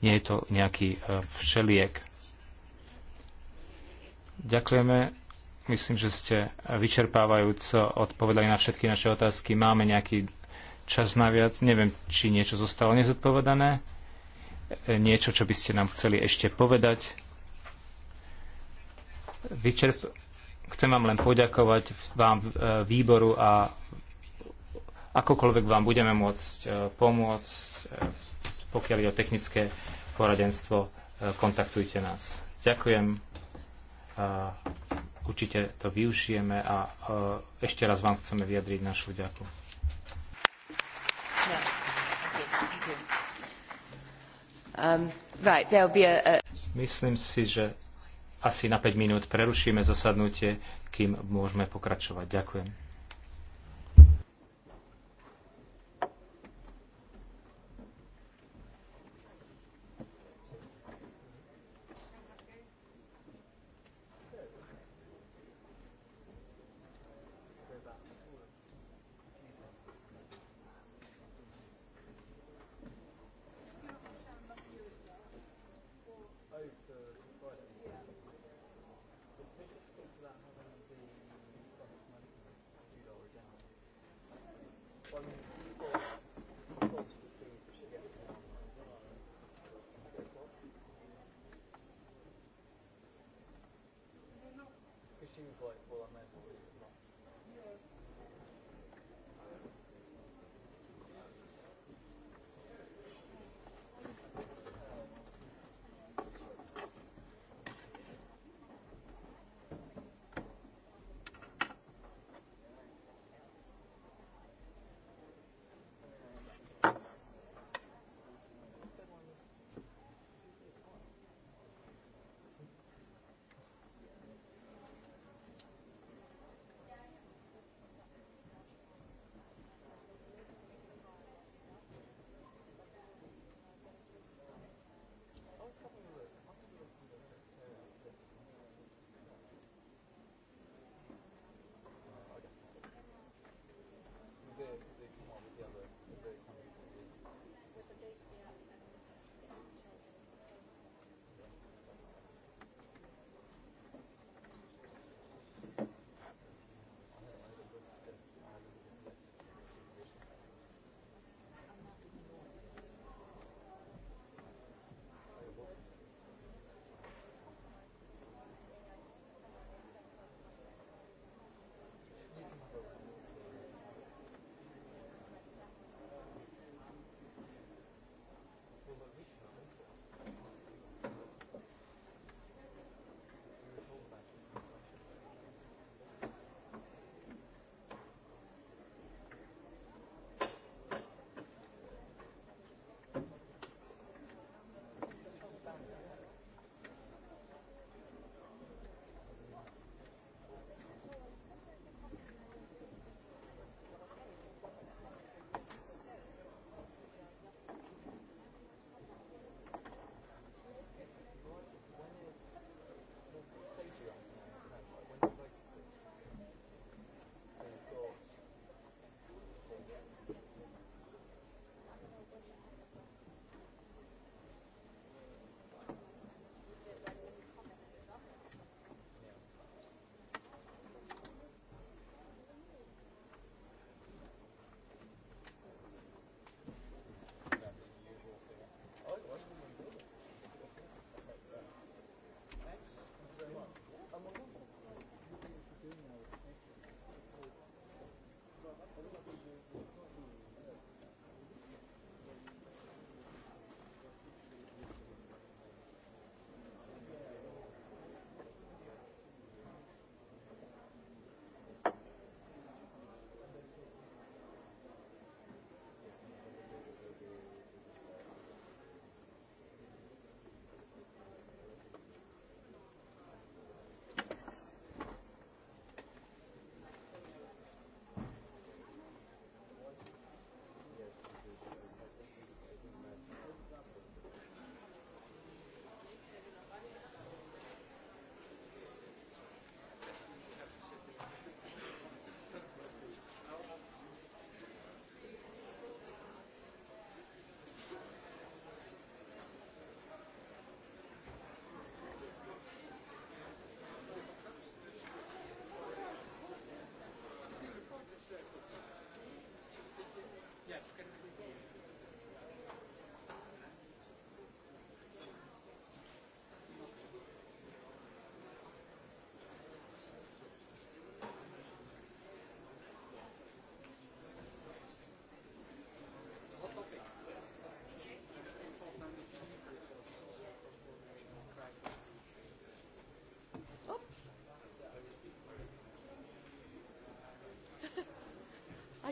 Nie je to nejaký e, všeliek. Ďakujeme. Myslím, že ste vyčerpávajúco odpovedali na všetky naše otázky. Máme nejaký čas naviac. Neviem, či niečo zostalo nezodpovedané. E, niečo, čo by ste nám chceli ešte povedať. Vyčerp... Chcem vám len poďakovať vám e, výboru a akokoľvek vám budeme môcť pomôcť v pokiaľ je o technické poradenstvo, e, kontaktujte nás. Ďakujem. E, určite to využijeme a e, ešte raz vám chceme vyjadriť našu ďaku. No, um, Myslím si, že asi na 5 minút prerušíme zasadnutie, kým môžeme pokračovať. Ďakujem.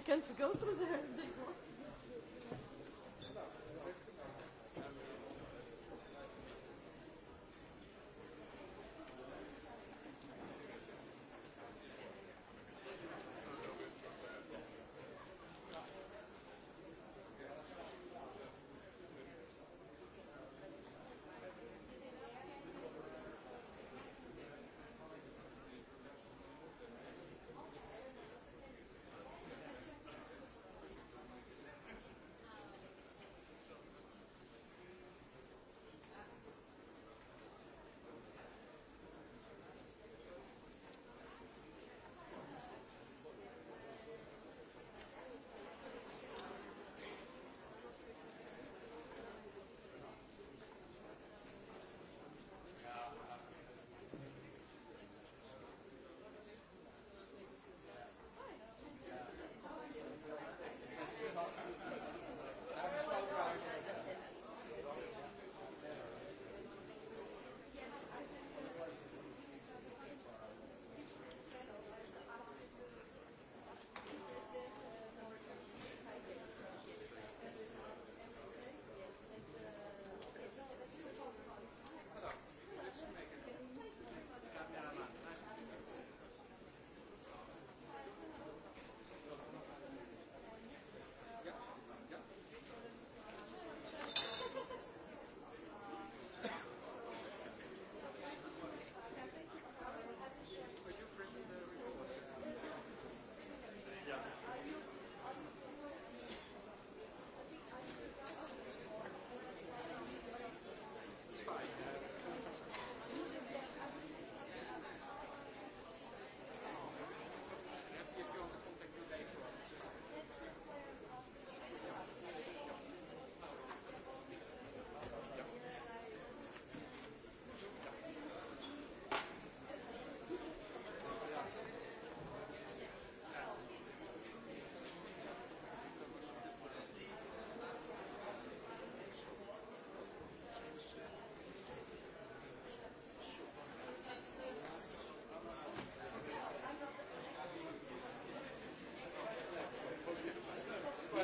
I can't go through there.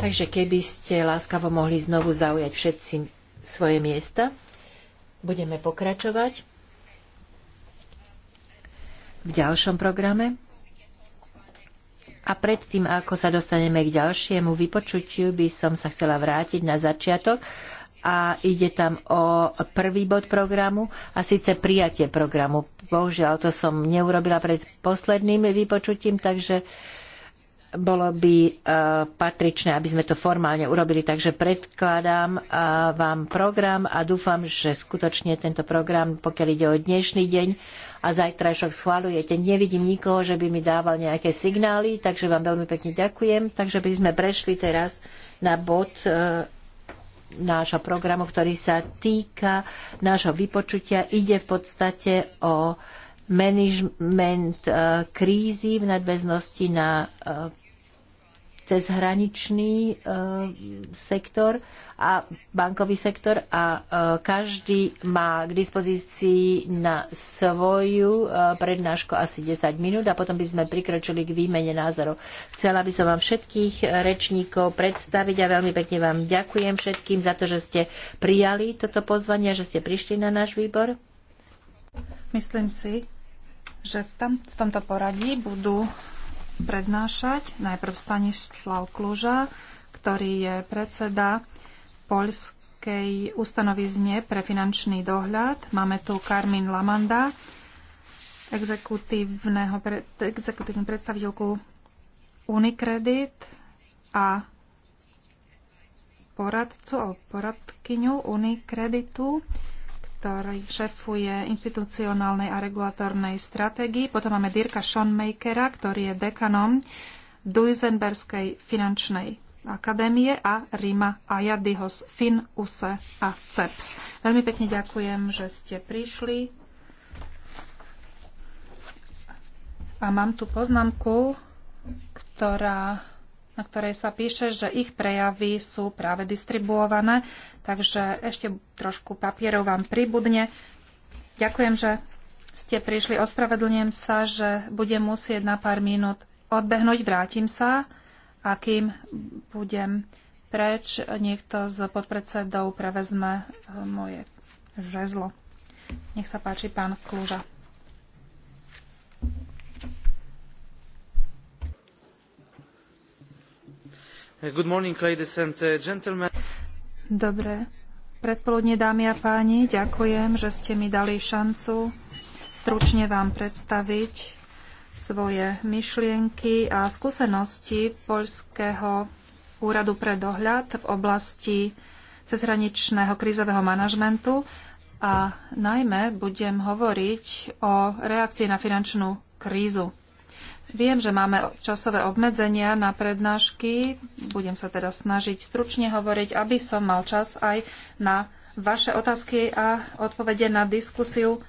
Takže keby ste láskavo mohli znovu zaujať všetci svoje miesta, budeme pokračovať v ďalšom programe. A predtým, ako sa dostaneme k ďalšiemu vypočutiu, by som sa chcela vrátiť na začiatok a ide tam o prvý bod programu a síce prijatie programu. Bohužiaľ, to som neurobila pred posledným vypočutím, takže uh, bolo by e, patričné, aby sme to formálne urobili. Takže predkladám e, vám program a dúfam, že skutočne tento program, pokiaľ ide o dnešný deň a zajtrajšok schválujete, nevidím nikoho, že by mi dával nejaké signály, takže vám veľmi pekne ďakujem. Takže by sme prešli teraz na bod e, nášho programu, ktorý sa týka nášho vypočutia. Ide v podstate o management krízy v nadväznosti na cez hraničný e, sektor a bankový sektor a e, každý má k dispozícii na svoju e, prednášku asi 10 minút a potom by sme prikročili k výmene názorov. Chcela by som vám všetkých rečníkov predstaviť a veľmi pekne vám ďakujem všetkým za to, že ste prijali toto pozvanie, že ste prišli na náš výbor. Myslím si, že v, tam, v tomto poradí budú prednášať. Najprv Stanislav Kluža, ktorý je predseda Poľskej ustanovizne pre finančný dohľad. Máme tu Karmin Lamanda, exekutívneho, exekutívnu predstaviteľku Unicredit a poradcu alebo poradkyňu Unikreditu ktorý šefuje institucionálnej a regulatornej stratégii. Potom máme Dirka Schoenmakera, ktorý je dekanom Duisenberskej finančnej akadémie a Rima Ajadiho z Use a CEPS. Veľmi pekne ďakujem, že ste prišli. A mám tu poznámku, ktorá na ktorej sa píše, že ich prejavy sú práve distribuované, takže ešte trošku papierov vám pribudne. Ďakujem, že ste prišli. Ospravedlňujem sa, že budem musieť na pár minút odbehnúť. Vrátim sa a kým budem preč, niekto z podpredsedov prevezme e, moje žezlo. Nech sa páči, pán Kluža. Uh, Dobré predpoludne, dámy a páni. Ďakujem, že ste mi dali šancu stručne vám predstaviť svoje myšlienky a skúsenosti Poľského úradu pre dohľad v oblasti cezhraničného krízového manažmentu a najmä budem hovoriť o reakcii na finančnú krízu. Viem, že máme časové obmedzenia na prednášky. Budem sa teda snažiť stručne hovoriť, aby som mal čas aj na vaše otázky a odpovede na diskusiu.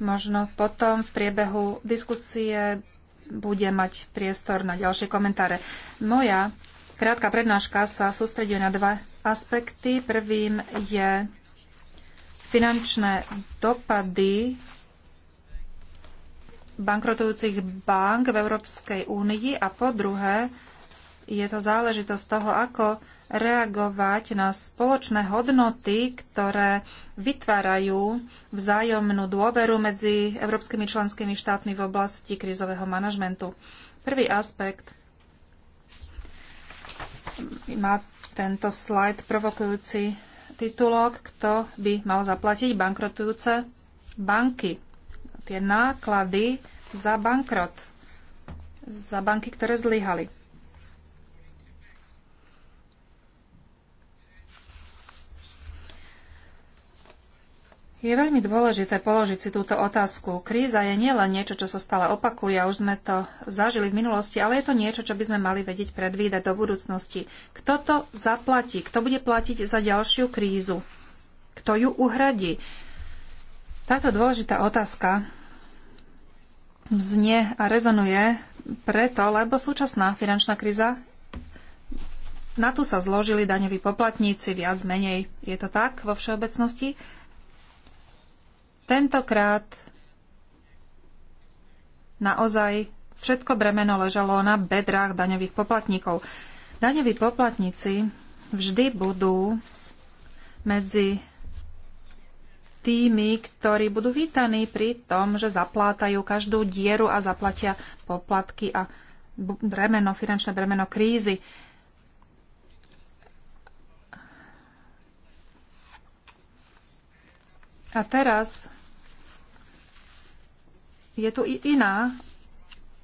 Možno potom v priebehu diskusie bude mať priestor na ďalšie komentáre. Moja krátka prednáška sa sústreduje na dva aspekty. Prvým je finančné dopady bankrotujúcich bank v Európskej únii a po druhé je to záležitosť toho, ako reagovať na spoločné hodnoty, ktoré vytvárajú vzájomnú dôveru medzi európskymi členskými štátmi v oblasti krízového manažmentu. Prvý aspekt má tento slajd provokujúci titulok, kto by mal zaplatiť bankrotujúce banky tie náklady za bankrot, za banky, ktoré zlyhali. Je veľmi dôležité položiť si túto otázku. Kríza je nielen niečo, čo sa stále opakuje, už sme to zažili v minulosti, ale je to niečo, čo by sme mali vedieť predvídať do budúcnosti. Kto to zaplatí? Kto bude platiť za ďalšiu krízu? Kto ju uhradí? Táto dôležitá otázka znie a rezonuje preto, lebo súčasná finančná kríza, na tu sa zložili daňoví poplatníci viac menej. Je to tak vo všeobecnosti? Tentokrát naozaj všetko bremeno ležalo na bedrách daňových poplatníkov. Daňoví poplatníci vždy budú medzi tými, ktorí budú vítaní pri tom, že zaplátajú každú dieru a zaplatia poplatky a bremeno, finančné bremeno krízy. A teraz je tu i iná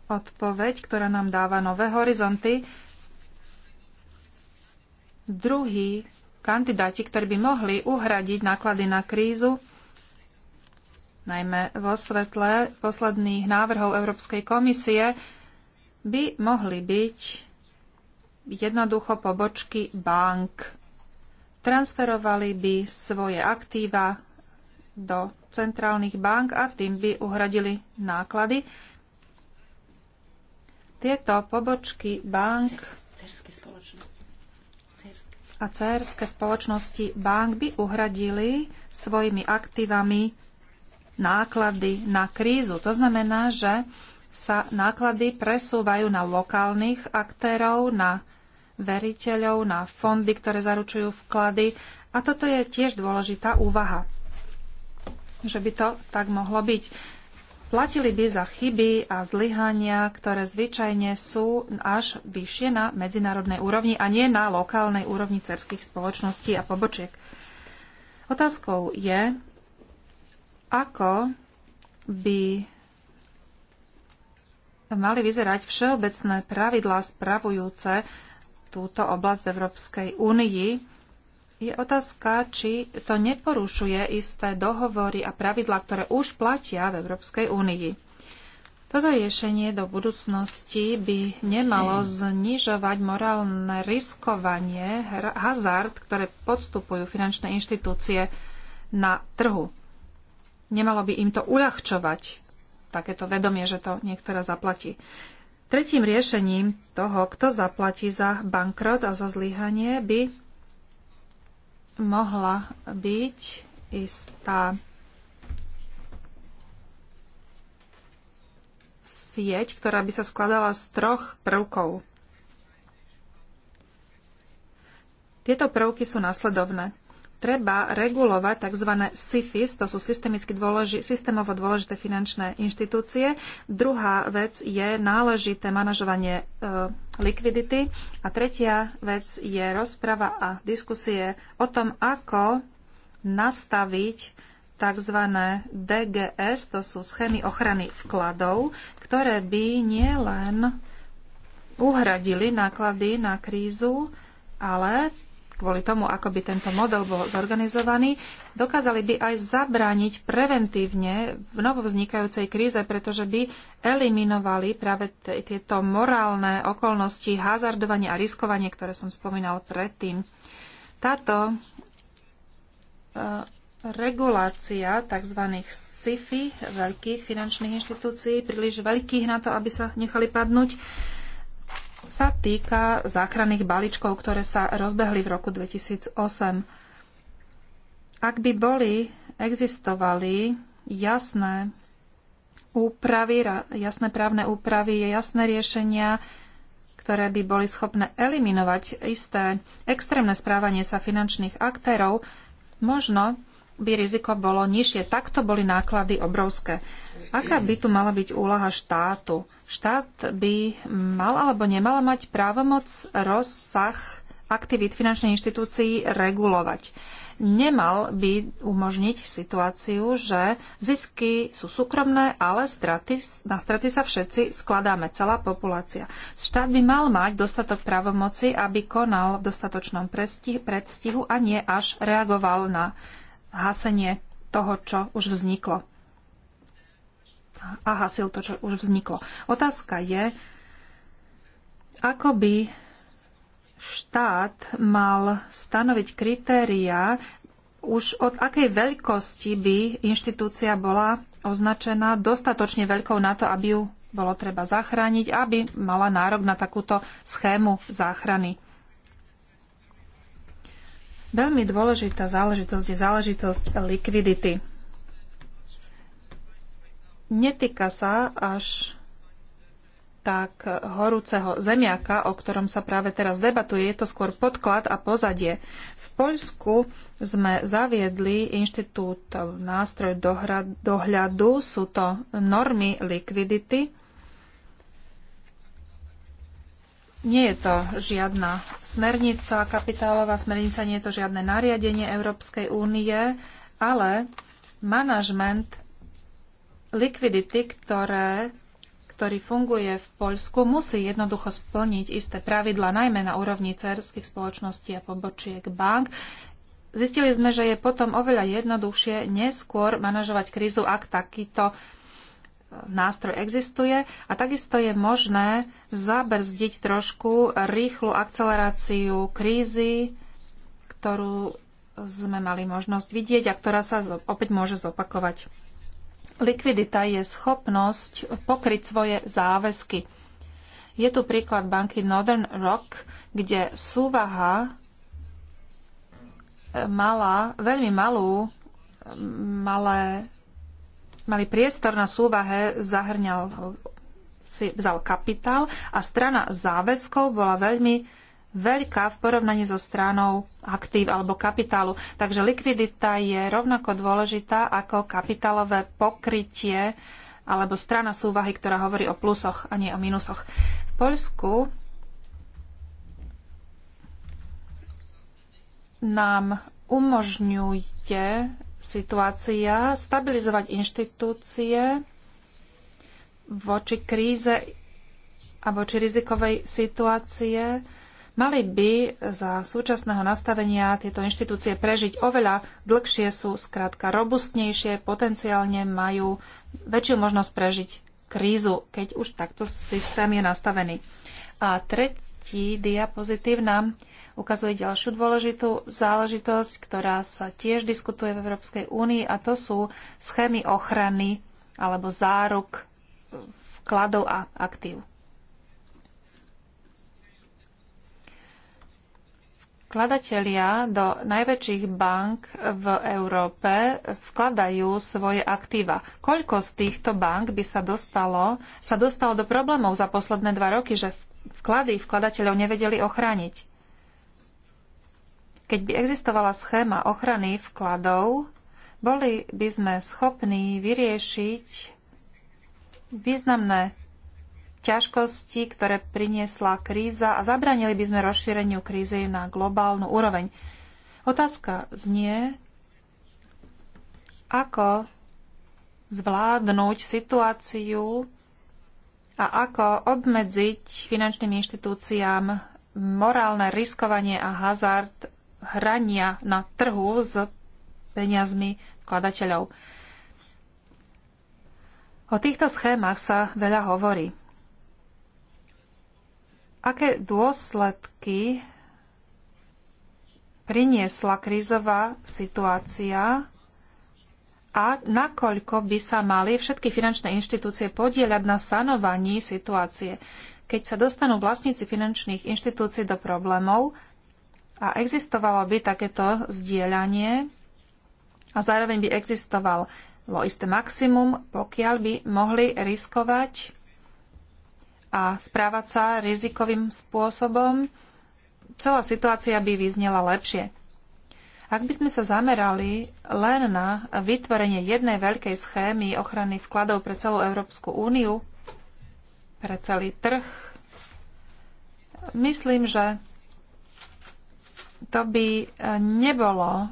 odpoveď, ktorá nám dáva nové horizonty. Druhý kandidáti, ktorí by mohli uhradiť náklady na krízu, najmä vo svetle posledných návrhov Európskej komisie, by mohli byť jednoducho pobočky bank. Transferovali by svoje aktíva do centrálnych bank a tým by uhradili náklady. Tieto pobočky bank a cérske spoločnosti bank by uhradili svojimi aktívami náklady na krízu. To znamená, že sa náklady presúvajú na lokálnych aktérov, na veriteľov, na fondy, ktoré zaručujú vklady. A toto je tiež dôležitá úvaha, že by to tak mohlo byť. Platili by za chyby a zlyhania, ktoré zvyčajne sú až vyššie na medzinárodnej úrovni a nie na lokálnej úrovni cerských spoločností a pobočiek. Otázkou je, ako by mali vyzerať všeobecné pravidlá spravujúce túto oblasť v Európskej únii, je otázka, či to neporušuje isté dohovory a pravidlá, ktoré už platia v Európskej únii. Toto riešenie do budúcnosti by nemalo znižovať morálne riskovanie, hazard, ktoré podstupujú finančné inštitúcie na trhu. Nemalo by im to uľahčovať, takéto vedomie, že to niektorá zaplatí. Tretím riešením toho, kto zaplatí za bankrot a za zlyhanie, by mohla byť istá sieť, ktorá by sa skladala z troch prvkov. Tieto prvky sú nasledovné treba regulovať tzv. SIFIS, to sú systemicky dôleži- systémovo dôležité finančné inštitúcie. Druhá vec je náležité manažovanie e, likvidity. A tretia vec je rozprava a diskusie o tom, ako nastaviť tzv. DGS, to sú schémy ochrany vkladov, ktoré by nielen uhradili náklady na krízu, ale kvôli tomu, ako by tento model bol zorganizovaný, dokázali by aj zabrániť preventívne v novovznikajúcej kríze, pretože by eliminovali práve tieto morálne okolnosti hazardovanie a riskovanie, ktoré som spomínal predtým. Táto e, regulácia tzv. SIFI, veľkých finančných inštitúcií, príliš veľkých na to, aby sa nechali padnúť, sa týka záchranných balíčkov, ktoré sa rozbehli v roku 2008. Ak by boli, existovali jasné úpravy, jasné právne úpravy, jasné riešenia, ktoré by boli schopné eliminovať isté extrémne správanie sa finančných aktérov, možno by riziko bolo nižšie. Takto boli náklady obrovské. Aká by tu mala byť úlaha štátu? Štát by mal alebo nemala mať právomoc rozsah aktivít finančnej inštitúcií regulovať. Nemal by umožniť situáciu, že zisky sú súkromné, ale straty, na straty sa všetci skladáme, celá populácia. Štát by mal mať dostatok právomoci, aby konal v dostatočnom predstihu a nie až reagoval na hasenie toho, čo už vzniklo a hasil to, čo už vzniklo. Otázka je, ako by štát mal stanoviť kritériá, už od akej veľkosti by inštitúcia bola označená dostatočne veľkou na to, aby ju bolo treba zachrániť, aby mala nárok na takúto schému záchrany. Veľmi dôležitá záležitosť je záležitosť likvidity netýka sa až tak horúceho zemiaka, o ktorom sa práve teraz debatuje. Je to skôr podklad a pozadie. V Poľsku sme zaviedli inštitút nástroj dohľadu. Sú to normy likvidity. Nie je to žiadna smernica, kapitálová smernica, nie je to žiadne nariadenie Európskej únie, ale manažment likvidity, ktoré, ktorý funguje v Poľsku, musí jednoducho splniť isté pravidla, najmä na úrovni cerských spoločností a pobočiek bank. Zistili sme, že je potom oveľa jednoduchšie neskôr manažovať krízu, ak takýto e, nástroj existuje a takisto je možné zabrzdiť trošku rýchlu akceleráciu krízy, ktorú sme mali možnosť vidieť a ktorá sa opäť môže zopakovať. Likvidita je schopnosť pokryť svoje záväzky. Je tu príklad banky Northern Rock, kde súvaha eh, mala veľmi malú, eh, malé, malý priestor na súvahe zahrňal si vzal kapitál a strana záväzkov bola veľmi veľká v porovnaní so stranou aktív alebo kapitálu. Takže likvidita je rovnako dôležitá ako kapitálové pokrytie alebo strana súvahy, ktorá hovorí o plusoch a nie o minusoch. V Poľsku nám umožňuje situácia stabilizovať inštitúcie voči kríze a voči rizikovej situácie Mali by za súčasného nastavenia tieto inštitúcie prežiť oveľa dlhšie, sú skrátka robustnejšie, potenciálne majú väčšiu možnosť prežiť krízu, keď už takto systém je nastavený. A tretí diapozitív nám ukazuje ďalšiu dôležitú záležitosť, ktorá sa tiež diskutuje v Európskej únii a to sú schémy ochrany alebo záruk vkladov a aktív. vkladatelia do najväčších bank v Európe vkladajú svoje aktíva. Koľko z týchto bank by sa dostalo, sa dostalo do problémov za posledné dva roky, že vklady vkladateľov nevedeli ochrániť? Keď by existovala schéma ochrany vkladov, boli by sme schopní vyriešiť významné ťažkosti, ktoré priniesla kríza a zabranili by sme rozšíreniu krízy na globálnu úroveň. Otázka znie, ako zvládnuť situáciu a ako obmedziť finančným inštitúciám morálne riskovanie a hazard hrania na trhu s peniazmi vkladateľov. O týchto schémach sa veľa hovorí. Aké dôsledky priniesla krízová situácia a nakoľko by sa mali všetky finančné inštitúcie podieľať na sanovaní situácie. Keď sa dostanú vlastníci finančných inštitúcií do problémov a existovalo by takéto zdieľanie a zároveň by existovalo isté maximum, pokiaľ by mohli riskovať a správať sa rizikovým spôsobom, celá situácia by vyznela lepšie. Ak by sme sa zamerali len na vytvorenie jednej veľkej schémy ochrany vkladov pre celú Európsku úniu, pre celý trh, myslím, že to by e, nebolo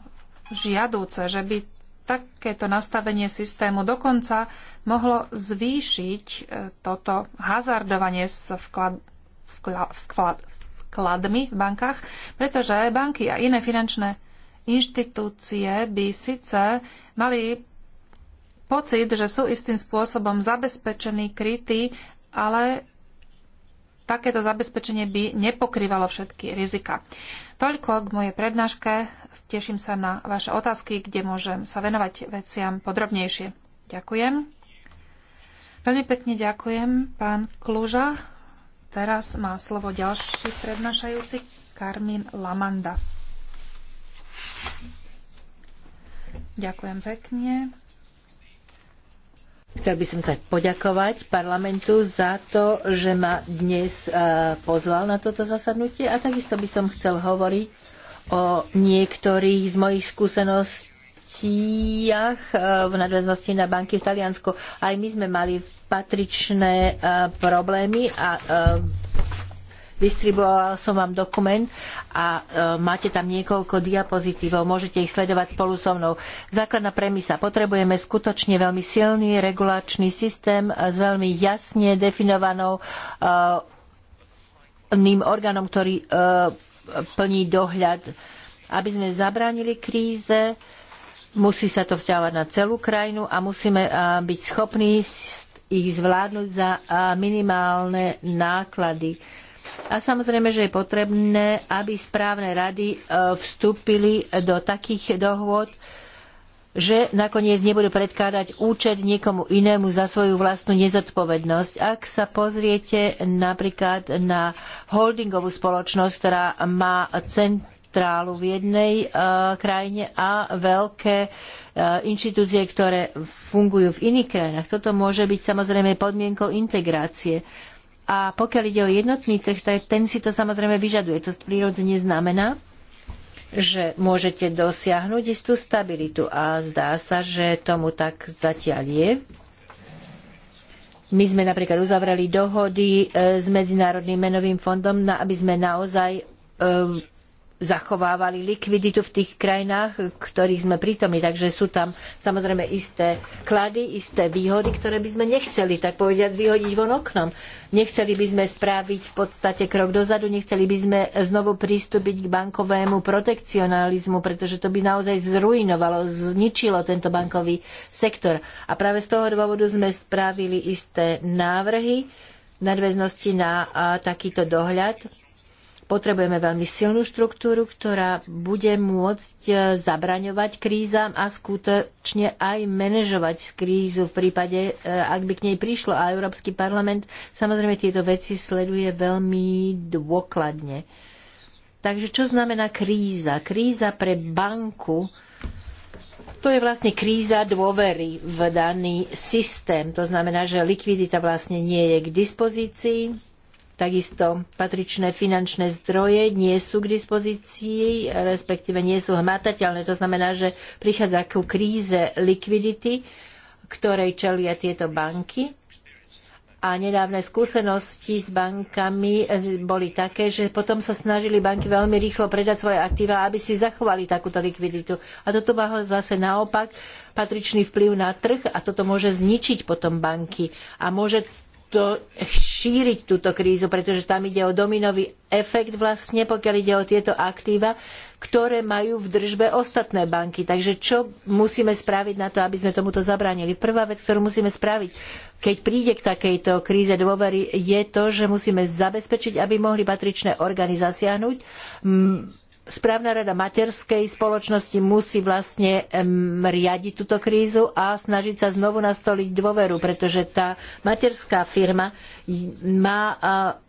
žiadúce, že by takéto nastavenie systému dokonca mohlo zvýšiť e, toto hazardovanie s vklad, vklad, vklad, vkladmi v bankách, pretože banky a iné finančné inštitúcie by síce mali pocit, že sú istým spôsobom zabezpečení, krytí, ale takéto zabezpečenie by nepokrývalo všetky rizika. Toľko k mojej prednáške. Teším sa na vaše otázky, kde môžem sa venovať veciam podrobnejšie. Ďakujem. Veľmi pekne ďakujem, pán Kluža. Teraz má slovo ďalší prednášajúci, Karmin Lamanda. Ďakujem pekne. Chcel by som sa poďakovať parlamentu za to, že ma dnes e, pozval na toto zasadnutie a takisto by som chcel hovoriť o niektorých z mojich skúseností sankciách eh, v nadväznosti na banky v Taliansku. Aj my sme mali patričné eh, problémy a eh, distribuoval som vám dokument a máte tam niekoľko diapozitívov, môžete ich sledovať spolu so mnou. Základná premisa. Potrebujeme skutočne veľmi silný regulačný systém s veľmi jasne definovanou orgánom, ktorý plní dohľad, aby sme zabránili kríze, Musí sa to vzťahovať na celú krajinu a musíme byť schopní ich zvládnuť za minimálne náklady. A samozrejme, že je potrebné, aby správne rady e, vstúpili do takých dohôd, že nakoniec nebudú predkádať účet niekomu inému za svoju vlastnú nezodpovednosť. Ak sa pozriete napríklad na holdingovú spoločnosť, ktorá má cent katedrálu v jednej uh, krajine a veľké uh, inštitúcie, ktoré fungujú v iných krajinách. Toto môže byť samozrejme podmienkou integrácie. A pokiaľ ide o jednotný trh, tak ten si to samozrejme vyžaduje. To prírodzene znamená, že môžete dosiahnuť istú stabilitu a zdá sa, že tomu tak zatiaľ je. My sme napríklad uzavrali dohody e, s Medzinárodným menovým fondom, aby sme naozaj zachovávali likviditu v tých krajinách, ktorých sme prítomní. Takže sú tam samozrejme isté klady, isté výhody, ktoré by sme nechceli, tak povediať, vyhodiť von oknom. Nechceli by sme spraviť v podstate krok dozadu, nechceli by sme znovu pristúpiť k bankovému protekcionalizmu, pretože to by naozaj zruinovalo, zničilo tento bankový sektor. A práve z toho dôvodu sme spravili isté návrhy, nadväznosti na a, takýto dohľad. Potrebujeme veľmi silnú štruktúru, ktorá bude môcť e, zabraňovať krízam a skutočne aj manažovať krízu v prípade, e, ak by k nej prišlo. A Európsky parlament samozrejme tieto veci sleduje veľmi dôkladne. Takže čo znamená kríza? Kríza pre banku to je vlastne kríza dôvery v daný systém. To znamená, že likvidita vlastne nie je k dispozícii Takisto patričné finančné zdroje nie sú k dispozícii, respektíve nie sú hmatateľné. To znamená, že prichádza ku kríze likvidity, ktorej čelia tieto banky. A nedávne skúsenosti s bankami boli také, že potom sa snažili banky veľmi rýchlo predať svoje aktíva, aby si zachovali takúto likviditu. A toto má zase naopak patričný vplyv na trh a toto môže zničiť potom banky. A môže to, šíriť túto krízu, pretože tam ide o dominový efekt vlastne, pokiaľ ide o tieto aktíva, ktoré majú v držbe ostatné banky. Takže čo musíme spraviť na to, aby sme tomuto zabránili? Prvá vec, ktorú musíme spraviť, keď príde k takejto kríze dôvery, je to, že musíme zabezpečiť, aby mohli patričné orgány zasiahnuť správna rada materskej spoločnosti musí vlastne riadiť túto krízu a snažiť sa znovu nastoliť dôveru, pretože tá materská firma má,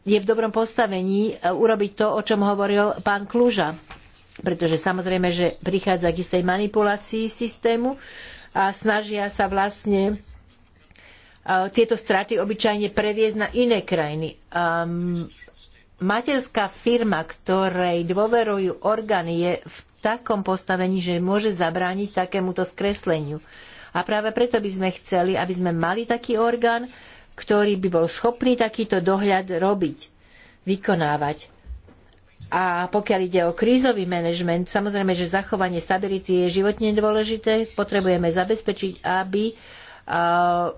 je v dobrom postavení e, urobiť to, o čom hovoril pán Kluža. Pretože samozrejme, že prichádza k istej manipulácii systému a snažia sa vlastne e, tieto straty obyčajne previesť na iné krajiny. Um, materská firma, ktorej dôverujú orgány, je v takom postavení, že môže zabrániť takémuto skresleniu. A práve preto by sme chceli, aby sme mali taký orgán, ktorý by bol schopný takýto dohľad robiť, vykonávať. A pokiaľ ide o krízový manažment, samozrejme, že zachovanie stability je životne dôležité. Potrebujeme zabezpečiť, aby uh,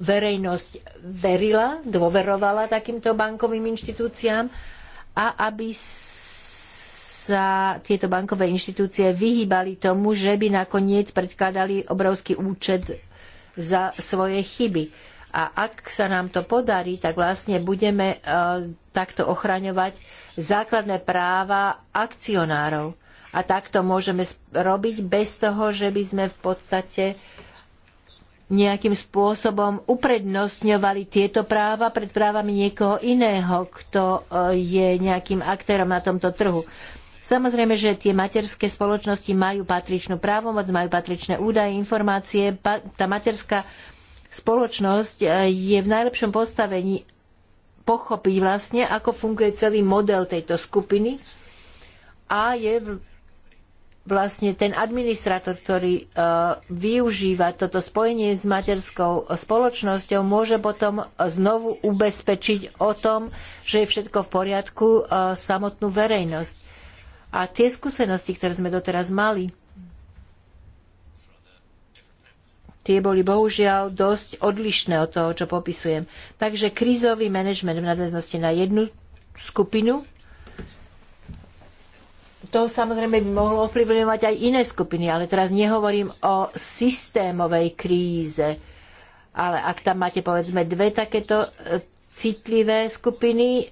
verejnosť verila, dôverovala takýmto bankovým inštitúciám a aby sa tieto bankové inštitúcie vyhýbali tomu, že by nakoniec predkladali obrovský účet za svoje chyby. A ak sa nám to podarí, tak vlastne budeme e, takto ochraňovať základné práva akcionárov. A takto môžeme robiť bez toho, že by sme v podstate nejakým spôsobom uprednostňovali tieto práva pred právami niekoho iného, kto e, je nejakým aktérom na tomto trhu. Samozrejme, že tie materské spoločnosti majú patričnú právomoc, majú patričné údaje, informácie. Tá materská spoločnosť e, je v najlepšom postavení pochopiť vlastne, ako funguje celý model tejto skupiny a je vlastne ten administrátor, ktorý e, využíva toto spojenie s materskou spoločnosťou, môže potom znovu ubezpečiť o tom, že je všetko v poriadku e, samotnú verejnosť. A tie skúsenosti, ktoré sme doteraz mali, tie boli bohužiaľ dosť odlišné od toho, čo popisujem. Takže krízový manažment v nadväznosti na jednu skupinu to samozrejme by mohlo ovplyvňovať aj iné skupiny, ale teraz nehovorím o systémovej kríze. Ale ak tam máte povedzme dve takéto e, citlivé skupiny, e,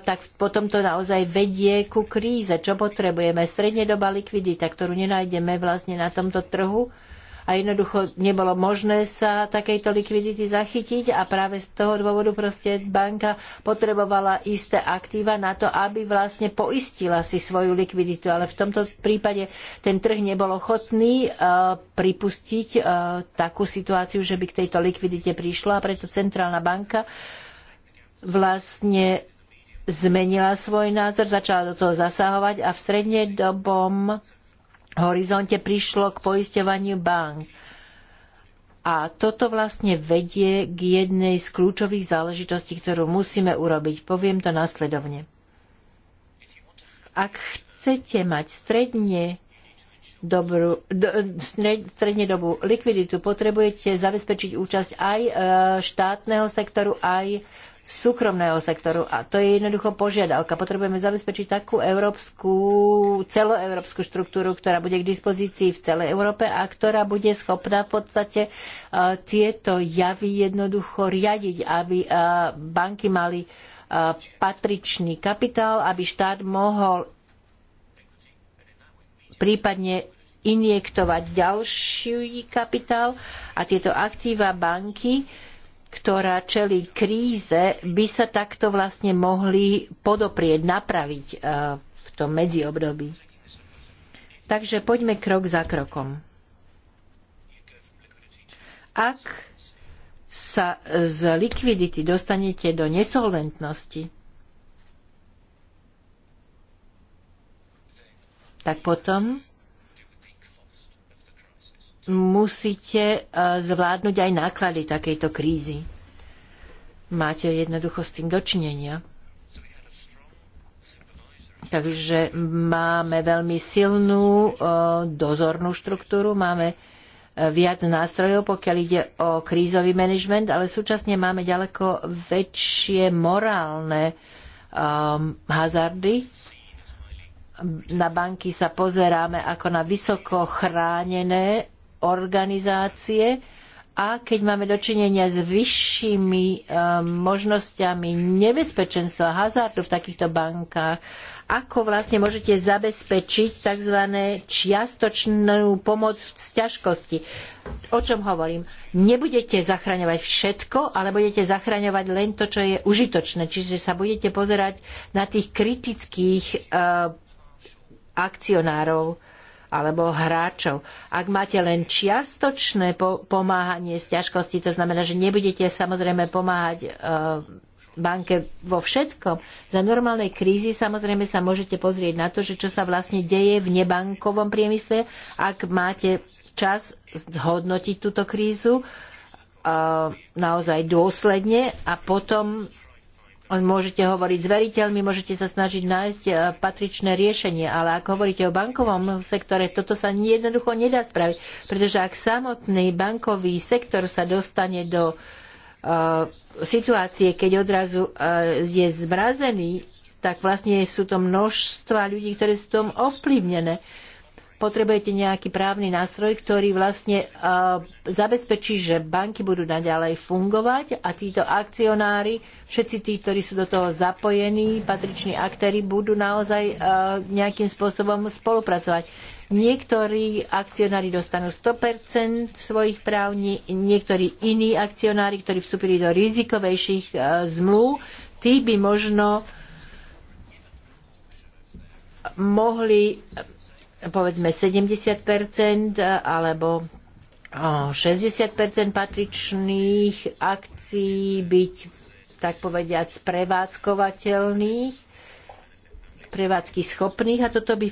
tak potom to naozaj vedie ku kríze. Čo potrebujeme? Strednedobá likvidita, ktorú nenájdeme vlastne na tomto trhu. Uh, a jednoducho nebolo možné sa takejto likvidity zachytiť a práve z toho dôvodu proste banka potrebovala isté aktíva na to, aby vlastne poistila si svoju likviditu, ale v tomto prípade ten trh nebol ochotný e, pripustiť e, takú situáciu, že by k tejto likvidite prišlo a preto centrálna banka vlastne zmenila svoj názor, začala do toho zasahovať a v strednedobom horizonte prišlo k poisťovaniu bank. A toto vlastne vedie k jednej z kľúčových záležitostí, ktorú musíme urobiť. Poviem to následovne. Ak chcete mať stredne dobrú, stredne dobu likviditu, potrebujete zabezpečiť účasť aj e, štátneho sektoru, aj súkromného sektoru. A to je jednoducho požiadavka. Potrebujeme zabezpečiť takú európsku, celoeurópsku štruktúru, ktorá bude k dispozícii v celej Európe a ktorá bude schopná v podstate uh, tieto javy jednoducho riadiť, aby uh, banky mali uh, patričný kapitál, aby štát mohol prípadne injektovať ďalší kapitál a tieto aktíva banky ktorá čelí kríze, by sa takto vlastne mohli podoprieť, napraviť e, v tom medziobdobí. Takže poďme krok za krokom. Ak sa z likvidity dostanete do nesolventnosti, tak potom musíte e, zvládnuť aj náklady takejto krízy. Máte jednoducho s tým dočinenia. Takže máme veľmi silnú e, dozornú štruktúru, máme e, viac nástrojov, pokiaľ ide o krízový manažment, ale súčasne máme ďaleko väčšie morálne um, hazardy. Na banky sa pozeráme ako na vysoko chránené organizácie a keď máme dočinenia s vyššími um, možnosťami nebezpečenstva hazardu v takýchto bankách, ako vlastne môžete zabezpečiť tzv. čiastočnú pomoc v ťažkosti. O čom hovorím? Nebudete zachraňovať všetko, ale budete zachraňovať len to, čo je užitočné. Čiže sa budete pozerať na tých kritických uh, akcionárov alebo hráčov. Ak máte len čiastočné pomáhanie z ťažkosti, to znamená, že nebudete samozrejme pomáhať e, banke vo všetkom. Za normálnej krízy samozrejme sa môžete pozrieť na to, že čo sa vlastne deje v nebankovom priemysle, ak máte čas zhodnotiť túto krízu e, naozaj dôsledne a potom Môžete hovoriť s veriteľmi, môžete sa snažiť nájsť e, patričné riešenie, ale ak hovoríte o bankovom sektore, toto sa jednoducho nedá spraviť, pretože ak samotný bankový sektor sa dostane do uh, situácie, keď odrazu uh, je zmrazený, tak vlastne sú to množstva ľudí, ktoré sú tom ovplyvnené. Uh, potrebujete nejaký právny nástroj, ktorý vlastne e, zabezpečí, že banky budú naďalej fungovať a títo akcionári, všetci tí, ktorí sú do toho zapojení, patriční aktéry, budú naozaj e, nejakým spôsobom spolupracovať. Niektorí akcionári dostanú 100% svojich práv, niektorí iní akcionári, ktorí vstúpili do rizikovejších e, zmluv, tí by možno mohli povedzme 70 alebo 60 patričných akcií byť tak povediať prevádzkovateľných, prevádzky schopných a toto by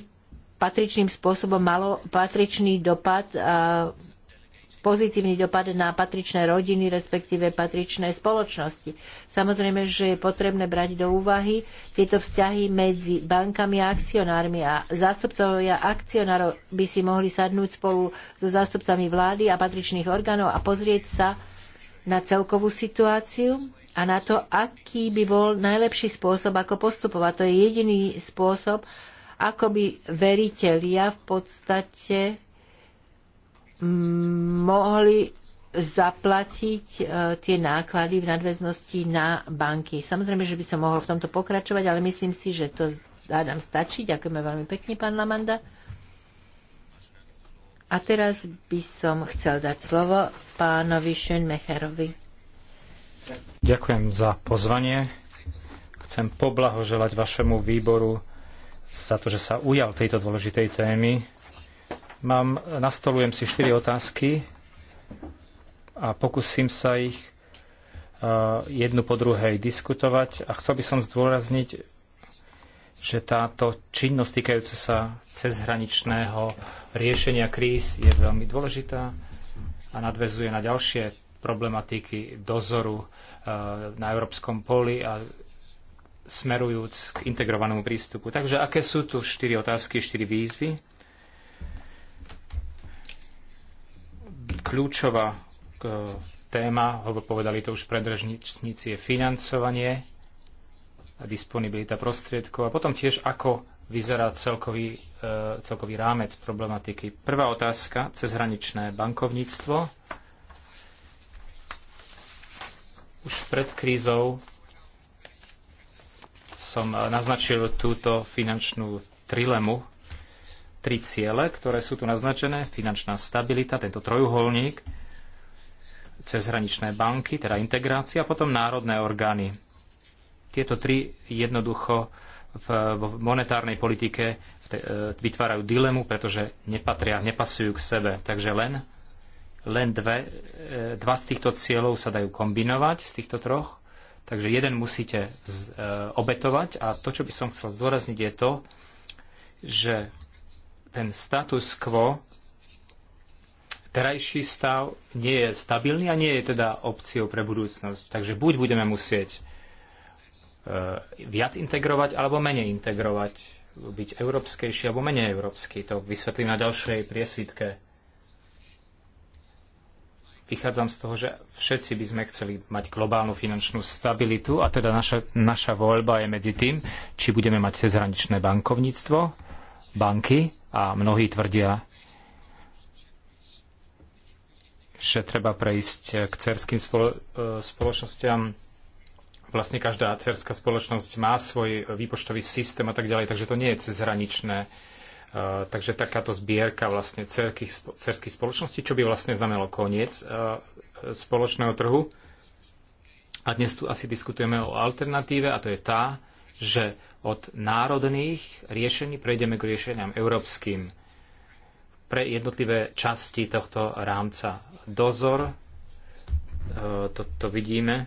patričným spôsobom malo patričný dopad pozitívny dopad na patričné rodiny, respektíve patričné spoločnosti. Samozrejme, že je potrebné brať do úvahy tieto vzťahy medzi bankami a akcionármi a zástupcovia akcionárov by si mohli sadnúť spolu so zástupcami vlády a patričných orgánov a pozrieť sa na celkovú situáciu a na to, aký by bol najlepší spôsob, ako postupovať. To je jediný spôsob, ako by veritelia v podstate mohli zaplatiť e, tie náklady v nadväznosti na banky. Samozrejme, že by som mohol v tomto pokračovať, ale myslím si, že to nám stačí. Ďakujeme veľmi pekne, pán Lamanda. A teraz by som chcel dať slovo pánovi Šenmecherovi. Ďakujem za pozvanie. Chcem poblahoželať vašemu výboru za to, že sa ujal tejto dôležitej témy Mám, nastolujem si štyri otázky a pokúsim sa ich e, jednu po druhej diskutovať a chcel by som zdôrazniť, že táto činnosť týkajúca sa cezhraničného riešenia kríz je veľmi dôležitá a nadvezuje na ďalšie problematiky dozoru e, na európskom poli a smerujúc k integrovanému prístupu. Takže aké sú tu štyri otázky, štyri výzvy? kľúčová téma, lebo povedali to už predržníci, je financovanie a disponibilita prostriedkov a potom tiež ako vyzerá celkový, e, celkový rámec problematiky. Prvá otázka, cezhraničné bankovníctvo. Už pred krízou som naznačil túto finančnú trilemu, tri ciele, ktoré sú tu naznačené. Finančná stabilita, tento trojuholník, cezhraničné banky, teda integrácia, a potom národné orgány. Tieto tri jednoducho v, monetárnej politike e, vytvárajú dilemu, pretože nepatria, nepasujú k sebe. Takže len, len dve, e, dva z týchto cieľov sa dajú kombinovať, z týchto troch. Takže jeden musíte e, obetovať a to, čo by som chcel zdôrazniť, je to, že ten status quo, terajší stav nie je stabilný a nie je teda opciou pre budúcnosť. Takže buď budeme musieť e, viac integrovať alebo menej integrovať, byť európskejší alebo menej európsky. To vysvetlím na ďalšej priesvitke. Vychádzam z toho, že všetci by sme chceli mať globálnu finančnú stabilitu a teda naša, naša voľba je medzi tým, či budeme mať cezhraničné bankovníctvo, banky, a mnohí tvrdia, že treba prejsť k cerským spolo- e, spoločnosťam. Vlastne každá cerská spoločnosť má svoj výpočtový systém a tak ďalej, takže to nie je cezhraničné. Uh, takže takáto zbierka vlastne cerských, cerských spoločností, čo by vlastne znamenalo koniec uh, spoločného trhu. A dnes tu asi diskutujeme o alternatíve a to je tá, že od národných riešení prejdeme k riešeniam európskym pre jednotlivé časti tohto rámca. Dozor, e, to, to vidíme, e,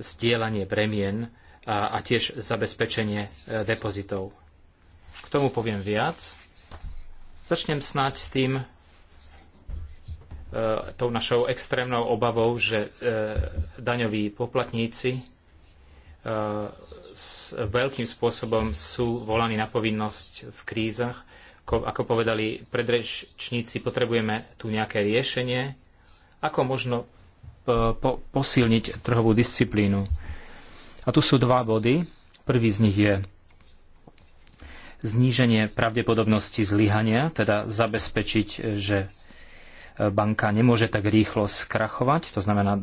zdieľanie bremien a, e, a tiež zabezpečenie depozitov. K tomu poviem viac. Začnem snáď tým, tou našou extrémnou obavou, že daňoví poplatníci s veľkým spôsobom sú volaní na povinnosť v krízach. ako povedali predrečníci, potrebujeme tu nejaké riešenie, ako možno e, po, posilniť trhovú disciplínu. A tu sú dva body. Prvý z nich je zníženie pravdepodobnosti zlyhania, teda zabezpečiť, že banka nemôže tak rýchlo skrachovať, to znamená, e,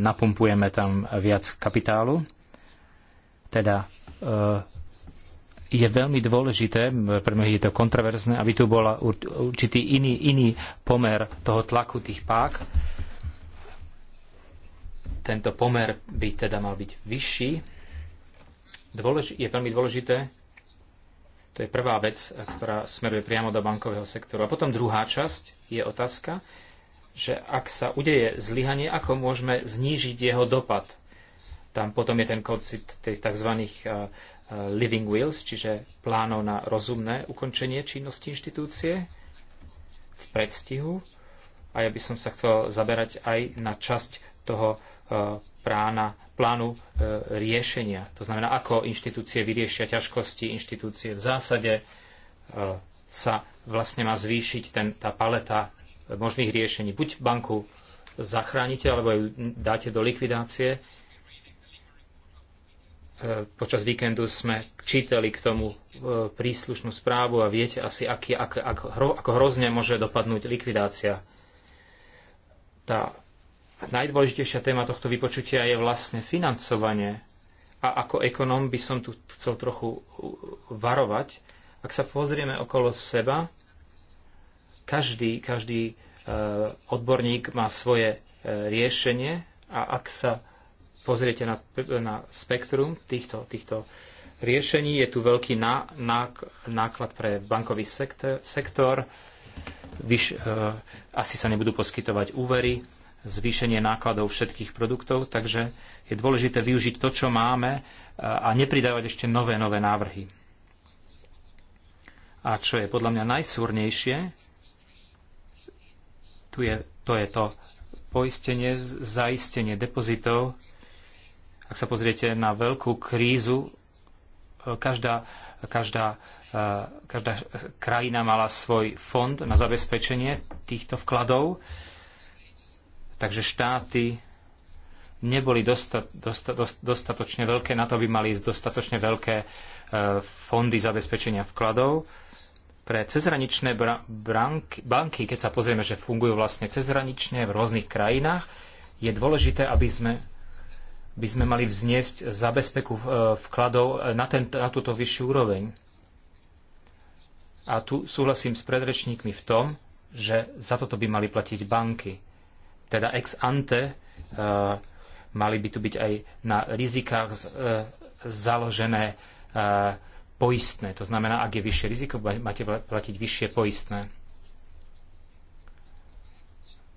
napumpujeme tam viac kapitálu. Teda e, je veľmi dôležité, pre mňa je to kontroverzné, aby tu bol určitý iný, iný pomer toho tlaku tých pák. Tento pomer by teda mal byť vyšší. Dôlež- je veľmi dôležité, to je prvá vec, ktorá smeruje priamo do bankového sektoru. A potom druhá časť je otázka, že ak sa udeje zlyhanie, ako môžeme znížiť jeho dopad – tam potom je ten koncept tých tzv. Eh, eh, living wills, čiže plánov na rozumné ukončenie činnosti inštitúcie v predstihu. A ja by som sa chcel zaberať aj na časť toho eh, prána, plánu riešenia. To znamená, ako inštitúcie vyriešia ťažkosti, inštitúcie v zásade sa vlastne má zvýšiť ten, tá paleta možných riešení. Buď banku zachránite, alebo ju dáte do likvidácie, E, počas víkendu sme čítali k tomu e, príslušnú správu a viete asi, aký, ak, ak, ako hrozne môže dopadnúť likvidácia. Tá najdôležitejšia téma tohto vypočutia je vlastne financovanie. A ako ekonóm by som tu chcel trochu varovať. Ak sa pozrieme okolo seba, každý, každý e, odborník má svoje riešenie a ak sa pozriete na, na spektrum týchto, týchto riešení, je tu veľký ná, ná, náklad pre bankový sektor, sektor vyš, e, asi sa nebudú poskytovať úvery, zvýšenie nákladov všetkých produktov, takže je dôležité využiť to, čo máme e, a nepridávať ešte nové, nové návrhy. A čo je podľa mňa najsúrnejšie, tu je, to je to poistenie, zaistenie depozitov ak sa pozriete na veľkú krízu, e, každá, každá, e, každá krajina mala svoj fond na zabezpečenie týchto vkladov, takže štáty neboli dosta, dosta, dost, dostatočne veľké na to, aby mali dostatočne veľké e, fondy zabezpečenia vkladov pre cezhraničné banky, keď sa pozrieme, že fungujú vlastne cezhranične v rôznych krajinách, je dôležité, aby sme by sme mali vzniesť za bezpeku eh, vkladov eh, na, ten, na túto vyššiu úroveň. A tu súhlasím s predrečníkmi v tom, že za toto by mali platiť banky. Teda ex ante uh, mali by tu byť aj na rizikách z, uh, založené uh, poistné. To znamená, ak je vyššie riziko, máte platiť vyššie poistné.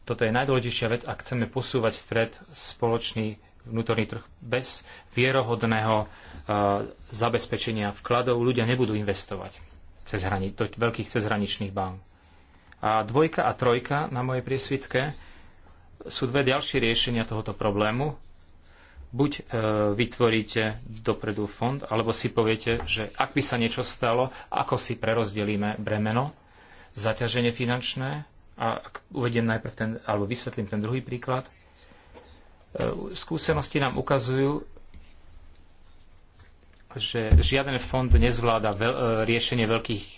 Toto je najdôležitejšia vec, ak chceme posúvať vpred spoločný vnútorný trh bez vierohodného e, zabezpečenia vkladov ľudia nebudú investovať cez hrani- do veľkých cezhraničných bank. A dvojka a trojka na mojej priesvitke sú dve ďalšie riešenia tohoto problému. Buď e, vytvoríte dopredu fond, alebo si poviete, že ak by sa niečo stalo, ako si prerozdelíme bremeno, zaťaženie finančné. A ak uvediem najprv ten, alebo vysvetlím ten druhý príklad, E, skúsenosti nám ukazujú, že žiaden fond nezvláda veľ, e, riešenie veľkých e,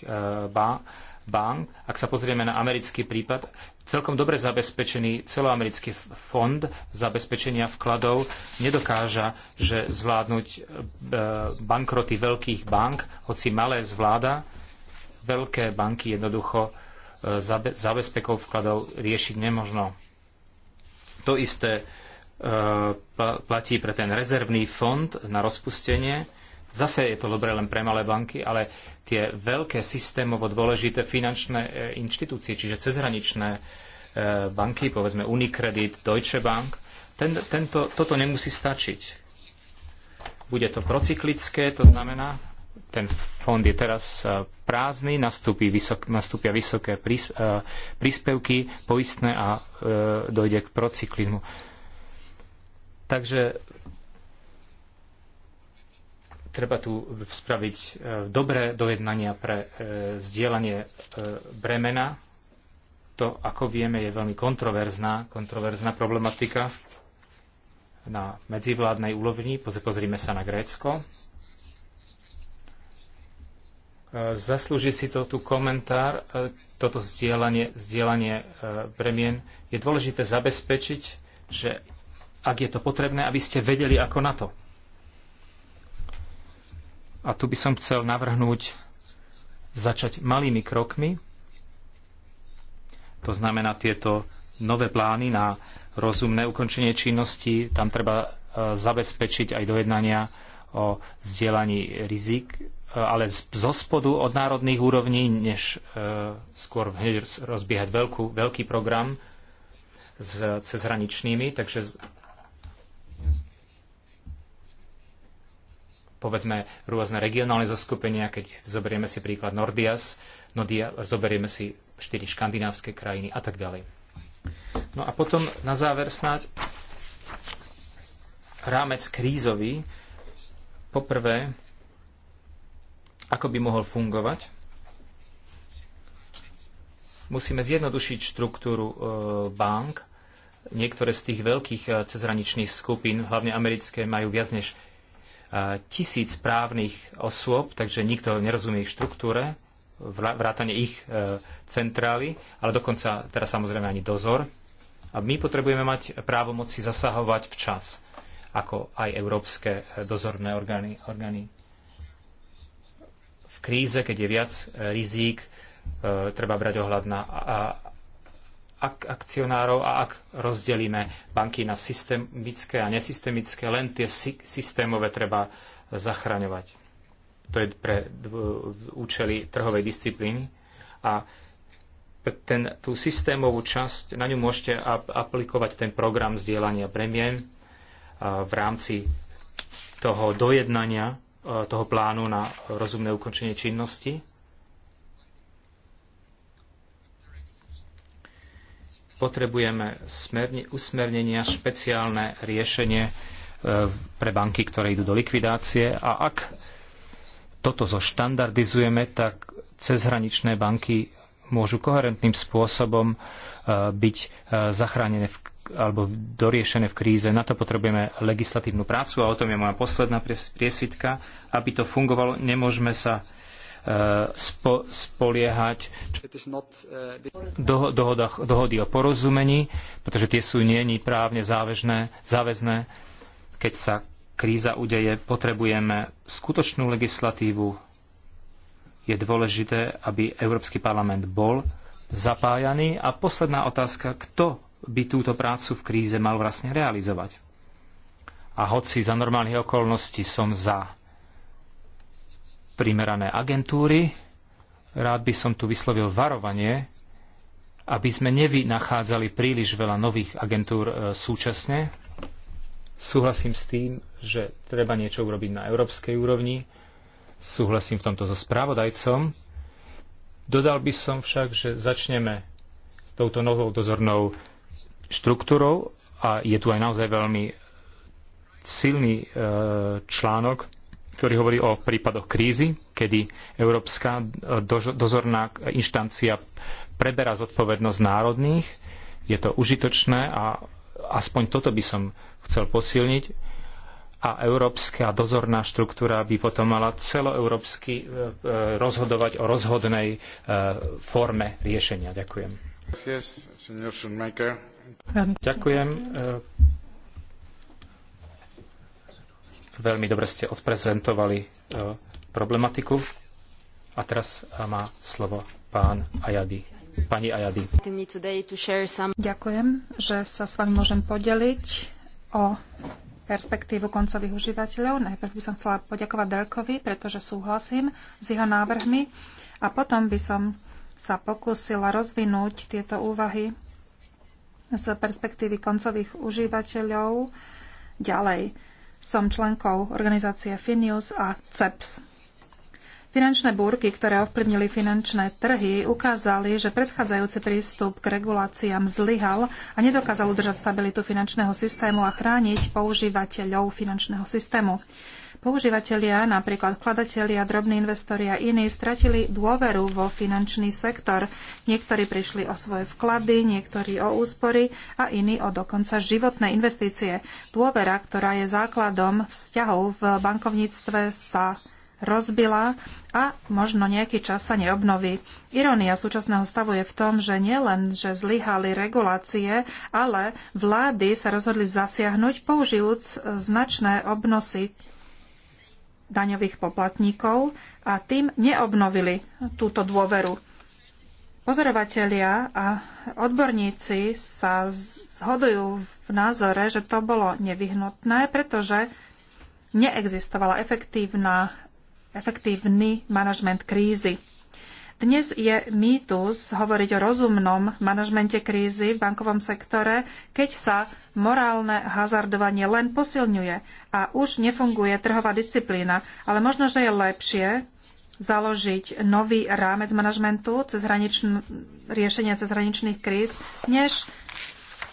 bank. Ak sa pozrieme na americký prípad, celkom dobre zabezpečený celoamerický fond zabezpečenia vkladov nedokáža, že zvládnuť bankroty veľkých bank, hoci malé zvláda, veľké banky jednoducho zabezpekou vkladov riešiť nemožno. To isté platí pre ten rezervný fond na rozpustenie. Zase je to dobré len pre malé banky, ale tie veľké systémovo dôležité finančné e, inštitúcie, čiže cezhraničné e, banky, povedzme Unicredit, Deutsche Bank, ten, tento, toto nemusí stačiť. Bude to procyklické, to znamená, ten fond je teraz e, prázdny, nastúpi vysok, nastúpia vysoké príspevky, poistné a dojde k procyklizmu Takže treba tu spraviť e, dobré dojednania pre e, zdieľanie e, bremena. To, ako vieme, je veľmi kontroverzná, kontroverzná problematika na medzivládnej úrovni. Pozrime sa na Grécko. Zaslúži si to tu komentár. Toto zdieľanie, zdieľanie bremien je dôležité zabezpečiť, že ak je to potrebné, aby ste vedeli ako na to. A tu by som chcel navrhnúť začať malými krokmi. To znamená tieto nové plány na rozumné ukončenie činnosti. Tam treba e, zabezpečiť aj dojednania o zdieľaní rizik, e, ale zo spodu od národných úrovní, než e, skôr hneď rozbiehať veľkú, veľký program s cezhraničnými. Takže povedzme rôzne regionálne zoskupenia, keď zoberieme si príklad Nordias, Nodia, zoberieme si štyri škandinávske krajiny a tak ďalej. No a potom na záver snáď rámec krízový. Poprvé, ako by mohol fungovať? Musíme zjednodušiť štruktúru e, bank. Niektoré z tých veľkých e, cezhraničných skupín, hlavne americké, majú viac než tisíc právnych osôb, takže nikto nerozumie ich štruktúre, vrátane ich e, centrály, ale dokonca teraz samozrejme ani dozor. A my potrebujeme mať právo moci zasahovať včas, ako aj európske e, dozorné orgány. orgány. V kríze, keď je viac e, rizík, treba brať ohľad na ak akcionárov a ak rozdelíme banky na systemické a nesystemické, len tie systémové treba zachraňovať. To je pre účely trhovej disciplíny. A ten, tú systémovú časť, na ňu môžete aplikovať ten program zdieľania premien v rámci toho dojednania, toho plánu na rozumné ukončenie činnosti potrebujeme smerne, usmernenia, špeciálne riešenie e, pre banky, ktoré idú do likvidácie. A ak toto zoštandardizujeme, tak cezhraničné banky môžu koherentným spôsobom e, byť e, zachránené v, alebo doriešené v kríze. Na to potrebujeme legislatívnu prácu a o tom je moja posledná priesvitka. Aby to fungovalo, nemôžeme sa E, spo, spoliehať e, dohody o porozumení, pretože tie sú nieni právne záväžné, záväzné. Keď sa kríza udeje, potrebujeme skutočnú legislatívu. Je dôležité, aby Európsky parlament bol zapájaný. A posledná otázka, kto by túto prácu v kríze mal vlastne realizovať? A hoci za normálnych okolností som za primerané agentúry. Rád by som tu vyslovil varovanie, aby sme nevynachádzali príliš veľa nových agentúr e, súčasne. Súhlasím s tým, že treba niečo urobiť na európskej úrovni. Súhlasím v tomto so správodajcom. Dodal by som však, že začneme s touto novou dozornou štruktúrou a je tu aj naozaj veľmi silný e, článok ktorý hovorí o prípadoch krízy, kedy Európska e, dozorná inštancia preberá zodpovednosť národných. Je to užitočné a aspoň toto by som chcel posilniť. A európska dozorná štruktúra by potom mala celoeurópsky e, e, rozhodovať o rozhodnej forme riešenia. Ďakujem. Ďakujem. Veľmi dobre ste odprezentovali e, problematiku. A teraz e, má slovo pán Ajady. Pani Ajady. Ďakujem, že sa s vami môžem podeliť o perspektívu koncových užívateľov. Najprv by som chcela poďakovať Derkovi, pretože súhlasím s jeho návrhmi a potom by som sa pokúsila rozvinúť tieto úvahy z perspektívy koncových užívateľov ďalej som členkou organizácie Finius a CEPS. Finančné búrky, ktoré ovplyvnili finančné trhy, ukázali, že predchádzajúci prístup k reguláciám zlyhal a nedokázal udržať stabilitu finančného systému a chrániť používateľov finančného systému. Používatelia, napríklad vkladatelia, drobní investori a iní, stratili dôveru vo finančný sektor. Niektorí prišli o svoje vklady, niektorí o úspory a iní o dokonca životné investície. Dôvera, ktorá je základom vzťahov v bankovníctve, sa rozbila a možno nejaký čas sa neobnoví. Irónia súčasného stavu je v tom, že nielen, že zlyhali regulácie, ale vlády sa rozhodli zasiahnuť, použijúc značné obnosy daňových poplatníkov a tým neobnovili túto dôveru. Pozorovatelia a odborníci sa zhodujú v názore, že to bolo nevyhnutné, pretože neexistovala efektívna, efektívny manažment krízy. Dnes je mýtus hovoriť o rozumnom manažmente krízy v bankovom sektore, keď sa morálne hazardovanie len posilňuje a už nefunguje trhová disciplína, ale možno, že je lepšie založiť nový rámec manažmentu cez hraničn- riešenia cezhraničných kríz, než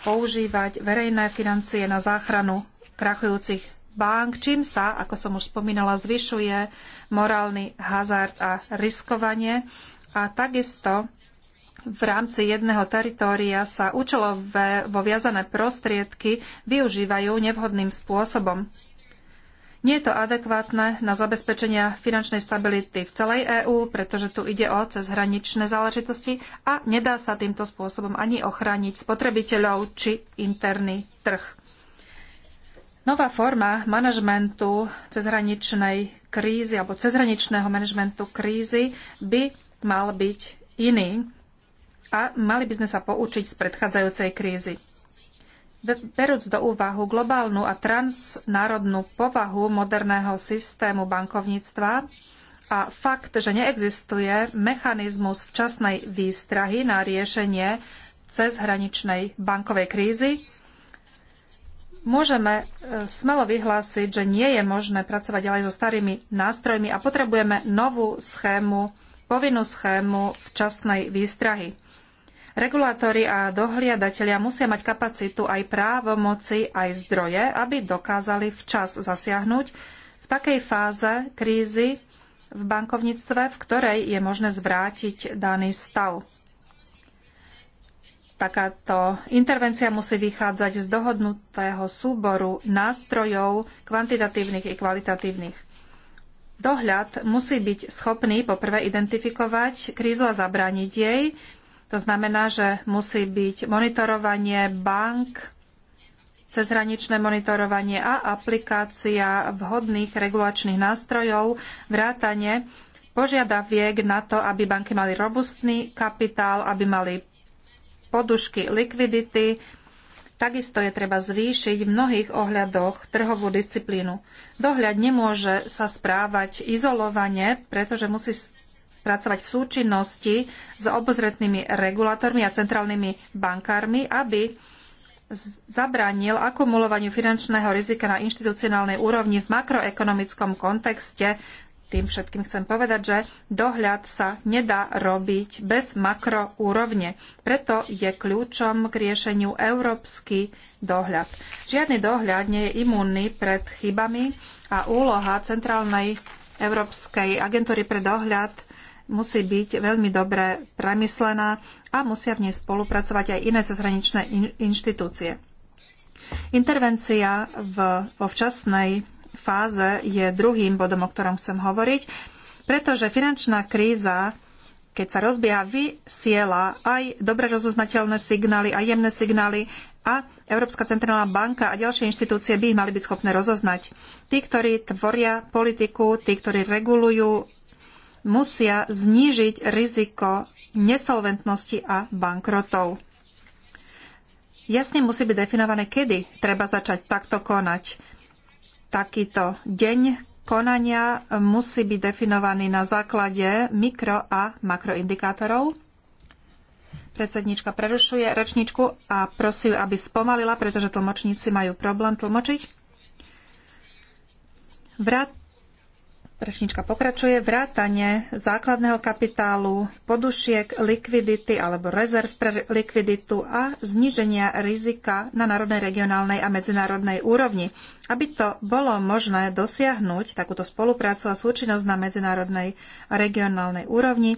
používať verejné financie na záchranu krachujúcich bank, čím sa, ako som už spomínala, zvyšuje morálny hazard a riskovanie a takisto v rámci jedného teritória sa účelové vo viazané prostriedky využívajú nevhodným spôsobom. Nie je to adekvátne na zabezpečenia finančnej stability v celej EÚ, pretože tu ide o cezhraničné záležitosti a nedá sa týmto spôsobom ani ochrániť spotrebiteľov či interný trh. Nová forma manažmentu cezhraničnej krízy alebo cezhraničného manažmentu krízy by mal byť iný a mali by sme sa poučiť z predchádzajúcej krízy. Berúc do úvahu globálnu a transnárodnú povahu moderného systému bankovníctva a fakt, že neexistuje mechanizmus včasnej výstrahy na riešenie cezhraničnej bankovej krízy, môžeme e, smelo vyhlásiť, že nie je možné pracovať ďalej so starými nástrojmi a potrebujeme novú schému povinnú schému včasnej výstrahy. Regulátori a dohliadatelia musia mať kapacitu aj právomoci, aj zdroje, aby dokázali včas zasiahnuť v takej fáze krízy v bankovníctve, v ktorej je možné zvrátiť daný stav. Takáto intervencia musí vychádzať z dohodnutého súboru nástrojov kvantitatívnych i kvalitatívnych. Dohľad musí byť schopný poprvé identifikovať krízu a zabrániť jej. To znamená, že musí byť monitorovanie bank, cezhraničné monitorovanie a aplikácia vhodných regulačných nástrojov, vrátanie požiadaviek na to, aby banky mali robustný kapitál, aby mali podušky likvidity, Takisto je treba zvýšiť v mnohých ohľadoch trhovú disciplínu. Dohľad nemôže sa správať izolovane, pretože musí pracovať v súčinnosti s obozretnými regulátormi a centrálnymi bankármi, aby zabránil akumulovaniu finančného rizika na inštitucionálnej úrovni v makroekonomickom kontexte tým všetkým chcem povedať, že dohľad sa nedá robiť bez makroúrovne. Preto je kľúčom k riešeniu európsky dohľad. Žiadny dohľad nie je imúnny pred chybami a úloha Centrálnej Európskej agentúry pre dohľad musí byť veľmi dobre premyslená a musia v nej spolupracovať aj iné cezhraničné inštitúcie. Intervencia v, vo včasnej fáze je druhým bodom, o ktorom chcem hovoriť, pretože finančná kríza, keď sa rozbieha, vysiela aj dobre rozoznateľné signály a jemné signály a Európska centrálna banka a ďalšie inštitúcie by ich mali byť schopné rozoznať. Tí, ktorí tvoria politiku, tí, ktorí regulujú, musia znížiť riziko nesolventnosti a bankrotov. Jasne musí byť definované, kedy treba začať takto konať takýto deň konania musí byť definovaný na základe mikro- a makroindikátorov. Predsednička prerušuje rečničku a prosí aby spomalila, pretože tlmočníci majú problém tlmočiť. Vrat Rečnička pokračuje. Vrátanie základného kapitálu, podušiek, likvidity alebo rezerv pre likviditu a zníženia rizika na národnej, regionálnej a medzinárodnej úrovni. Aby to bolo možné dosiahnuť takúto spoluprácu a súčinnosť na medzinárodnej a regionálnej úrovni,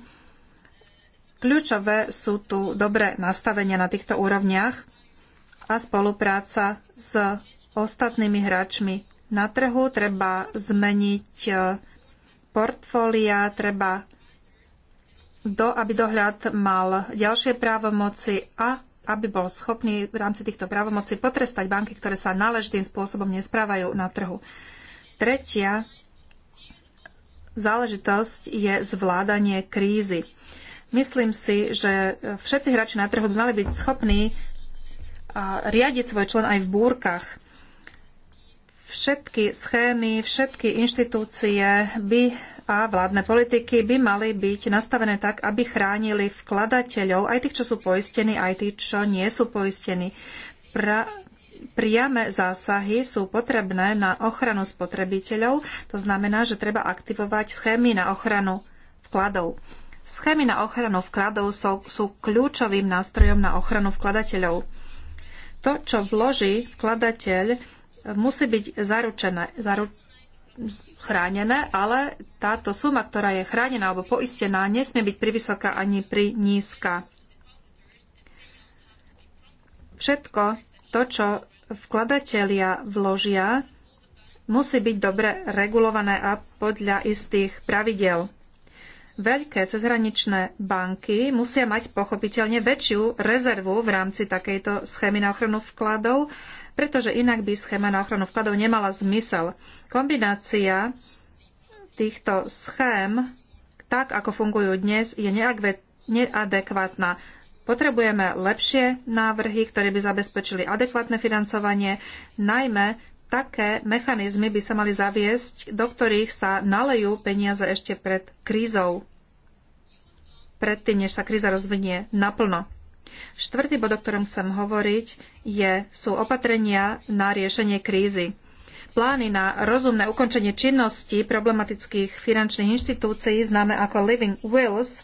kľúčové sú tu dobré nastavenia na týchto úrovniach a spolupráca s ostatnými hráčmi na trhu. Treba zmeniť eh, portfólia treba do, aby dohľad mal ďalšie právomoci a aby bol schopný v rámci týchto právomocí potrestať banky, ktoré sa náležitým spôsobom nesprávajú na trhu. Tretia záležitosť je zvládanie krízy. Myslím si, že všetci hráči na trhu by mali byť schopní riadiť svoj člen aj v búrkach. Všetky schémy, všetky inštitúcie by a vládne politiky by mali byť nastavené tak, aby chránili vkladateľov, aj tých, čo sú poistení, aj tých, čo nie sú poistení. Pra, priame zásahy sú potrebné na ochranu spotrebiteľov, to znamená, že treba aktivovať schémy na ochranu vkladov. Schémy na ochranu vkladov sú, sú kľúčovým nástrojom na ochranu vkladateľov. To, čo vloží vkladateľ, musí byť zaručené, zaru, chránené, ale táto suma, ktorá je chránená alebo poistená, nesmie byť privysoká ani pri nízka. Všetko to, čo vkladatelia vložia, musí byť dobre regulované a podľa istých pravidel. Veľké cezhraničné banky musia mať pochopiteľne väčšiu rezervu v rámci takejto schémy na ochranu vkladov, pretože inak by schéma na ochranu vkladov nemala zmysel. Kombinácia týchto schém, tak ako fungujú dnes, je neadekvátna. Potrebujeme lepšie návrhy, ktoré by zabezpečili adekvátne financovanie, najmä také mechanizmy by sa mali zaviesť, do ktorých sa nalejú peniaze ešte pred krízou, predtým, než sa kríza rozvinie naplno. Štvrtý bod, o ktorom chcem hovoriť, je, sú opatrenia na riešenie krízy. Plány na rozumné ukončenie činnosti problematických finančných inštitúcií, známe ako Living Wills,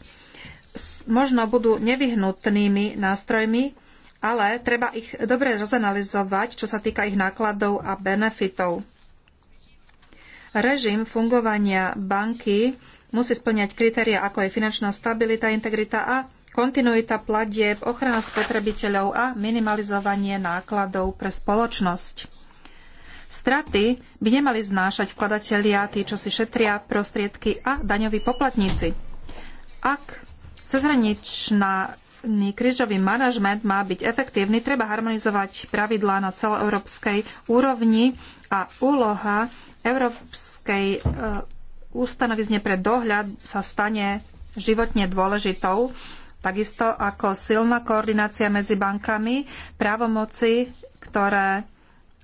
možno budú nevyhnutnými nástrojmi, ale treba ich dobre rozanalizovať, čo sa týka ich nákladov a benefitov. Režim fungovania banky musí splňať kritéria, ako je finančná stabilita, integrita a kontinuita platieb, ochrana spotrebiteľov a minimalizovanie nákladov pre spoločnosť. Straty by nemali znášať vkladatelia, tí, čo si šetria prostriedky a daňoví poplatníci. Ak cezhraničný krížový manažment má byť efektívny, treba harmonizovať pravidlá na celoeurópskej úrovni a úloha Európskej e, ústanovizne pre dohľad sa stane životne dôležitou Takisto ako silná koordinácia medzi bankami, právomoci, ktoré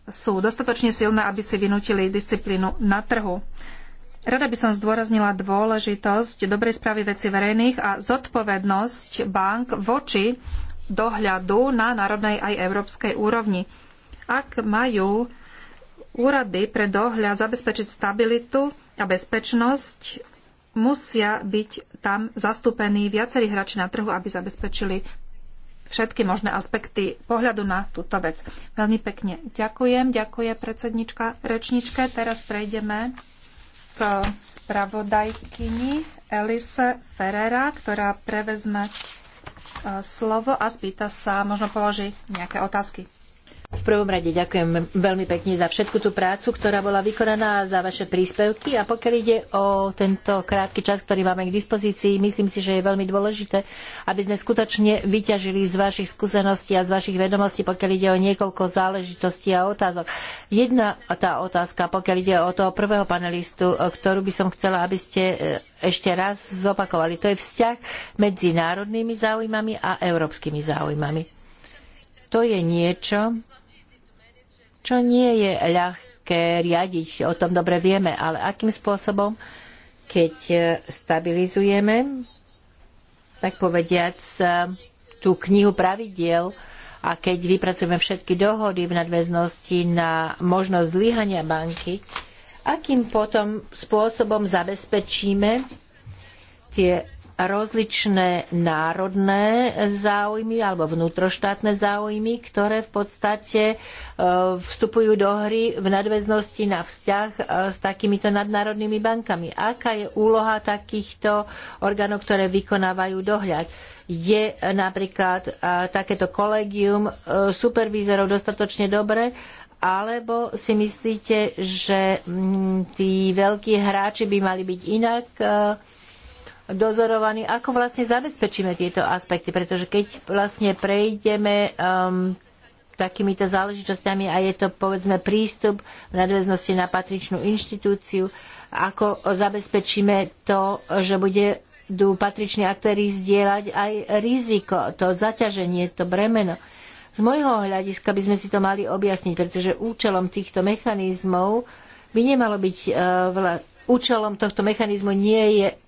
sú dostatočne silné, aby si vynútili disciplínu na trhu. Rada by som zdôraznila dôležitosť dobrej správy veci verejných a zodpovednosť bank voči dohľadu na národnej aj európskej úrovni. Ak majú úrady pre dohľad zabezpečiť stabilitu a bezpečnosť musia byť tam zastúpení viacerí hráči na trhu, aby zabezpečili všetky možné aspekty pohľadu na túto vec. Veľmi pekne ďakujem. Ďakuje predsednička rečničke. Teraz prejdeme k spravodajkyni Elise Ferrera, ktorá prevezme e, slovo a spýta sa, možno položí nejaké otázky. V prvom rade ďakujem veľmi pekne za všetku tú prácu, ktorá bola vykonaná, za vaše príspevky a pokiaľ ide o tento krátky čas, ktorý máme k dispozícii, myslím si, že je veľmi dôležité, aby sme skutočne vyťažili z vašich skúseností a z vašich vedomostí, pokiaľ ide o niekoľko záležitostí a otázok. Jedna tá otázka, pokiaľ ide o toho prvého panelistu, ktorú by som chcela, aby ste e, ešte raz zopakovali. To je vzťah medzi národnými záujmami a európskymi záujmami. To je niečo, čo nie je ľahké riadiť, o tom dobre vieme, ale akým spôsobom, keď e, stabilizujeme, tak povediac, e, tú knihu pravidiel a keď vypracujeme všetky dohody v nadväznosti na možnosť zlyhania banky, akým potom spôsobom zabezpečíme tie rozličné národné záujmy alebo vnútroštátne záujmy, ktoré v podstate e, vstupujú do hry v nadväznosti na vzťah e, s takýmito nadnárodnými bankami. Aká je úloha takýchto orgánov, ktoré vykonávajú dohľad? je napríklad e, takéto kolegium supervízorov dostatočne dobré, alebo si myslíte, že mm, tí veľkí hráči by mali byť inak dozorovaní, ako vlastne zabezpečíme tieto aspekty, pretože keď vlastne prejdeme um, takýmito záležitostiami a je to povedzme prístup v nadväznosti na patričnú inštitúciu, ako zabezpečíme to, že bude budú patriční aktéry zdieľať aj riziko, to zaťaženie, to bremeno. Z môjho hľadiska by sme si to mali objasniť, pretože účelom týchto mechanizmov by nemalo byť uh, účelom tohto mechanizmu nie je ehm,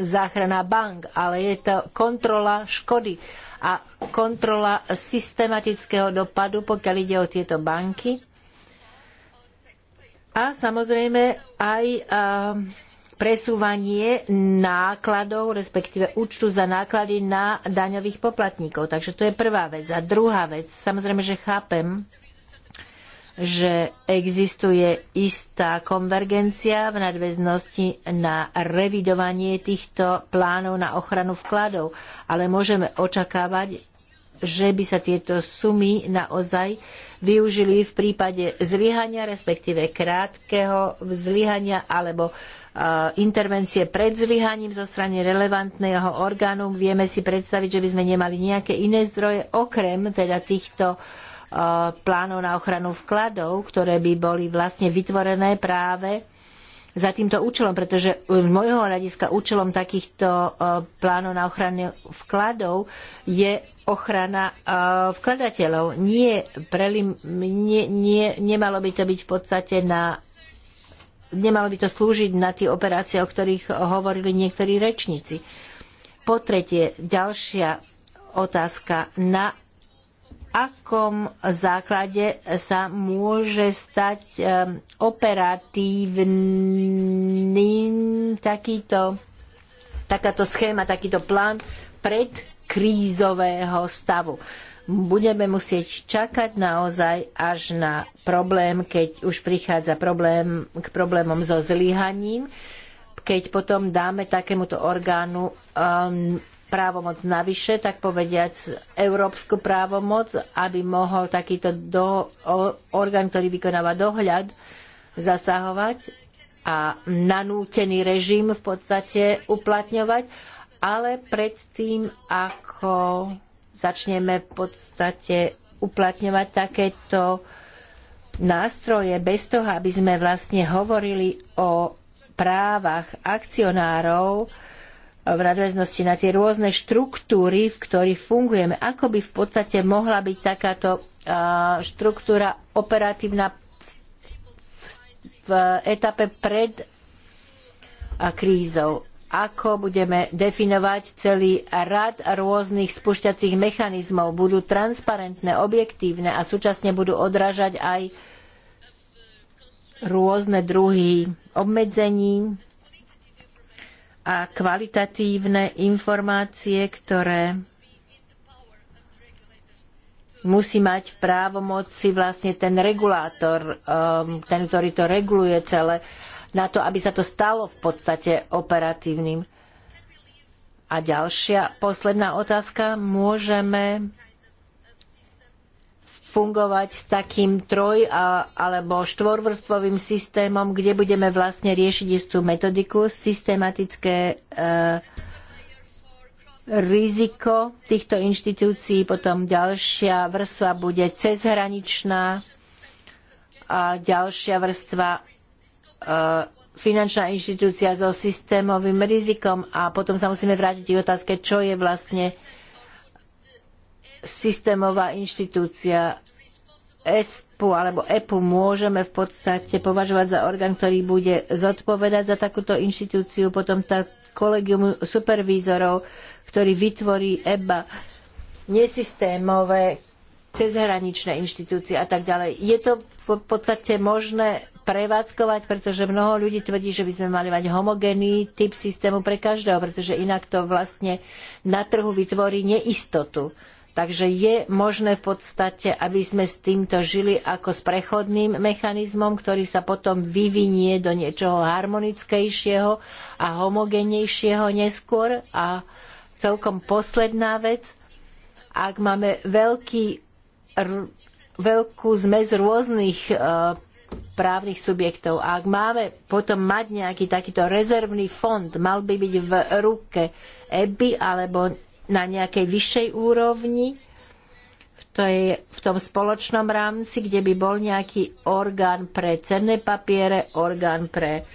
záchrana bank, ale je to kontrola škody a kontrola systematického dopadu, pokiaľ ide o tieto banky. A samozrejme aj ehm, presúvanie nákladov, respektíve účtu za náklady na daňových poplatníkov. Takže to je prvá vec. A druhá vec, samozrejme, že chápem, že existuje istá konvergencia v nadväznosti na revidovanie týchto plánov na ochranu vkladov, ale môžeme očakávať, že by sa tieto sumy naozaj využili v prípade zlyhania, respektíve krátkeho zlyhania alebo e, intervencie pred zlyhaním zo strany relevantného orgánu. Vieme si predstaviť, že by sme nemali nejaké iné zdroje okrem teda týchto uh, Eh, plánov na ochranu vkladov, ktoré by boli vlastne vytvorené práve za týmto účelom, pretože eh, z môjho hľadiska účelom takýchto eh, plánov na ochranu vkladov je ochrana vkladateľov. Nie, prelim, nie, nie, nemalo by to byť v podstate na nemalo by to slúžiť na tie operácie, o ktorých hovorili niektorí rečníci. Po tretie, ďalšia otázka na akom základe sa môže stať ehm, operatívnym takýto, takáto schéma, takýto plán pred krízového stavu. Budeme musieť čakať naozaj až na problém, keď už prichádza problém k problémom so zlyhaním, keď potom dáme takémuto orgánu um, právomoc navyše, tak povediať európsku právomoc, aby mohol takýto do, o, orgán, ktorý vykonáva dohľad, zasahovať a nanútený režim v podstate uplatňovať, ale predtým, ako začneme v podstate uplatňovať takéto nástroje bez toho, aby sme vlastne hovorili o právach akcionárov, v nadväznosti na tie rôzne štruktúry, v ktorých fungujeme. Ako by v podstate mohla byť takáto štruktúra operatívna v etape pred krízou? Ako budeme definovať celý rad rôznych spúšťacích mechanizmov? Budú transparentné, objektívne a súčasne budú odrážať aj rôzne druhy obmedzení, a kvalitatívne informácie, ktoré musí mať v právomoci vlastne ten regulátor, um, ten, ktorý to reguluje celé, na to, aby sa to stalo v podstate operatívnym. A ďalšia, posledná otázka. Môžeme fungovať s takým troj- a, alebo štvorvrstvovým systémom, kde budeme vlastne riešiť istú metodiku, systematické e, riziko týchto inštitúcií, potom ďalšia vrstva bude cezhraničná a ďalšia vrstva e, finančná inštitúcia so systémovým rizikom a potom sa musíme vrátiť k otázke, čo je vlastne systémová inštitúcia. ESPU alebo EPU môžeme v podstate považovať za orgán, ktorý bude zodpovedať za takúto inštitúciu, potom tá kolegium supervízorov, ktorý vytvorí EBA, nesystémové cezhraničné inštitúcie a tak ďalej. Je to v podstate možné prevádzkovať, pretože mnoho ľudí tvrdí, že by sme mali mať homogénny typ systému pre každého, pretože inak to vlastne na trhu vytvorí neistotu. Takže je možné v podstate, aby sme s týmto žili ako s prechodným mechanizmom, ktorý sa potom vyvinie do niečoho harmonickejšieho a homogénejšieho neskôr. A celkom posledná vec, ak máme veľký, r, veľkú zmes rôznych e, právnych subjektov. A ak máme potom mať nejaký takýto rezervný fond, mal by byť v ruke EBI alebo na nejakej vyššej úrovni, v, tej, v tom spoločnom rámci, kde by bol nejaký orgán pre cenné papiere, orgán pre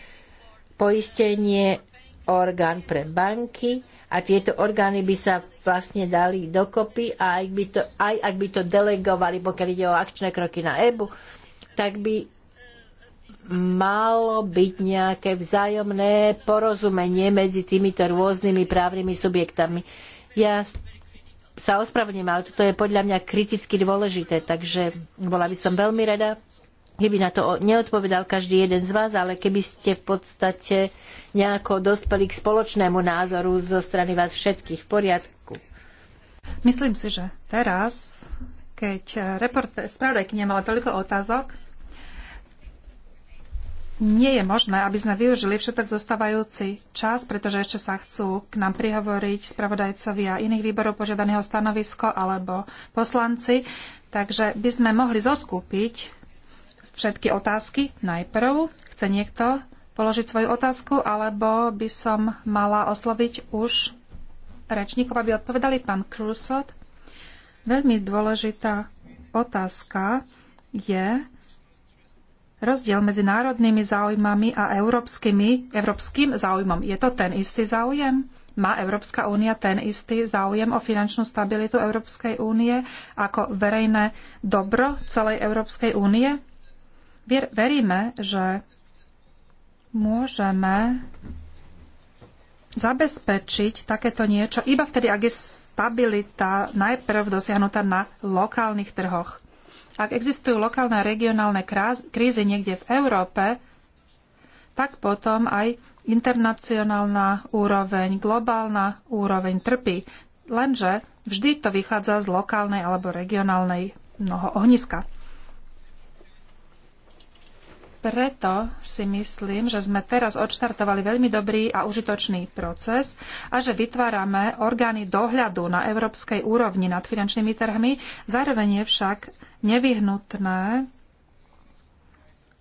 poistenie, orgán pre banky a tieto orgány by sa vlastne dali dokopy a aj, by to, aj ak by to delegovali, pokiaľ ide o akčné kroky na EBU, tak by malo byť nejaké vzájomné porozumenie medzi týmito rôznymi právnymi subjektami ja sa ospravedlňujem, ale toto je podľa mňa kriticky dôležité, takže bola by som veľmi rada, keby na to neodpovedal každý jeden z vás, ale keby ste v podstate nejako dospeli k spoločnému názoru zo strany vás všetkých v poriadku. Myslím si, že teraz, keď reportér, spravodajkynia mala toľko otázok, nie je možné, aby sme využili všetok zostávajúci čas, pretože ešte sa chcú k nám prihovoriť spravodajcovia iných výborov požiadaného stanovisko alebo poslanci. Takže by sme mohli zoskúpiť všetky otázky najprv. Chce niekto položiť svoju otázku, alebo by som mala osloviť už rečníkov, aby odpovedali pán Krusot. Veľmi dôležitá otázka je, Rozdiel medzi národnými záujmami a európskymi, európskym záujmom. Je to ten istý záujem? Má Európska únia ten istý záujem o finančnú stabilitu Európskej únie ako verejné dobro celej Európskej únie? Veríme, že môžeme zabezpečiť takéto niečo iba vtedy, ak je stabilita najprv dosiahnutá na lokálnych trhoch. Ak existujú lokálne a regionálne krízy niekde v Európe, tak potom aj internacionálna úroveň, globálna úroveň trpí. Lenže vždy to vychádza z lokálnej alebo regionálnej mnoho ohniska preto si myslím, že sme teraz odštartovali veľmi dobrý a užitočný proces a že vytvárame orgány dohľadu na európskej úrovni nad finančnými trhmi. Zároveň je však nevyhnutné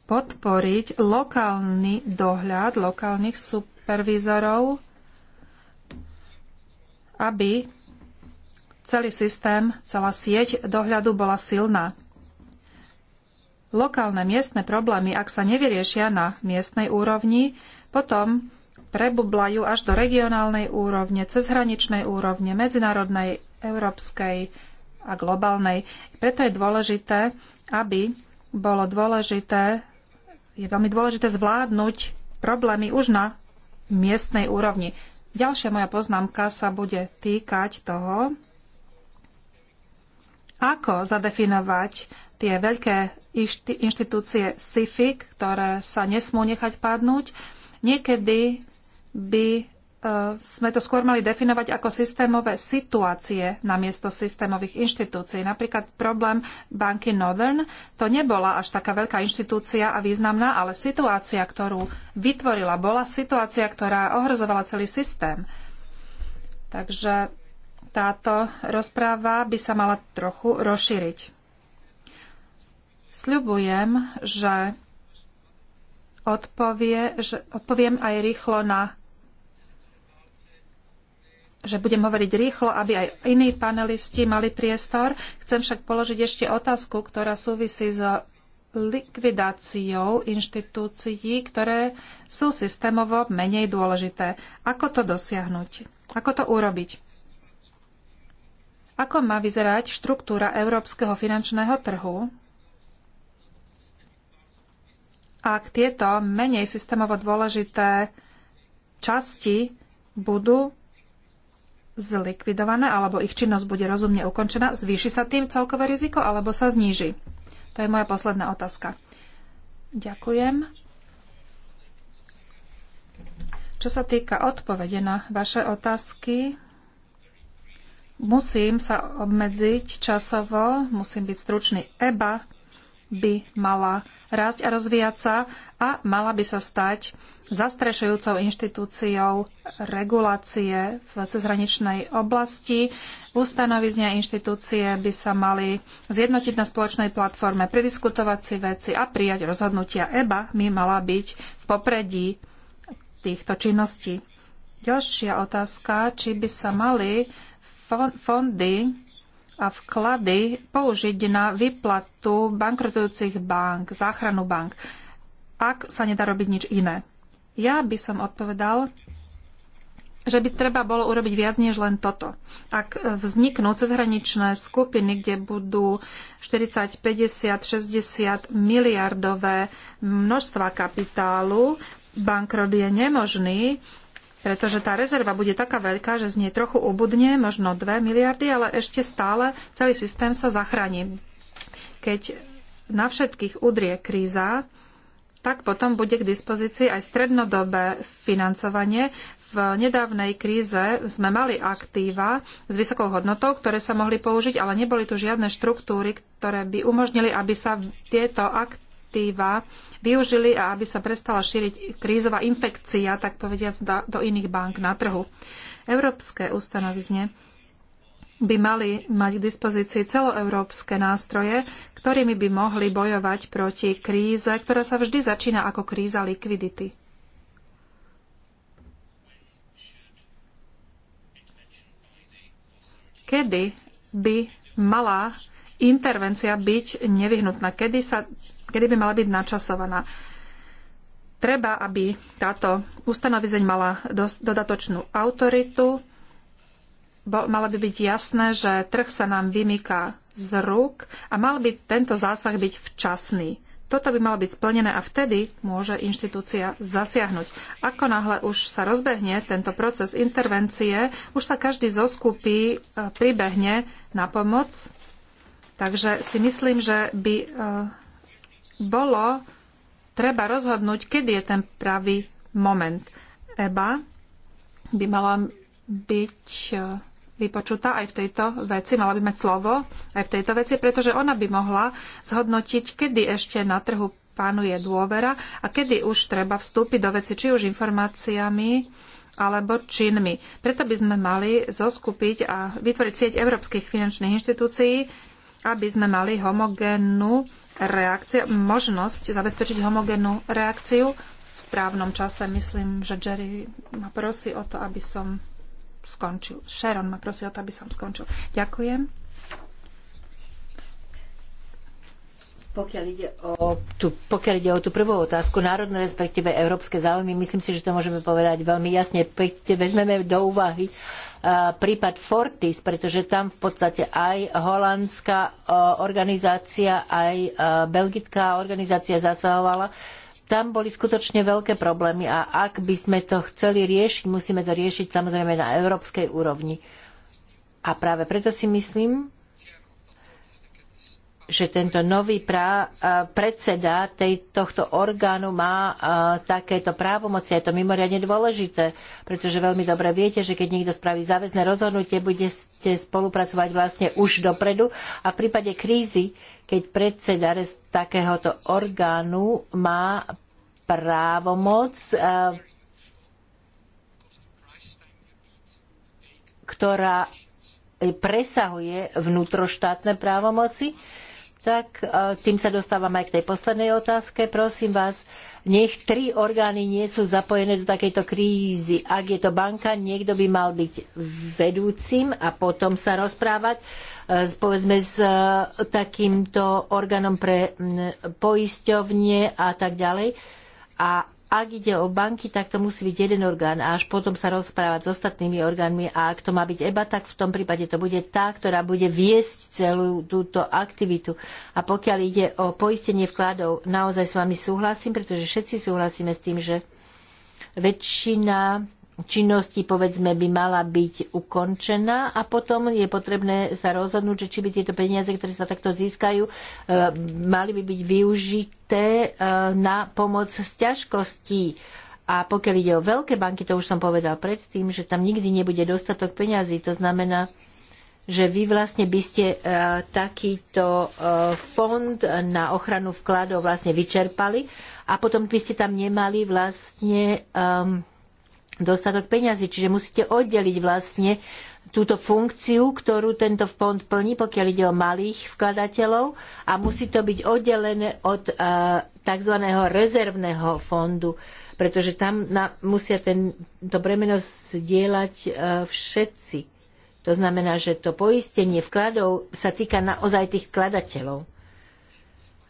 podporiť lokálny dohľad lokálnych supervízorov, aby celý systém, celá sieť dohľadu bola silná lokálne miestne problémy, ak sa nevyriešia na miestnej úrovni, potom prebublajú až do regionálnej úrovne, cezhraničnej úrovne, medzinárodnej, európskej a globálnej. Preto je dôležité, aby bolo dôležité, je veľmi dôležité zvládnuť problémy už na miestnej úrovni. Ďalšia moja poznámka sa bude týkať toho, ako zadefinovať tie veľké inštitúcie SIFIC, ktoré sa nesmú nechať padnúť. Niekedy by e, sme to skôr mali definovať ako systémové situácie namiesto systémových inštitúcií. Napríklad problém banky Northern to nebola až taká veľká inštitúcia a významná, ale situácia, ktorú vytvorila, bola situácia, ktorá ohrozovala celý systém. Takže táto rozpráva by sa mala trochu rozšíriť. Sľubujem, že, odpovie, že odpoviem aj rýchlo na že budem hovoriť rýchlo, aby aj iní panelisti mali priestor. Chcem však položiť ešte otázku, ktorá súvisí s likvidáciou inštitúcií, ktoré sú systémovo menej dôležité. Ako to dosiahnuť? Ako to urobiť? Ako má vyzerať štruktúra európskeho finančného trhu, ak tieto menej systémovo dôležité časti budú zlikvidované alebo ich činnosť bude rozumne ukončená, zvýši sa tým celkové riziko alebo sa zníži? To je moja posledná otázka. Ďakujem. Čo sa týka odpovede na vaše otázky, musím sa obmedziť časovo, musím byť stručný. EBA by mala rásť a rozvíjať sa a mala by sa stať zastrešujúcou inštitúciou regulácie v cezhraničnej oblasti. Ustanovizňa inštitúcie by sa mali zjednotiť na spoločnej platforme, prediskutovať si veci a prijať rozhodnutia. EBA by mala byť v popredí týchto činností. Ďalšia otázka, či by sa mali fondy a vklady použiť na vyplatu bankrotujúcich bank, záchranu bank, ak sa nedá robiť nič iné. Ja by som odpovedal, že by treba bolo urobiť viac než len toto. Ak vzniknú cezhraničné skupiny, kde budú 40, 50, 60 miliardové množstva kapitálu, bankrot je nemožný, pretože tá rezerva bude taká veľká, že z nej trochu ubudne, možno 2 miliardy, ale ešte stále celý systém sa zachráni. Keď na všetkých udrie kríza, tak potom bude k dispozícii aj strednodobé financovanie. V nedávnej kríze sme mali aktíva s vysokou hodnotou, ktoré sa mohli použiť, ale neboli tu žiadne štruktúry, ktoré by umožnili, aby sa tieto aktíva využili a aby sa prestala šíriť krízová infekcia, tak povediac, do iných bank na trhu. Európske ustanovizne by mali mať k dispozícii celoeurópske nástroje, ktorými by mohli bojovať proti kríze, ktorá sa vždy začína ako kríza likvidity. Kedy by mala intervencia byť nevyhnutná? Kedy sa kedy by mala byť načasovaná. Treba, aby táto ustanovizeň mala dodatočnú autoritu, bo malo by byť jasné, že trh sa nám vymýka z rúk a mal by tento zásah byť včasný. Toto by malo byť splnené a vtedy môže inštitúcia zasiahnuť. Ako náhle už sa rozbehne tento proces intervencie, už sa každý zo skupí e, pribehne na pomoc. Takže si myslím, že by e, bolo treba rozhodnúť, kedy je ten pravý moment. EBA by mala byť e, vypočutá aj v tejto veci, mala by mať slovo aj v tejto veci, pretože ona by mohla zhodnotiť, kedy ešte na trhu pánuje dôvera a kedy už treba vstúpiť do veci, či už informáciami alebo činmi. Preto by sme mali zoskupiť a vytvoriť sieť európskych finančných inštitúcií, aby sme mali homogénnu reakcia, možnosť zabezpečiť homogénnu reakciu v správnom čase. Myslím, že Jerry ma prosí o to, aby som skončil. Sharon ma prosí o to, aby som skončil. Ďakujem. Pokiaľ ide, o tú, pokiaľ ide o tú prvú otázku, národné respektíve európske záujmy, myslím si, že to môžeme povedať veľmi jasne. Keď vezmeme do úvahy prípad Fortis, pretože tam v podstate aj holandská organizácia, aj belgická organizácia zasahovala, tam boli skutočne veľké problémy a ak by sme to chceli riešiť, musíme to riešiť samozrejme na európskej úrovni. A práve preto si myslím, že tento nový pra, predseda tej, tohto orgánu má takéto právomoci. Je to mimoriadne dôležité, pretože veľmi dobre viete, že keď niekto spraví záväzne rozhodnutie, budete spolupracovať vlastne už dopredu a v prípade krízy, keď predseda takéhoto orgánu má právomoc, ktorá presahuje vnútroštátne právomoci, tak e, tým sa dostávam aj k tej poslednej otázke. Prosím vás, nech tri orgány nie sú zapojené do takejto krízy. Ak je to banka, niekto by mal byť vedúcim a potom sa rozprávať e, s, povedzme s e, takýmto orgánom pre poisťovne a tak ďalej. A ak ide o banky, tak to musí byť jeden orgán a až potom sa rozprávať s ostatnými orgánmi a ak to má byť EBA, tak v tom prípade to bude tá, ktorá bude viesť celú túto aktivitu. A pokiaľ ide o poistenie vkladov, naozaj s vami súhlasím, pretože všetci súhlasíme s tým, že väčšina činnosti povedzme by mala byť ukončená a potom je potrebné sa rozhodnúť, že či by tieto peniaze, ktoré sa takto získajú, e, mali by byť využité e, na pomoc s ťažkostí. A pokiaľ ide o veľké banky, to už som povedal predtým, že tam nikdy nebude dostatok peňazí. To znamená, že vy vlastne by ste e, takýto fond na ochranu vkladov vlastne vyčerpali a potom by ste tam nemali vlastne um, dostatok peňazí. Čiže musíte oddeliť vlastne túto funkciu, ktorú tento fond plní, pokiaľ ide o malých vkladateľov a musí to byť oddelené od uh, eh, tzv. rezervného fondu, pretože tam na, musia ten, to bremeno zdieľať uh, všetci. To znamená, že to poistenie vkladov sa týka naozaj tých vkladateľov.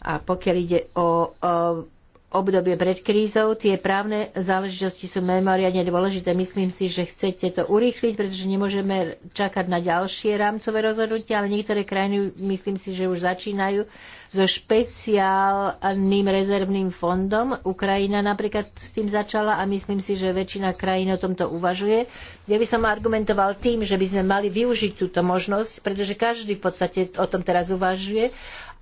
A pokiaľ ide o, o eh, obdobie pred krízou. Tie právne záležitosti sú memoriadne dôležité. Myslím si, že chcete to urýchliť, pretože nemôžeme čakať na ďalšie rámcové rozhodnutia, ale niektoré krajiny, myslím si, že už začínajú so špeciálnym rezervným fondom. Ukrajina napríklad s tým začala a myslím si, že väčšina krajín o tomto uvažuje. Ja by som argumentoval tým, že by sme mali využiť túto možnosť, pretože každý v podstate o tom teraz uvažuje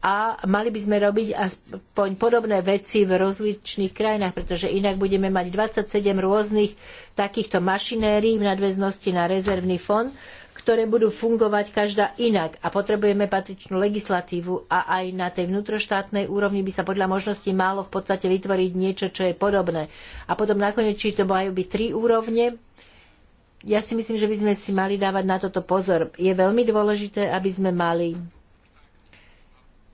a mali by sme robiť aspoň podobné veci v rozličných krajinách, pretože inak budeme mať 27 rôznych takýchto mašinérií v nadväznosti na rezervný fond, ktoré budú fungovať každá inak a potrebujeme patričnú legislatívu a aj na tej vnútroštátnej úrovni by sa podľa možností málo v podstate vytvoriť niečo, čo je podobné. A potom nakoniec, či to majú byť tri úrovne, ja si myslím, že by sme si mali dávať na toto pozor. Je veľmi dôležité, aby sme mali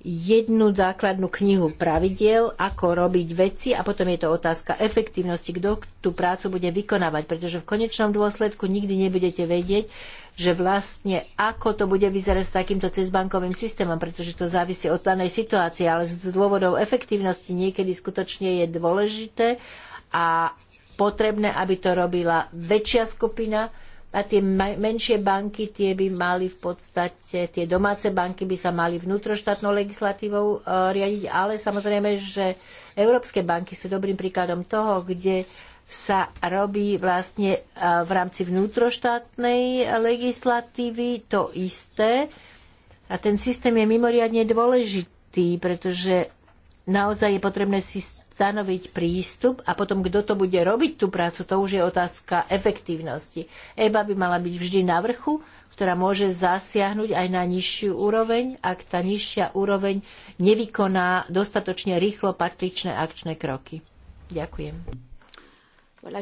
jednu základnú knihu pravidiel, ako robiť veci a potom je to otázka efektívnosti, kto tú prácu bude vykonávať, pretože v konečnom dôsledku nikdy nebudete vedieť, že vlastne ako to bude vyzerať s takýmto cezbankovým systémom, pretože to závisí od danej situácie, ale z dôvodov efektívnosti niekedy skutočne je dôležité a potrebné, aby to robila väčšia skupina, a tie menšie banky, tie by mali v podstate, tie domáce banky by sa mali vnútroštátnou legislatívou e, riadiť, ale samozrejme, že európske banky sú dobrým príkladom toho, kde sa robí vlastne e, v rámci vnútroštátnej legislatívy to isté. A ten systém je mimoriadne dôležitý, pretože naozaj je potrebné systém stanoviť prístup a potom kto to bude robiť tú prácu, to už je otázka efektívnosti. EBA by mala byť vždy na vrchu, ktorá môže zasiahnuť aj na nižšiu úroveň, ak tá nižšia úroveň nevykoná dostatočne rýchlo patričné akčné kroky. Ďakujem. Uh,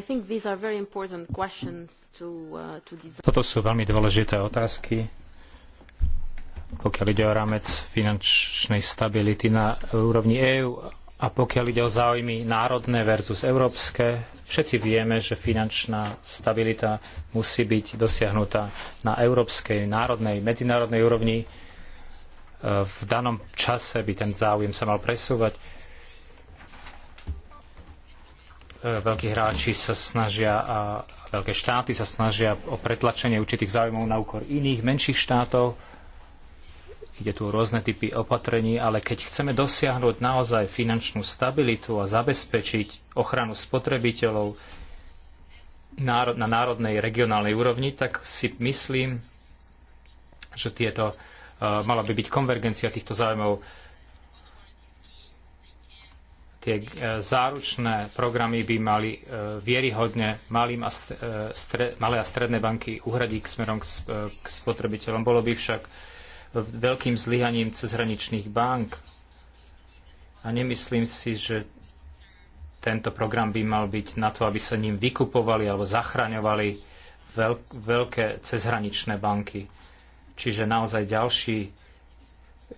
Toto sú veľmi dôležité otázky, pokiaľ ide o rámec finančnej stability na úrovni EÚ a pokiaľ ide o záujmy národné versus európske, všetci vieme, že finančná stabilita musí byť dosiahnutá na európskej, národnej, medzinárodnej úrovni. E, v danom čase by ten záujem sa mal presúvať. E, veľkí hráči sa snažia a veľké štáty sa snažia o pretlačenie určitých záujmov na úkor iných menších štátov Ide tu o rôzne typy opatrení, ale keď chceme dosiahnuť naozaj finančnú stabilitu a zabezpečiť ochranu spotrebiteľov na národnej, regionálnej úrovni, tak si myslím, že tieto, e, mala by byť konvergencia týchto záujmov. Tie e, záručné programy by mali e, vieryhodne malým a stre, malé a stredné banky uhradiť smerom k spotrebiteľom. Bolo by však veľkým zlyhaním cezhraničných bank. A nemyslím si, že tento program by mal byť na to, aby sa ním vykupovali alebo zachraňovali veľké cezhraničné banky. Čiže naozaj ďalší,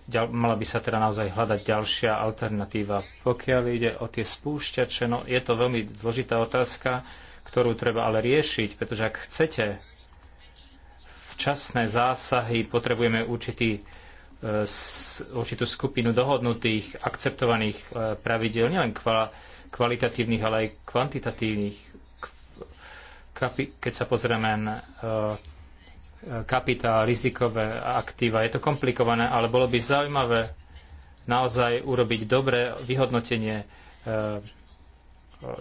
ďal, mala by sa teda naozaj hľadať ďalšia alternatíva. Pokiaľ ide o tie spúšťače, no je to veľmi zložitá otázka, ktorú treba ale riešiť, pretože ak chcete včasné zásahy, potrebujeme určitý, e, určitú skupinu dohodnutých, akceptovaných e, pravidiel, nielen kvalitatívnych, ale aj kvantitatívnych. Keď sa pozrieme na e, kapitál, rizikové aktíva, je to komplikované, ale bolo by zaujímavé naozaj urobiť dobré vyhodnotenie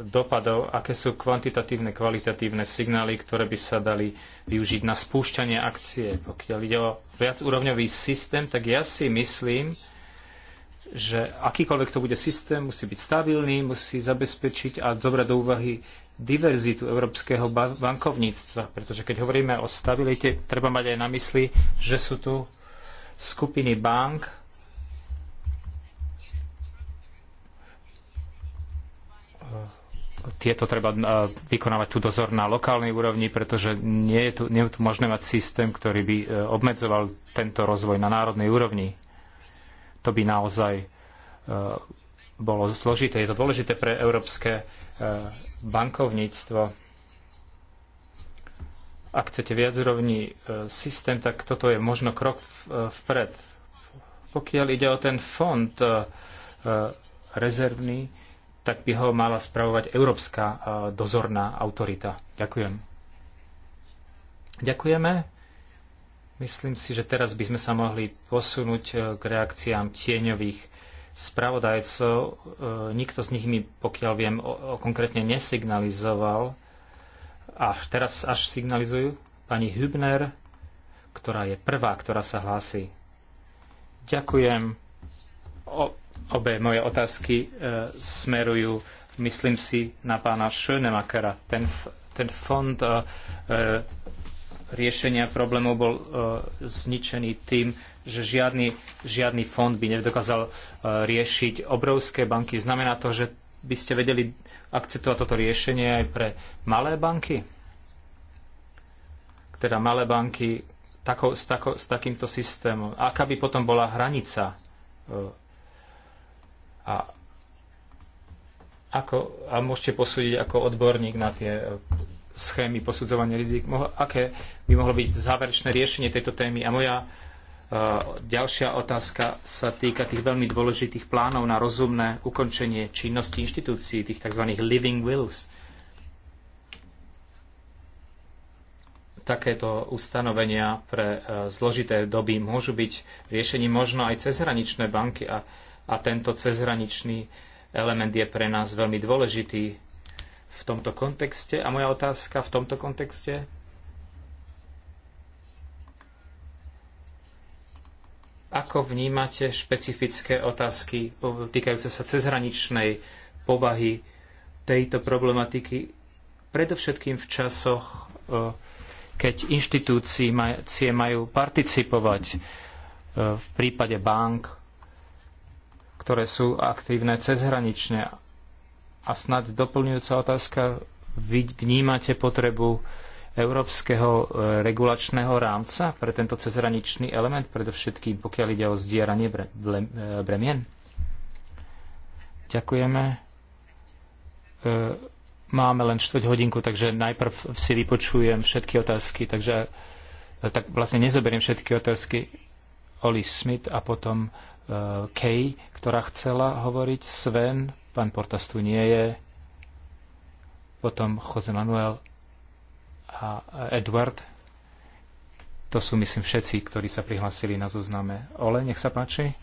dopadov, aké sú kvantitatívne, kvalitatívne signály, ktoré by sa dali využiť na spúšťanie akcie. Pokiaľ ide o viacúrovňový systém, tak ja si myslím, že akýkoľvek to bude systém, musí byť stabilný, musí zabezpečiť a zobrať do úvahy diverzitu európskeho bankovníctva. Pretože keď hovoríme o stabilite, treba mať aj na mysli, že sú tu skupiny bank, tieto treba e, vykonávať tu dozor na lokálnej úrovni, pretože nie je tu, nie je tu možné mať systém, ktorý by e, obmedzoval tento rozvoj na národnej úrovni. To by naozaj e, bolo zložité. Je to dôležité pre európske bankovníctvo. Ak chcete viac úrovni systém, tak toto je možno krok vpred. Pokiaľ ide o ten fond rezervný, tak by ho mala spravovať európska e, dozorná autorita. Ďakujem. Ďakujeme. Myslím si, že teraz by sme sa mohli posunúť e, k reakciám tieňových spravodajcov. E, nikto z nich mi, pokiaľ viem, konkrétne nesignalizoval. A teraz až signalizujú pani Hübner, ktorá je prvá, ktorá sa hlási. Ďakujem. O Obe moje otázky e, smerujú, myslím si, na pána Schönemakera. Ten, ten fond e, e, riešenia problémov bol zničený tým, že žiadny, žiadny fond by nedokázal riešiť obrovské banky. Znamená to, že by ste vedeli akceptovať toto riešenie aj pre malé banky? Teda malé banky tako, s, tako, s takýmto systémom. Aká by potom bola hranica a, ako, a môžete posúdiť ako odborník na tie e, schémy posudzovania rizik, mohlo, aké by mohlo byť záverečné riešenie tejto témy. A moja uh, ďalšia otázka sa týka tých veľmi dôležitých plánov na rozumné ukončenie činnosti inštitúcií, tých tzv. living wills. Takéto ustanovenia pre e, zložité doby môžu byť riešením možno aj cezhraničné banky a uh, a tento cezhraničný element je pre nás veľmi dôležitý v tomto kontexte. A moja otázka v tomto kontexte? Ako vnímate špecifické otázky týkajúce sa cezhraničnej povahy tejto problematiky, predovšetkým v časoch, e, keď inštitúcie majú participovať e, v prípade bank ktoré sú aktívne cezhranične. A snad doplňujúca otázka, vy vnímate potrebu európskeho e, regulačného rámca pre tento cezhraničný element, predovšetkým pokiaľ ide o zdieranie e, bremien? Ďakujeme. E, máme len čtvrť hodinku, takže najprv si vypočujem všetky otázky, takže tak vlastne nezoberiem všetky otázky Oli Smith a potom Kej, ktorá chcela hovoriť, Sven, pán Portas tu nie je, potom Jose Manuel a Edward. To sú, myslím, všetci, ktorí sa prihlásili na zozname. Ole, nech sa páči.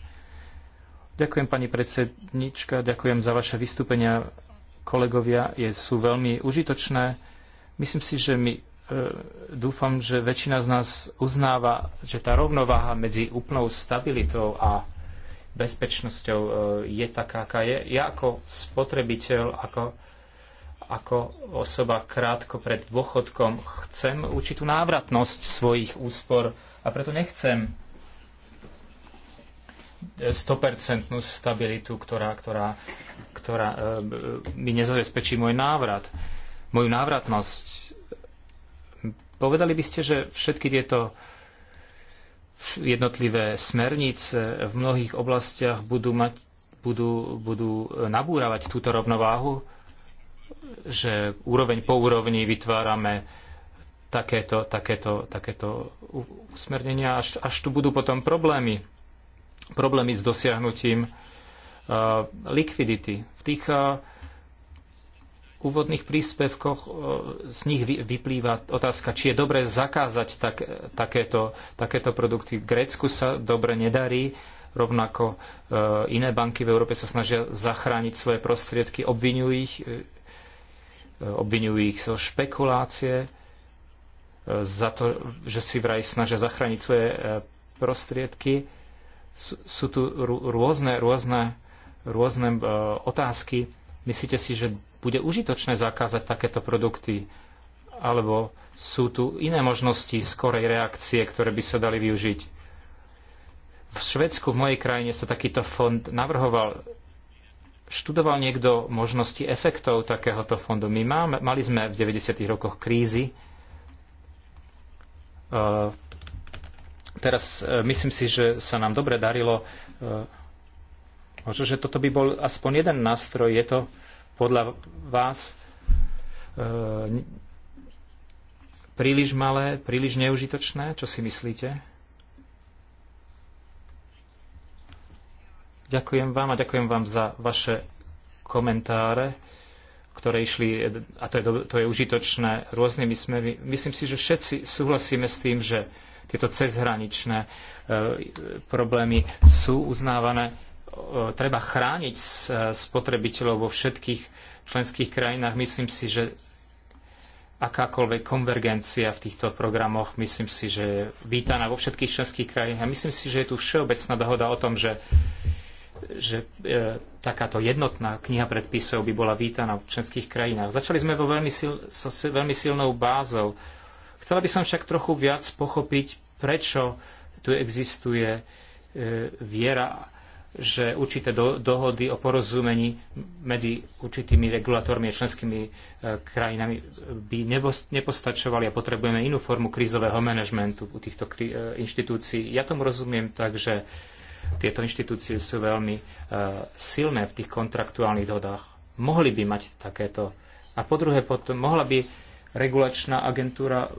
Ďakujem, pani predsednička, ďakujem za vaše vystúpenia. Kolegovia je, sú veľmi užitočné. Myslím si, že my e, dúfam, že väčšina z nás uznáva, že tá rovnováha medzi úplnou stabilitou a bezpečnosťou e, je taká, aká je. Ja ako spotrebiteľ, ako, ako osoba krátko pred dôchodkom chcem určitú návratnosť svojich úspor a preto nechcem 100% stabilitu, ktorá, ktorá, ktorá e, mi nezabezpečí môj návrat, moju návratnosť. Povedali by ste, že všetky tieto jednotlivé smernice v mnohých oblastiach budú, mať, budú, budú nabúravať túto rovnováhu, že úroveň po úrovni vytvárame takéto, takéto, takéto usmernenia, až, až tu budú potom problémy. Problémy s dosiahnutím uh, likvidity. V tých uh, úvodných príspevkoch e, z nich vyplýva otázka, či je dobre zakázať tak, e, takéto, takéto produkty. V Grécku sa dobre nedarí, rovnako e, iné banky v Európe sa snažia zachrániť svoje prostriedky, obvinujú ich, obvinujú ich zo špekulácie, za to, že si vraj snažia zachrániť svoje prostriedky. Sú tu rôzne, rôzne, rôzne otázky. Myslíte si, že bude užitočné zakázať takéto produkty? Alebo sú tu iné možnosti skorej reakcie, ktoré by sa dali využiť? V Švedsku, v mojej krajine, sa takýto fond navrhoval. Študoval niekto možnosti efektov takéhoto fondu? My máme, mali sme v 90. rokoch krízy. E, teraz e, myslím si, že sa nám dobre darilo. E, možno, že toto by bol aspoň jeden nástroj. Je to podľa vás e, príliš malé, príliš neužitočné? Čo si myslíte? Ďakujem vám a ďakujem vám za vaše komentáre, ktoré išli, a to je, to je užitočné, My sme, Myslím si, že všetci súhlasíme s tým, že tieto cezhraničné e, problémy sú uznávané E, treba chrániť e, spotrebiteľov vo všetkých členských krajinách. Myslím si, že akákoľvek konvergencia v týchto programoch, myslím si, že je vítaná vo všetkých členských krajinách. A myslím si, že je tu všeobecná dohoda o tom, že, že e, takáto jednotná kniha predpisov by bola vítaná v členských krajinách. Začali sme vo veľmi, sil, so, veľmi silnou bázou. Chcela by som však trochu viac pochopiť, prečo tu existuje e, viera že určité do, dohody o porozumení medzi určitými regulátormi a členskými e, krajinami e, by nebo, nepostačovali a potrebujeme inú formu krízového manažmentu u týchto kri, e, inštitúcií. Ja tomu rozumiem tak, že tieto inštitúcie sú veľmi e, silné v tých kontraktuálnych dohodách. Mohli by mať takéto. A po druhé, potom, mohla by regulačná agentúra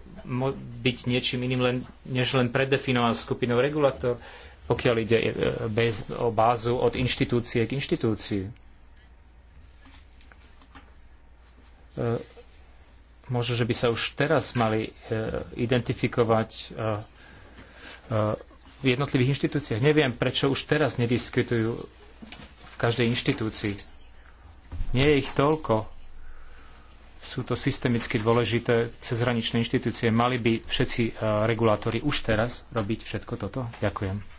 byť niečím iným len, než len predefinovaná skupinou regulátorov pokiaľ ide e, bez, o bázu od inštitúcie k inštitúcii. E, možno, že by sa už teraz mali e, identifikovať v jednotlivých inštitúciách. Neviem, prečo už teraz nediskutujú v každej inštitúcii. Nie je ich toľko. Sú to systemicky dôležité cezhraničné inštitúcie. Mali by všetci regulátori už teraz robiť všetko toto? Ďakujem.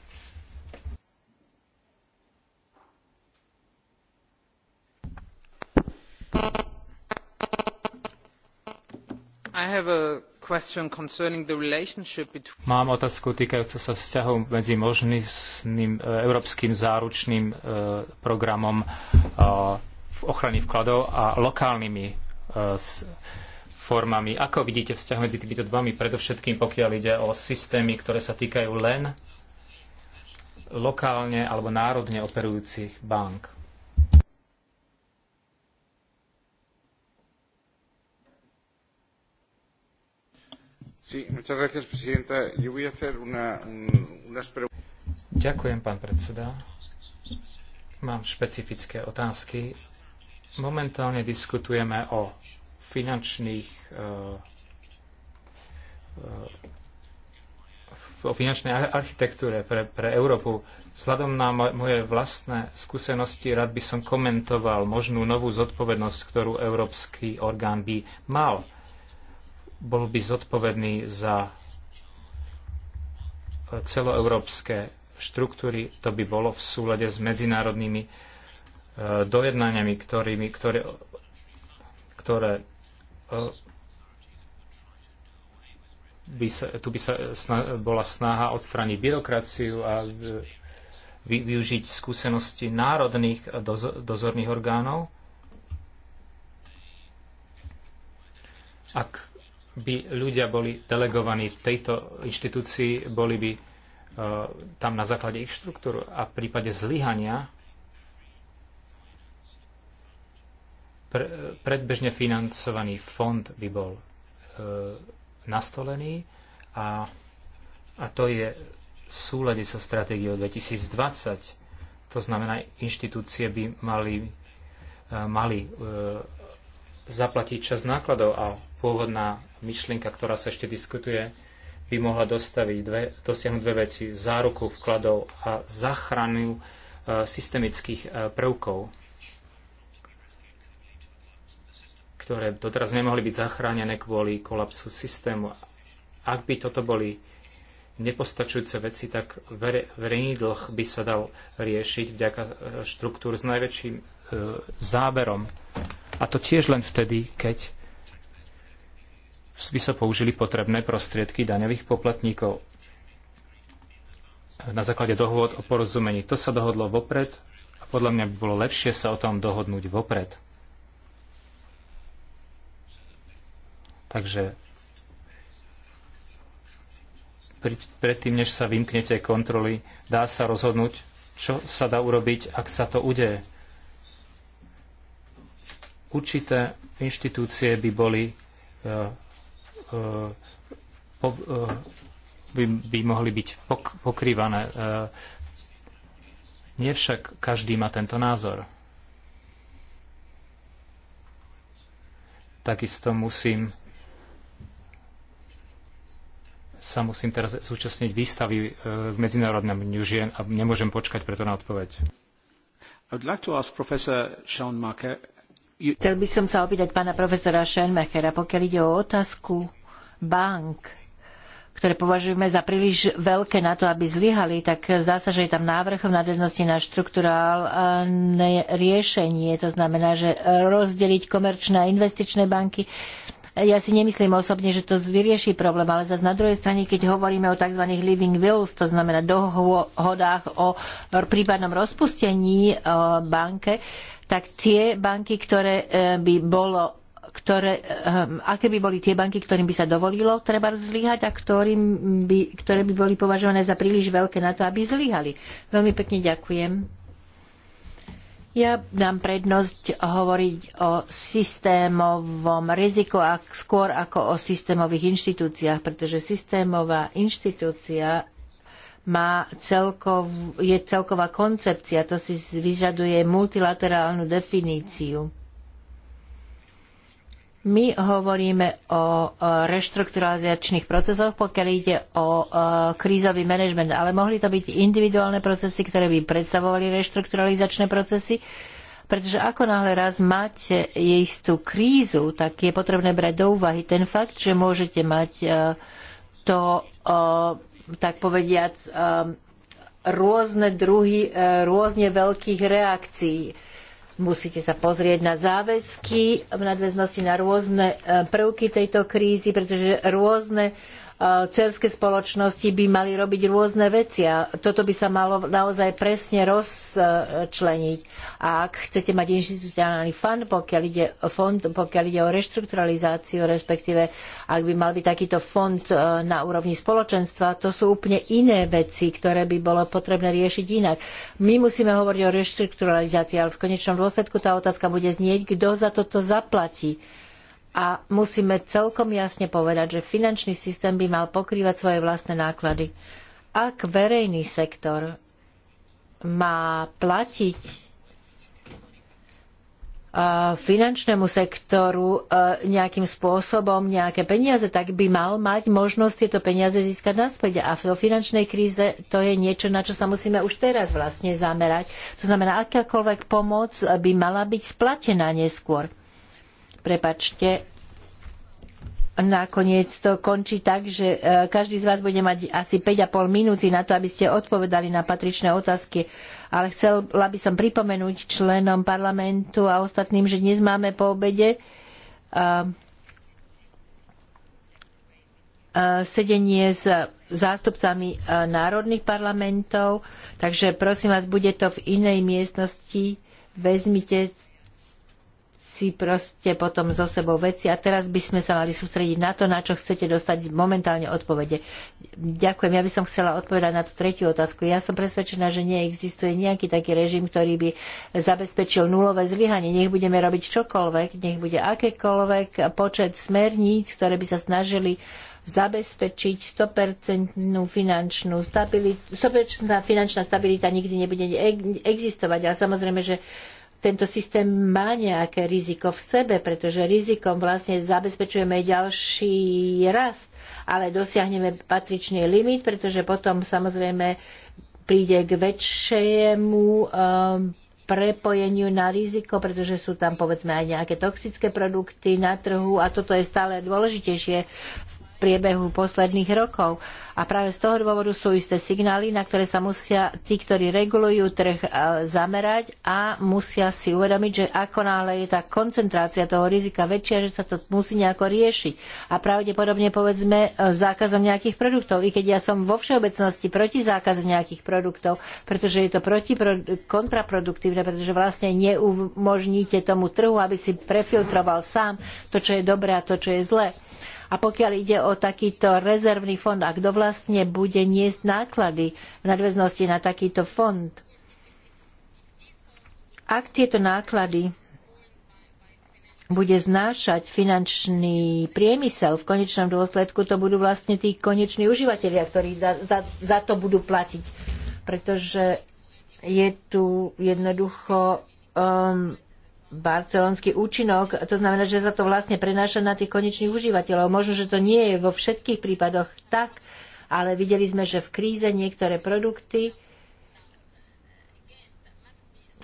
Mám otázku týkajúcu sa vzťahu medzi možným e, európskym záručným e, programom e, v ochrany vkladov a lokálnymi formami. Ako vidíte vzťah medzi týmito dvami, predovšetkým pokiaľ ide o systémy, ktoré sa týkajú len lokálne alebo národne operujúcich bank? Ďakujem, pán predseda. Mám špecifické otázky. Momentálne diskutujeme o finančných eh, eh, o finančnej architektúre pre, pre Európu. Vzhľadom na moje vlastné skúsenosti rád by som komentoval možnú novú zodpovednosť, ktorú európsky orgán by mal bol by zodpovedný za celoeurópske štruktúry, to by bolo v súlade s medzinárodnými e, dojednaniami, ktorými, ktoré, ktoré e, by sa, tu by sa bola snaha odstrániť byrokraciu a e, využiť skúsenosti národných dozorných orgánov. Ak by ľudia boli delegovaní v tejto inštitúcii, boli by e, tam na základe ich štruktúru a v prípade zlyhania predbežne financovaný fond by bol e, nastolený a, a to je v súlade so stratégiou 2020. To znamená, inštitúcie by mali, e, mali zaplatiť čas nákladov a pôvodná myšlienka, ktorá sa ešte diskutuje, by mohla dostaviť dve, dosiahnuť dve veci. Záruku vkladov a záchranu uh, systemických uh, prvkov, ktoré doteraz nemohli byť zachránené kvôli kolapsu systému. Ak by toto boli nepostačujúce veci, tak vere, verejný dlh by sa dal riešiť vďaka e, štruktúr s najväčším záberom a to tiež len vtedy, keď by sa použili potrebné prostriedky daňových poplatníkov na základe dohôd o porozumení. To sa dohodlo vopred a podľa mňa by bolo lepšie sa o tom dohodnúť vopred. Takže predtým, než sa vymknete kontroly, dá sa rozhodnúť, čo sa dá urobiť, ak sa to udeje určité inštitúcie by boli e, e, e, by, by mohli byť pokrývané. Nie však každý má tento názor. Takisto musím sa musím teraz zúčastniť výstavy k Medzinárodnému dňu žien a nemôžem počkať preto na odpoveď. I would like to ask Professor Sean Marquette Chcel by som sa opýtať pána profesora Schenmechera, pokiaľ ide o otázku bank, ktoré považujeme za príliš veľké na to, aby zlyhali, tak zdá sa, že je tam návrh v nadväznosti na štruktúrálne riešenie. To znamená, že rozdeliť komerčné a investičné banky ja si nemyslím osobne, že to vyrieši problém, ale zase na druhej strane, keď hovoríme o tzv. living wills, to znamená dohodách o prípadnom rozpustení e, banke, tak tie banky, ktoré eh, by bolo ktoré, eh, aké by boli tie banky, ktorým by sa dovolilo treba zlyhať a ktorým by, ktoré by boli považované za príliš veľké na to, aby zlyhali. Veľmi pekne ďakujem. Ja dám prednosť hovoriť o systémovom riziku a skôr ako o systémových inštitúciách, pretože systémová inštitúcia má celkov, je celková koncepcia. To si vyžaduje multilaterálnu definíciu. My hovoríme o reštrukturalizačných procesoch, pokiaľ ide o krízový manažment, ale mohli to byť individuálne procesy, ktoré by predstavovali reštrukturalizačné procesy, pretože ako náhle raz máte istú krízu, tak je potrebné brať do úvahy ten fakt, že môžete mať e, to e, tak povediac, um, rôzne druhy, uh, rôzne veľkých reakcií. Musíte sa pozrieť na záväzky v nadväznosti na rôzne uh, prvky tejto krízy, pretože rôzne cerské spoločnosti by mali robiť rôzne veci a toto by sa malo naozaj presne rozčleniť. A ak chcete mať inštitucionálny fond, pokiaľ ide, fond, pokiaľ ide o reštrukturalizáciu, respektíve ak by mal byť takýto fond e, na úrovni spoločenstva, to sú úplne iné veci, ktoré by bolo potrebné riešiť inak. My musíme hovoriť o reštrukturalizácii, ale v konečnom dôsledku tá otázka bude znieť, kto za toto zaplatí a musíme celkom jasne povedať, že finančný systém by mal pokrývať svoje vlastné náklady. Ak verejný sektor má platiť e, finančnému sektoru e, nejakým spôsobom nejaké peniaze, tak by mal mať možnosť tieto peniaze získať naspäť. A v finančnej kríze to je niečo, na čo sa musíme už teraz vlastne zamerať. To znamená, akákoľvek pomoc by mala byť splatená neskôr prepačte, nakoniec to končí tak, že e, každý z vás bude mať asi 5,5 minúty na to, aby ste odpovedali na patričné otázky. Ale chcela by som pripomenúť členom parlamentu a ostatným, že dnes máme po obede e, e, sedenie s zástupcami národných parlamentov, takže prosím vás, bude to v inej miestnosti, vezmite si proste potom zo sebou veci a teraz by sme sa mali sústrediť na to, na čo chcete dostať momentálne odpovede. Ďakujem. Ja by som chcela odpovedať na tú tretiu otázku. Ja som presvedčená, že neexistuje nejaký taký režim, ktorý by zabezpečil nulové zlyhanie. Nech budeme robiť čokoľvek, nech bude akékoľvek počet smerníc, ktoré by sa snažili zabezpečiť 100% finančnú stabilitu. 100% finančná stabilita nikdy nebude existovať, ale samozrejme, že tento systém má nejaké riziko v sebe, pretože rizikom vlastne zabezpečujeme ďalší rast, ale dosiahneme patričný limit, pretože potom samozrejme príde k väčšiemu um, prepojeniu na riziko, pretože sú tam povedzme aj nejaké toxické produkty na trhu a toto je stále dôležitejšie v priebehu posledných rokov. A práve z toho dôvodu sú isté signály, na ktoré sa musia tí, ktorí regulujú trh, e, zamerať a musia si uvedomiť, že ako náhle je tá koncentrácia toho rizika väčšia, že sa to musí nejako riešiť. A pravdepodobne povedzme e, zákazom nejakých produktov, i keď ja som vo všeobecnosti proti zákazu nejakých produktov, pretože je to proti kontraproduktívne, pretože vlastne neumožníte tomu trhu, aby si prefiltroval sám to, čo je dobré a to, čo je zlé. A pokiaľ ide o takýto rezervný fond, a kto vlastne bude niesť náklady v nadväznosti na takýto fond? Ak tieto náklady bude znášať finančný priemysel, v konečnom dôsledku to budú vlastne tí koneční užívateľia, ktorí za, za to budú platiť. Pretože je tu jednoducho um, barcelonský účinok, to znamená, že sa to vlastne prenáša na tých konečných užívateľov. Možno, že to nie je vo všetkých prípadoch tak, ale videli sme, že v kríze niektoré produkty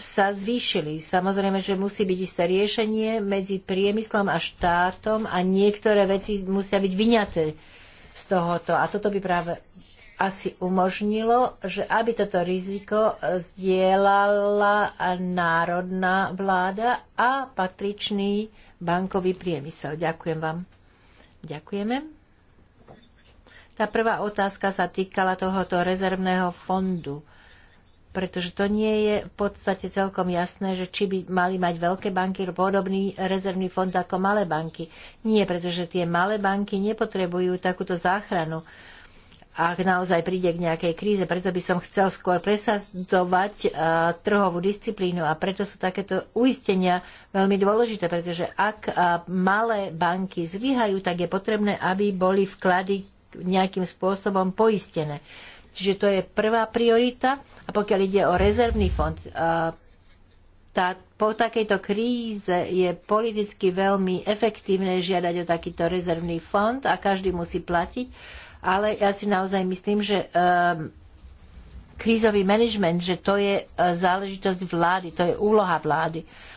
sa zvýšili. Samozrejme, že musí byť isté riešenie medzi priemyslom a štátom a niektoré veci musia byť vyňaté z tohoto. A toto by práve asi umožnilo, že aby toto riziko zdieľala národná vláda a patričný bankový priemysel. Ďakujem vám. Ďakujeme. Tá prvá otázka sa týkala tohoto rezervného fondu, pretože to nie je v podstate celkom jasné, že či by mali mať veľké banky podobný rezervný fond ako malé banky. Nie, pretože tie malé banky nepotrebujú takúto záchranu ak naozaj príde k nejakej kríze. Preto by som chcel skôr presadzovať e, trhovú disciplínu a preto sú takéto uistenia veľmi dôležité, pretože ak e, malé banky zlyhajú, tak je potrebné, aby boli vklady nejakým spôsobom poistené. Čiže to je prvá priorita. A pokiaľ ide o rezervný fond, e, tá, po takejto kríze je politicky veľmi efektívne žiadať o takýto rezervný fond a každý musí platiť ale ja si naozaj myslím, že um, krízový manažment, že to je e, záležitosť vlády, to je úloha vlády. Uh,